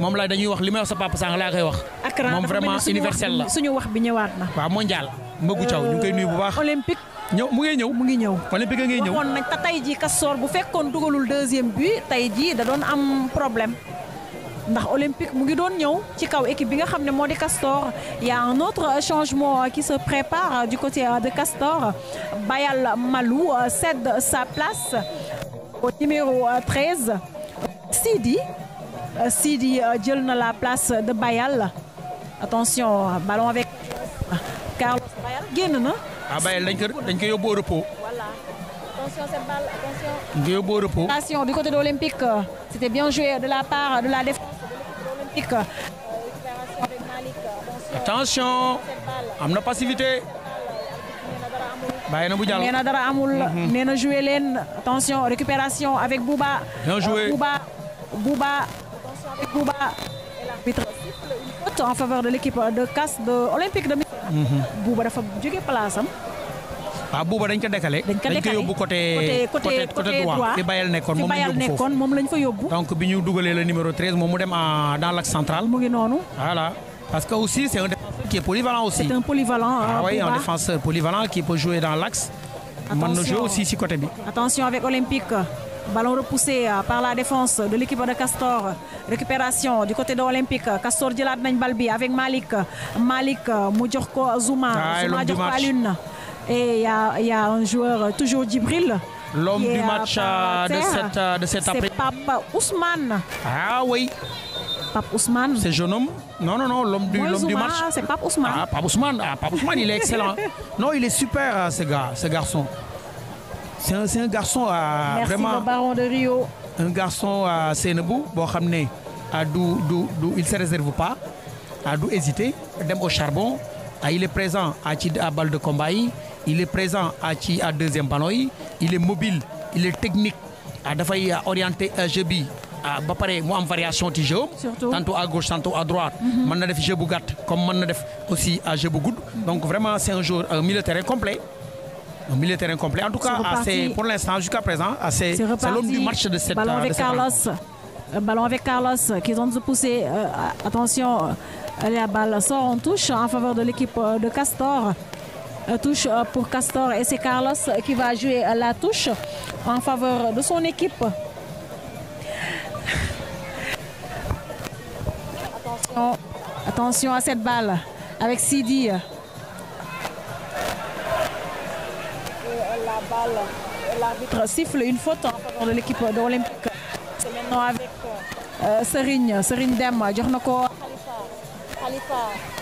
Speaker 3: moom laa dañuy wax li may wax sa papa sànq laa koy wax. ak moom vraiment universel la suñu
Speaker 2: wax bi ñëwaat na. waaw
Speaker 3: mondial mbëggu Thiaw ñu ngi koy nuyu bu baax olympique. ñëw mu ngi ñëw mu ngi ñëw olympique ngay ñëw waxoon nañ
Speaker 2: te tey jii Castor bu fekkoon dugalul deuxième bi tey jii da doon am problème Il olympique y a un autre changement euh, qui se prépare euh, du côté euh, de Castor Bayal Malou cède sa place au numéro 13 Sidi Sidi jël na la place de Bayal attention ballon avec Carlos Bayal génn na
Speaker 3: ah Bayal dañ repos
Speaker 2: Attention balle, attention. Deux Attention du côté de l'Olympique. C'était bien joué de la part de la défense de l'Olympique.
Speaker 3: Attention. Amna passivité. Bayena bu mhm.
Speaker 2: joué Attention, récupération avec Bouba. Bien joué. Euh, Bouba. Bouba. Attention Bouba. L'arbitre en faveur de l'équipe de casse de Olympique de mhm. Bouba dafa jóge place am.
Speaker 3: A bouba dañ ko décalé dañ ko décalé côté côté côté droit fi bayal nekkoon moom lañ de lañ fa donc biñu ñu le numéro 13 moom mu dans l'axe central ngi voilà parce que aussi c'est un défenseur qui est polyvalent aussi c'est un polyvalent ah euh, oui un défenseur polyvalent qui peut jouer dans l'axe on joue aussi ici côté bi
Speaker 2: attention avec Olympique Ballon repoussé euh, par la défense de l'équipe de Castor. Récupération du côté de l'Olympique. Castor Djelad Balbi avec Malik. Malik euh, Moudjorko Zouma. Ah, Zouma Djorko et il y, a, un joueur toujours d'Ibril.
Speaker 3: L'homme du match euh, de, cet euh, de midi après
Speaker 2: Papa Ousmane.
Speaker 3: Ah oui. Pape Ousmane. C'est jeune homme Non, non, non, l'homme du, du, match. C'est Pape Ousmane. Ah, Pape Ousmane. Ah, Ousmane, il est excellent. non, il est super, euh, ce, gars, ce garçon. C'est un, un, garçon à. vraiment,
Speaker 2: baron de Rio.
Speaker 3: Un garçon à Sénébou, bon, à il ne se réserve pas, à ah, dou hésiter, Dem au charbon. Ah, il est présent à, à Balle de Combaï il est présent à qui à deuxième panneau il est mobile il est technique Il ah, dafay euh, orienté euh, jeu bi ah, ba variation de jeu tantôt à gauche tantôt à droite. Manadef mhm. def comme manadef aussi à jeu mhm. donc vraiment c'est un jour un euh, milieu terrain complet. un milieu terrain complet en tout cas assez pour l'instant jusqu'à présent assez. c'est l'homme du match de cette ballon avec Carlos
Speaker 2: ballon avec Carlos qui ont de pousser attention la balle sort en touche en faveur de l'équipe de Castor. Euh, touche euh, pour Castor et c'est Carlos euh, qui va jouer la touche en faveur de son équipe. Attention, à cette balle avec Sidi. la balle, l'arbitre siffle une faute en faveur de l'équipe d'Olympique. C'est maintenant avec Serigne, Serigne Dem, Khalifa. Khalifa.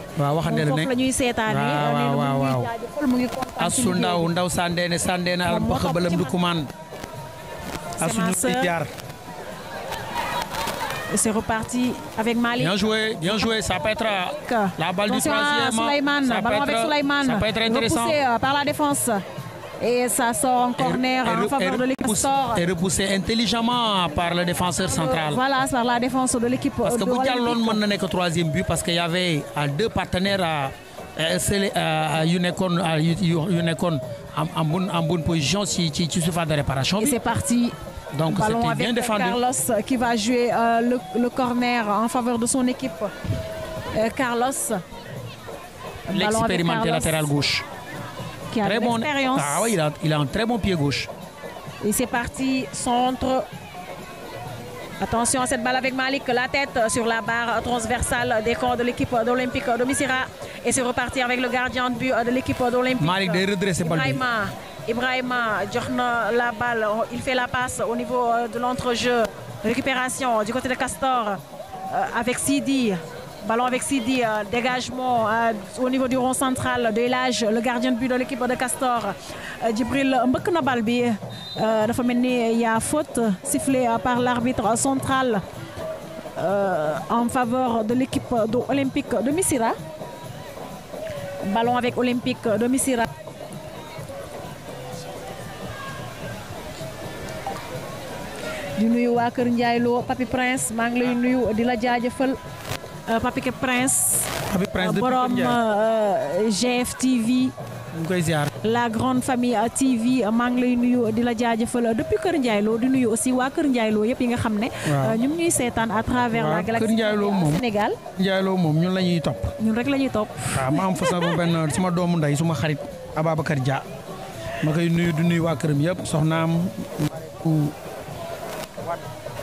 Speaker 2: waaw waxante ne la ñuy seetaanee waaw waaw waaw asu ndaw
Speaker 3: ndaw sàndeene sàndeene al ba xëbalam du commande
Speaker 2: asu ñu ngi jaar c'est reparti avec Mali. Bien
Speaker 3: joué, bien joué, ça peut être la balle du troisième. Ça peut être, ça peut être intéressant. Repoussé euh,
Speaker 2: par la défense. Et ça sort en corner en faveur de l'équipe sort. Et
Speaker 3: repoussé intelligemment par le défenseur central. Voilà,
Speaker 2: par la défense de l'équipe. Parce que Boudialon n'en
Speaker 3: que troisième but parce qu'il y avait deux partenaires à, à, Unicorn, en, bonne, position si tu, fais de réparation. Et c'est parti. Donc c'était bien défendu. Carlos
Speaker 2: euh, qui va jouer euh, le, corner en faveur de son équipe. Euh, Carlos. L'expérimenté latéral gauche qui a très bon... Ah
Speaker 3: il a, un très bon pied gauche.
Speaker 2: Et c'est parti, centre. Attention à cette balle avec Malik, la tête sur la barre transversale des corps de l'équipe d'Olympique de Et c'est reparti avec le gardien de but de l'équipe d'Olympique. Malik de redresser Ibrahima. Ibrahima la balle, il fait la passe au niveau euh, de l'entrejeu. Récupération du côté de Castor euh, avec Sidi. Ballon avec Sidi, euh, dégagement euh, au niveau du rond central de l'âge. le gardien de but de l'équipe de Castor. Euh, Djibril Mbeknabalbi. il y a faute sifflée par l'arbitre central en faveur de l'équipe olympique de Missira. Ballon avec Olympique de Missira. Prince Euh, Papike Prince.
Speaker 3: Papike Prince borom euh,
Speaker 2: euh, GFTV. ñu koy ziar. la grande famille TV maa ngi lay nuyu di la jaajëfal depuis Kër njaayloo di nuyu aussi waa Kër Ndiaye Lo yëpp yi nga xam ne. ñun ñuy seetaan à travers. la galaxie Kër moom Sénégal.
Speaker 3: Ndiaye Lo moom ñun la ñuy topp.
Speaker 2: ñun rek la ñuy topp.
Speaker 3: waaw ma am fa sama benn suma doomu ndey suma xarit Ababacar jaa ma koy nuyu di nuyu waa këram yëpp soxnaam.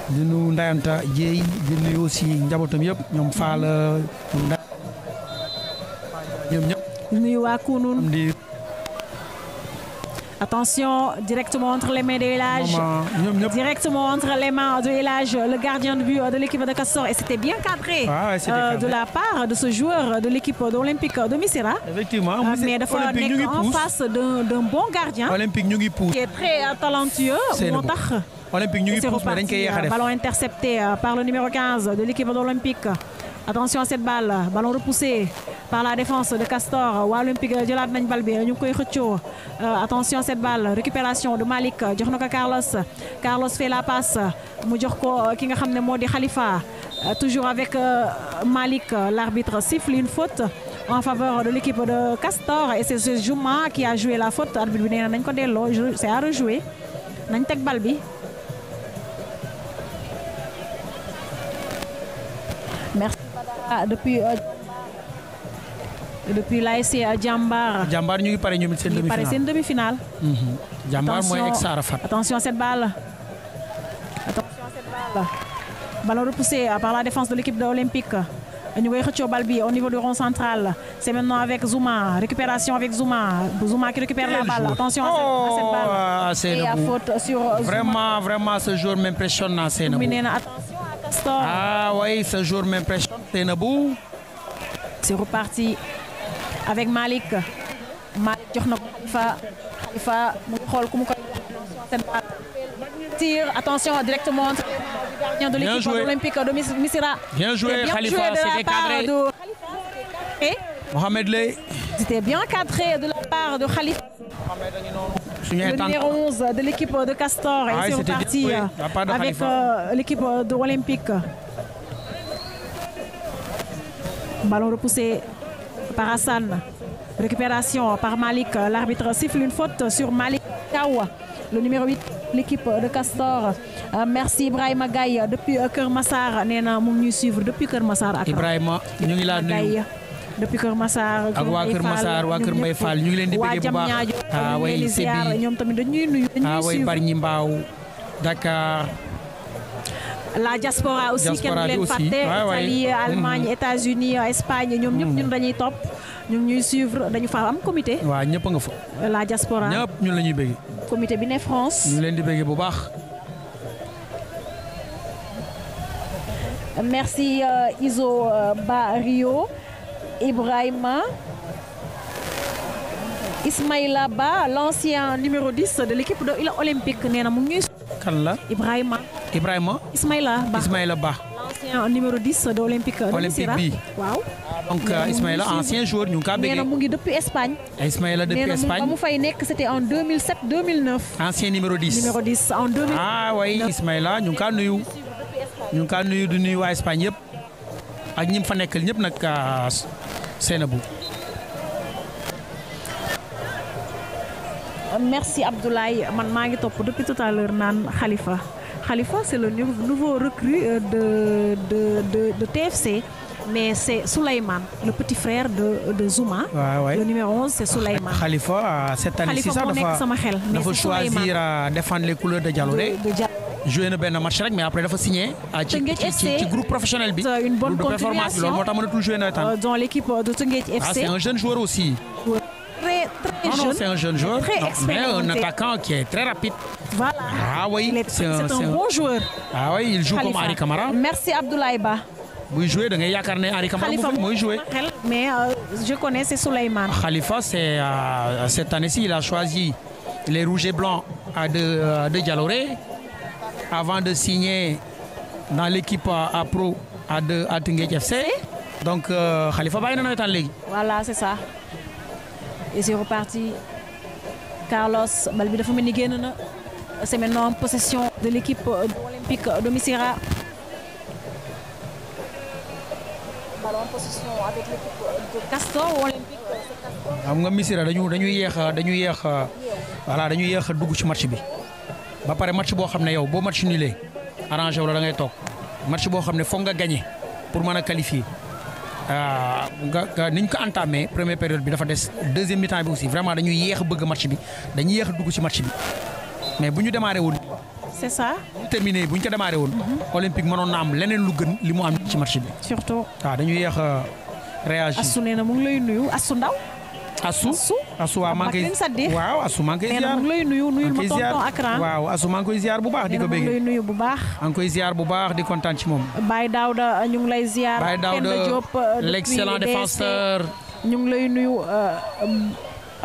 Speaker 3: di nous Ndayanta di nuyu aussi njabootam yëpp ñoom Faala
Speaker 2: ñoom ñëpp. di nuyu waa attention directement entre les mains de El directement entre les mains de hélage le gardien de but de l'équipe de Castor et c'était bien cadré. Ah euh, de la part de ce joueur de l'équipe d'Olympique de Misera. effectivement euh, mais en face d'un bon gardien. Olympique
Speaker 3: qui est très talentueux Olympique euh, ballon
Speaker 2: intercepté euh, par le numéro 15 de l'équipe d'Olympique attention à cette balle ballon repoussé par la défense de Castor ou euh, Olympique de attention à cette balle récupération de Malik. Carlos Carlos fait la passe mu jox ko Khalifa toujours avec Malik. l'arbitre siffle une faute en faveur de l'équipe de Castor et c'est Jouma qui a joué la faute c'est à rejouer Merci. Ah, depuis euh, depuis l'ASC euh, Jambar. Jambar Djambar nous pare ñoom seen demi-finale Paré pare demi-finale.
Speaker 3: Jambar moi ex
Speaker 2: attention cette balle. attention à cette balle. ballon repoussé euh, par la défense de l'équipe de Olympique. Nous voyons au niveau du rond central. C'est maintenant avec Zouma. Récupération avec Zouma. Zouma qui récupère la balle. Attention à cette, oh, balle. Et à Vraiment,
Speaker 3: vraiment, ce jour m'impressionne. Attention.
Speaker 2: Ah oui, ce jour m'impressionne, Nabou. C'est reparti avec Malik. Malik tu as Khalifa. Khalifa mu Tire, attention directement de l'équipe olympique de Misira. Bien joué, bien Khalifa, c'est cadré. Et
Speaker 3: Mohamed Ley.
Speaker 2: C'était bien cadré de la part de Khalifa le numéro 11 de l'équipe de Castor. est ah et euh, avec euh, l'équipe euh, de Olympique. Ballon repoussé par Hassan. Récupération par Malik. L'arbitre siffle une faute sur Malik Kawa, le numéro 8 de l'équipe de Castor. merci Ibrahima Gaye depuis Kermassar. Nous suivre depuis Kermassar. Ibrahima, depuis Kër Massar. ak waa Kër Massar waa ñu ngi leen di bëggee bu ah, ñoom tamit dañuy nuyu. ah way Bargny
Speaker 3: Mbao Dakar.
Speaker 2: la diaspora aussi kenn mhm. ñoom ñëpp ñun mhm. dañuy topp ñun dañu fa am comité. waaw ñëpp a la diaspora ñëpp ñun la ñuy bëgg. comité bi ne France. ñu
Speaker 3: leen di bëgg bu baax.
Speaker 2: merci euh, Iso euh, Ba Rio. Ibrahima. Ismaila Ba l'ancien numéro 10 de l'équipe de olympique nee na mu Ibrahima. Ibrahima. Ismaïla Ba Ismaïla Ba. l'ancien numéro 10 de l'Olympique. olympique B. Wow. donc Ismaila, ancien
Speaker 3: joueur ñu ngi kaa bëggee. nee na mu
Speaker 2: ngi depuis Espagne.
Speaker 3: Ismaïla depuis Espagne
Speaker 2: nee na mu fay c'était en 2007 2009.
Speaker 3: ancien numéro 10. numéro 10 en 2009 ah oui Ismaila, ñu ngi kaa nuyu. ñu ngi de nuyu du nuyu Espagne ak ñi fa nekkal ñëpp ah, Euh,
Speaker 2: merci Abdoulaye. Man depuis tout à l'heure Khalifa Khalifa c'est le nouveau recrue euh, de de de TFC. mais c'est Souleyman, le petit frère de, de Zouma. Le numéro 11, c'est Souleyman.
Speaker 3: Khalifa, cette année-ci, ça, il faut choisir euh, défendre les couleurs de Diallo jouer une belle match mais après signer signé. signer. FC un groupe professionnel c'est euh, une bonne performance euh,
Speaker 2: dans l'équipe euh, de FC. Ah, c'est un jeune joueur aussi. très très ah c'est un jeune joueur. très mais un attaquant
Speaker 3: qui est très rapide. voilà ah oui c'est un bon joueur. ah oui il joue comme Harry Kamara.
Speaker 2: merci Abdoulaye
Speaker 3: Vous Il joue Yakarne, Harry Kamara, Il Camara
Speaker 2: mais je connais c'est Souleymane.
Speaker 3: Khalifa c'est cette année-ci il a choisi les rouges et blancs de de Dialoré avant de signer dans l'équipe à, à pro à, de, FC. Donc, euh, Khalifa Baye est en Ligue.
Speaker 2: Voilà, c'est ça. Et c'est reparti. Carlos, c'est maintenant en possession de l'équipe olympique de Missira. Ballon en possession avec l'équipe de
Speaker 3: olympique voilà dañu ba paré match bo xamné yow bo match nulé arrangé wala da ngay tok match bo xamné fo nga gagner pour mën a qualifier euh, nga ni ko entamé première période bi dafa dess deuxième mi-temps bi aussi vraiment dañuy yéx bëgg match bi dañuy yéx dugg ci match bi mais buñu démarré woon. c'est ça. bu terminé buñ ko démarré woon. Mhm. olympique mënon na am leneen lu gën li mu am ci match bi. surtout. ah dañuy yéx a réagir.
Speaker 2: Assu nee na mu ngi lay nuyu Assu Ndaw.
Speaker 3: Assu. asu waaw maa ngi koy waaw asu maa ngi koy ziar lay nuyu nuyul ngi bu baax di ko bëgg lay nuyu bu baax maa ngi koy ziar bu baax di kontaan ci moom
Speaker 2: Baye Daouda ñu ngi lay ziar Baye Daouda euh, l'excellent défenseur ñu ngi lay nuyu euh,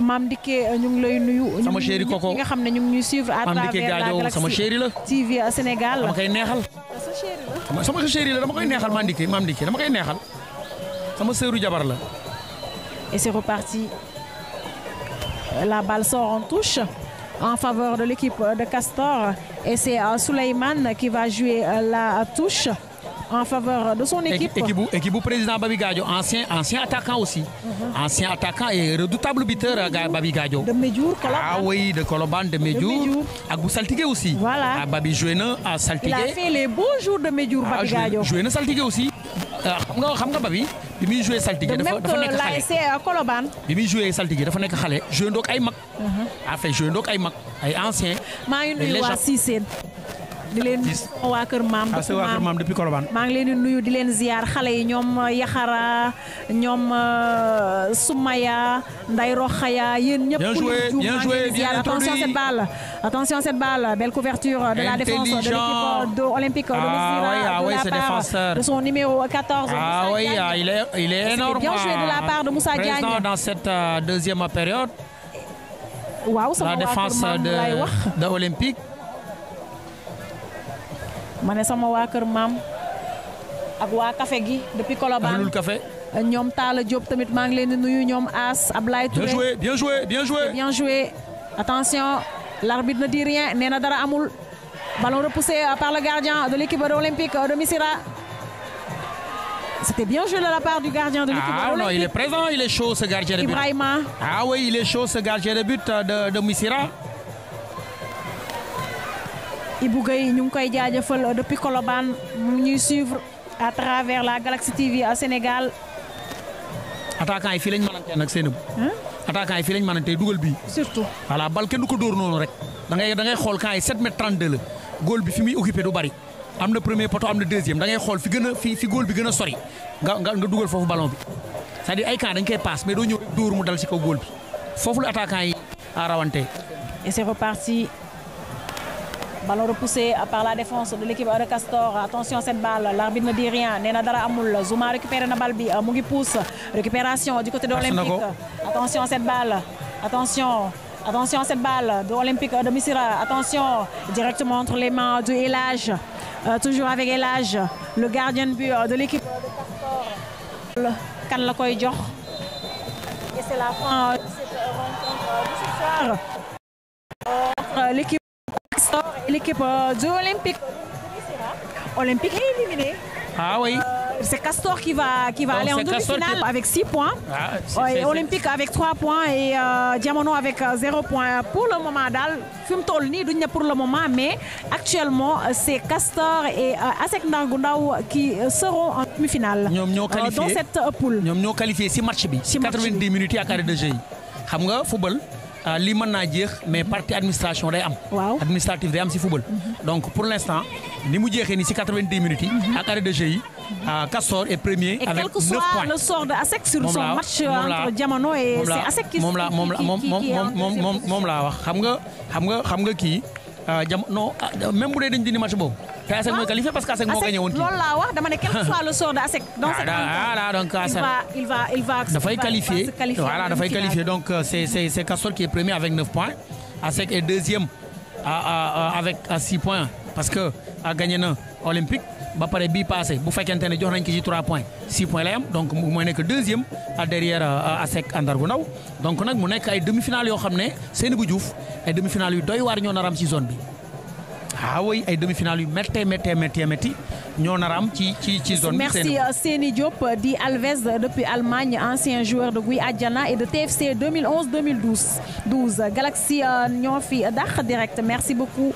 Speaker 2: maam Diké ñu ngi lay nuyu. sama chéri koko nga xam ne ñu ngi ñuy suivre. à travers la Galaxy sama chéri la. TV Sénégal dama koy neexal.
Speaker 1: sa chéri
Speaker 3: la sama chéri la dama koy neexal maam Diké maam Diké dama koy neexal. sama sœuru la.
Speaker 2: et c'est La balle sort en touche en faveur de l'équipe de Castor. Et c'est euh, Suleiman qui va jouer euh, la touche en faveur de son équipe. Équipe,
Speaker 3: équipe président Babi ancien, ancien attaquant aussi. Mhm. Ancien attaquant et redoutable buteur euh, Babi Gadio. De Medjour, Coloban. Ah oui, de Colomban de Medjour. À Saltigué aussi. Voilà. À ah, Babi Jouena, à Saltigué. Il a fait les beaux jours de Medjour, ah, Babi Gadio. Jouena, Saltigué aussi. Euh, xam nga xam nga Babi bi muy joué Saltigué dafa dafa nekk xale de
Speaker 2: même que Colobane.
Speaker 3: bi muy joué Saltigué dafa nekk xale joué ndoog ay mag. en mhm. ah, fait joué ndoog ay mag ay anciens.
Speaker 2: maa ngi Cissé di leen waa kër maam depuis Colobane maa ngi leen di nuyu di leen ziar xale yi ñoom uh, Yaxara ñoom uh, Soumaya Nday Roxaya yéen ñëpp joué bien joué bien attention cette balle attention cette balle belle couverture de la défense de l'équipe euh, olympique ah, ah c'est défenseur de son numéro 14 ah oui ah, il
Speaker 3: est il est énorme bien joué de la part de Moussa Diagne dans cette euh, deuxième période
Speaker 2: waaw la défense de de Olympique bien joué bien
Speaker 3: joué bien joué
Speaker 2: bien joué attention l'arbitre ne dit rien néna dara amul ballon repoussé par le gardien de l'équipe olympique de Misira C'était bien joué de la part du gardien de l'équipe. Ah
Speaker 3: non, il est présent, il est chaud ce gardien de but. Ah oui, il est chaud ce gardien de but de, de
Speaker 2: Ibou Gueye ñu ngi koy jaajëfal depuis Colobane mu ñuy suivre à travers la Galaxy TV à Sénégal.
Speaker 3: attaquant yi fii lañ mënantee nag seen attaquant yi fii lañ mënantee dugal bii. surtout voilà bal kenn du ko dóor noonu rek. dangay da ngay xool camp yi met mètre 32 la góol bi fi muy occupé du bari am na premier poteau am na deuxième da ngay xool fi gën a fi fi góol bi gën a sori nga nga nga dugal foofu ballon bi sa à dire ay camp dañ koy paas mais doo ñëw dóor mu dal ci kaw góol bi foofu la attaquant yi à rawante.
Speaker 2: Ballon repoussé par la défense de l'équipe de Castor. Attention à cette balle, l'arbitre ne dit rien. Nenadara Amul. Amoul, Zouma récupère la balle, euh, pousse. Récupération du côté de l'Olympique. Attention à cette balle, attention. Attention à cette balle de l'Olympique de Missira. Attention, directement entre les mains de Elage. Euh, toujours avec Elage, le gardien de but de l'équipe de Castor. Kan Et c'est la fin de cette
Speaker 1: rencontre de
Speaker 2: ce soir. Euh, l'équipe L'équipe du olympique, olympique est éliminée. Ah oui. Euh, c'est Castor qui va, aller en demi-finale avec 6 points.
Speaker 1: Ah, olympique
Speaker 2: avec 3 points et Diamondo euh, Diamono avec 0 euh, points Pour le moment, Dal, pour le mais actuellement, c'est Castor et Asek Nangundao qui seront en demi-finale dans cette poule. Nous sommes
Speaker 3: qualifiés 6 matchs, 90 minutes à carré de jeu. Vous football. Euh, lii mën naa jeex mais partie administration day am. waaw administrative day am si football. Mhm. donc pour l' instant ni mu jeexee nii si 90 minutes yi. Mhm. ak arrêt de jeu yi. Mhm. Euh, Castor est premier. avec 9 points et quel que soit le sort
Speaker 2: de Assec sur son match entre Diamano et c'est Assec. moom la moom la moom moom moom moom laa wax xam
Speaker 3: nga xam nga xam nga kii. Euh, non, euh, même vous les dañ dindi match boobu. te ASEC ah, qualifié parce que ASEC gagné woon. loolu
Speaker 2: laa wax dama né le sort de ah, ah, donc il va il
Speaker 1: va se qualifier. voilà
Speaker 3: donc euh, c'est c'est c'est qui est premier avec 9 points. ASEC est deuxième avec 6 points parce qu'il a gagné un Olympique ba pare passé bu fekkente ne jox nañ ko ci 3 points 6 points am donc mooy deuxième à derrière euh, ASEC donc nag mu nekk ay demi-finale yoo xam ne Seynabou Diouf ay demi-finale yu doy ci zone bi. Ah demi-finale yu ñoo nar am ci ci ci zone merci
Speaker 2: Seni euh, Diop euh, dit Alves euh, depuis Allemagne ancien joueur de Guy et de TFC 2011 2012 12 Galaxy ñoo fi direct merci beaucoup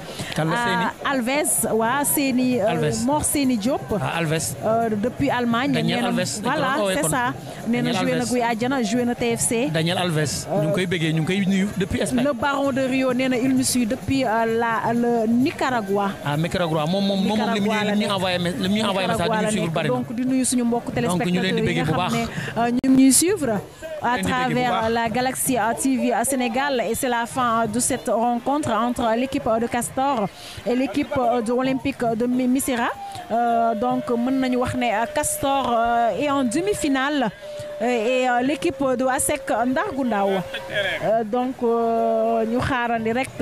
Speaker 2: Alves waa Seni mort Seni Diop ah, Alves depuis Allemagne Daniel Alves voilà c'est ça nee na oh, joué na Guy joué na TFC Daniel Alves ñu koy
Speaker 3: bëggee ñu koy nuyu depuis Espagne le
Speaker 2: baron de Rio il me suit depuis la le Nicaragua
Speaker 3: ah Nicaragua mon, moom moom li mu ñu envoyé le mieux donc
Speaker 2: à travers euh, la galaxie euh, TV euh, Sénégal et c'est la fin de cette rencontre entre l'équipe de Castor et l'équipe de Olympique de Misera donc mon nañu Castor est en demi-finale et l'équipe de ASEC Ndargou Ndaw donc ñu en direct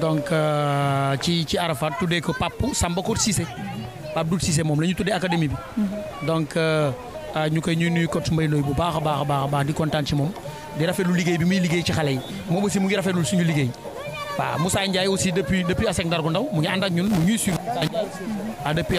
Speaker 3: donc euh, ci ci Arafat tudé ko papu Samba Kour Cissé Pape Doudou Cissé mom lañu tudé académie bi. Mhm. donc euh, euh, ñu koy ñuy nuyu coach Mbaye Ndoye bu baaxa baaxa baaxa a baax di kontaan ci mom di rafetlu liggéey bi muy liggéey ci xalé yi mom aussi mu ngi rafetlu suñu liggéey. wa Moussa Ndiaye aussi depuis depuis ASEC Ndargu Ndaw mu ngi and ak ñun mu ñuy suivre. Mhm. ah depuis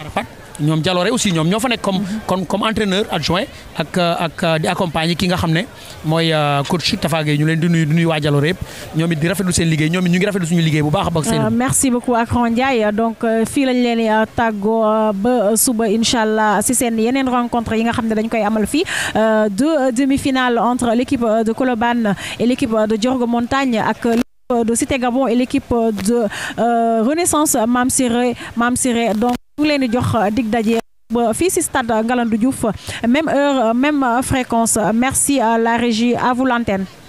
Speaker 3: ñom Jalooré aussi ñom ño fa nek comme mhm. comme comme entraîneur adjoint ak ak di accompagner ki nga xamné moy euh, coach Tafa ñu leen di nuyu di nuyu waa Jalooré yëpp di rafetlu seen liggéey ñom ñu ngi rafetlu suñu liggéey bu baax a seen ah,
Speaker 2: merci beaucoup Akran Ndiaye donc euh, fi lañ leen euh, tàggoo ba suba inshallah allah si seen yenen rencontre yi nga xamné dañ koy amal fii deux demi-finales entre l'équipe de Koloban et l'équipe de Djorgo Montagne ak de Cité Gabon et l'équipe de euh, Renaissance Mam Mam Mamsiré donc ñu ngi leen di dig daje ba stade Ngalandou même heure même fréquence merci à la régie à vous l'antenne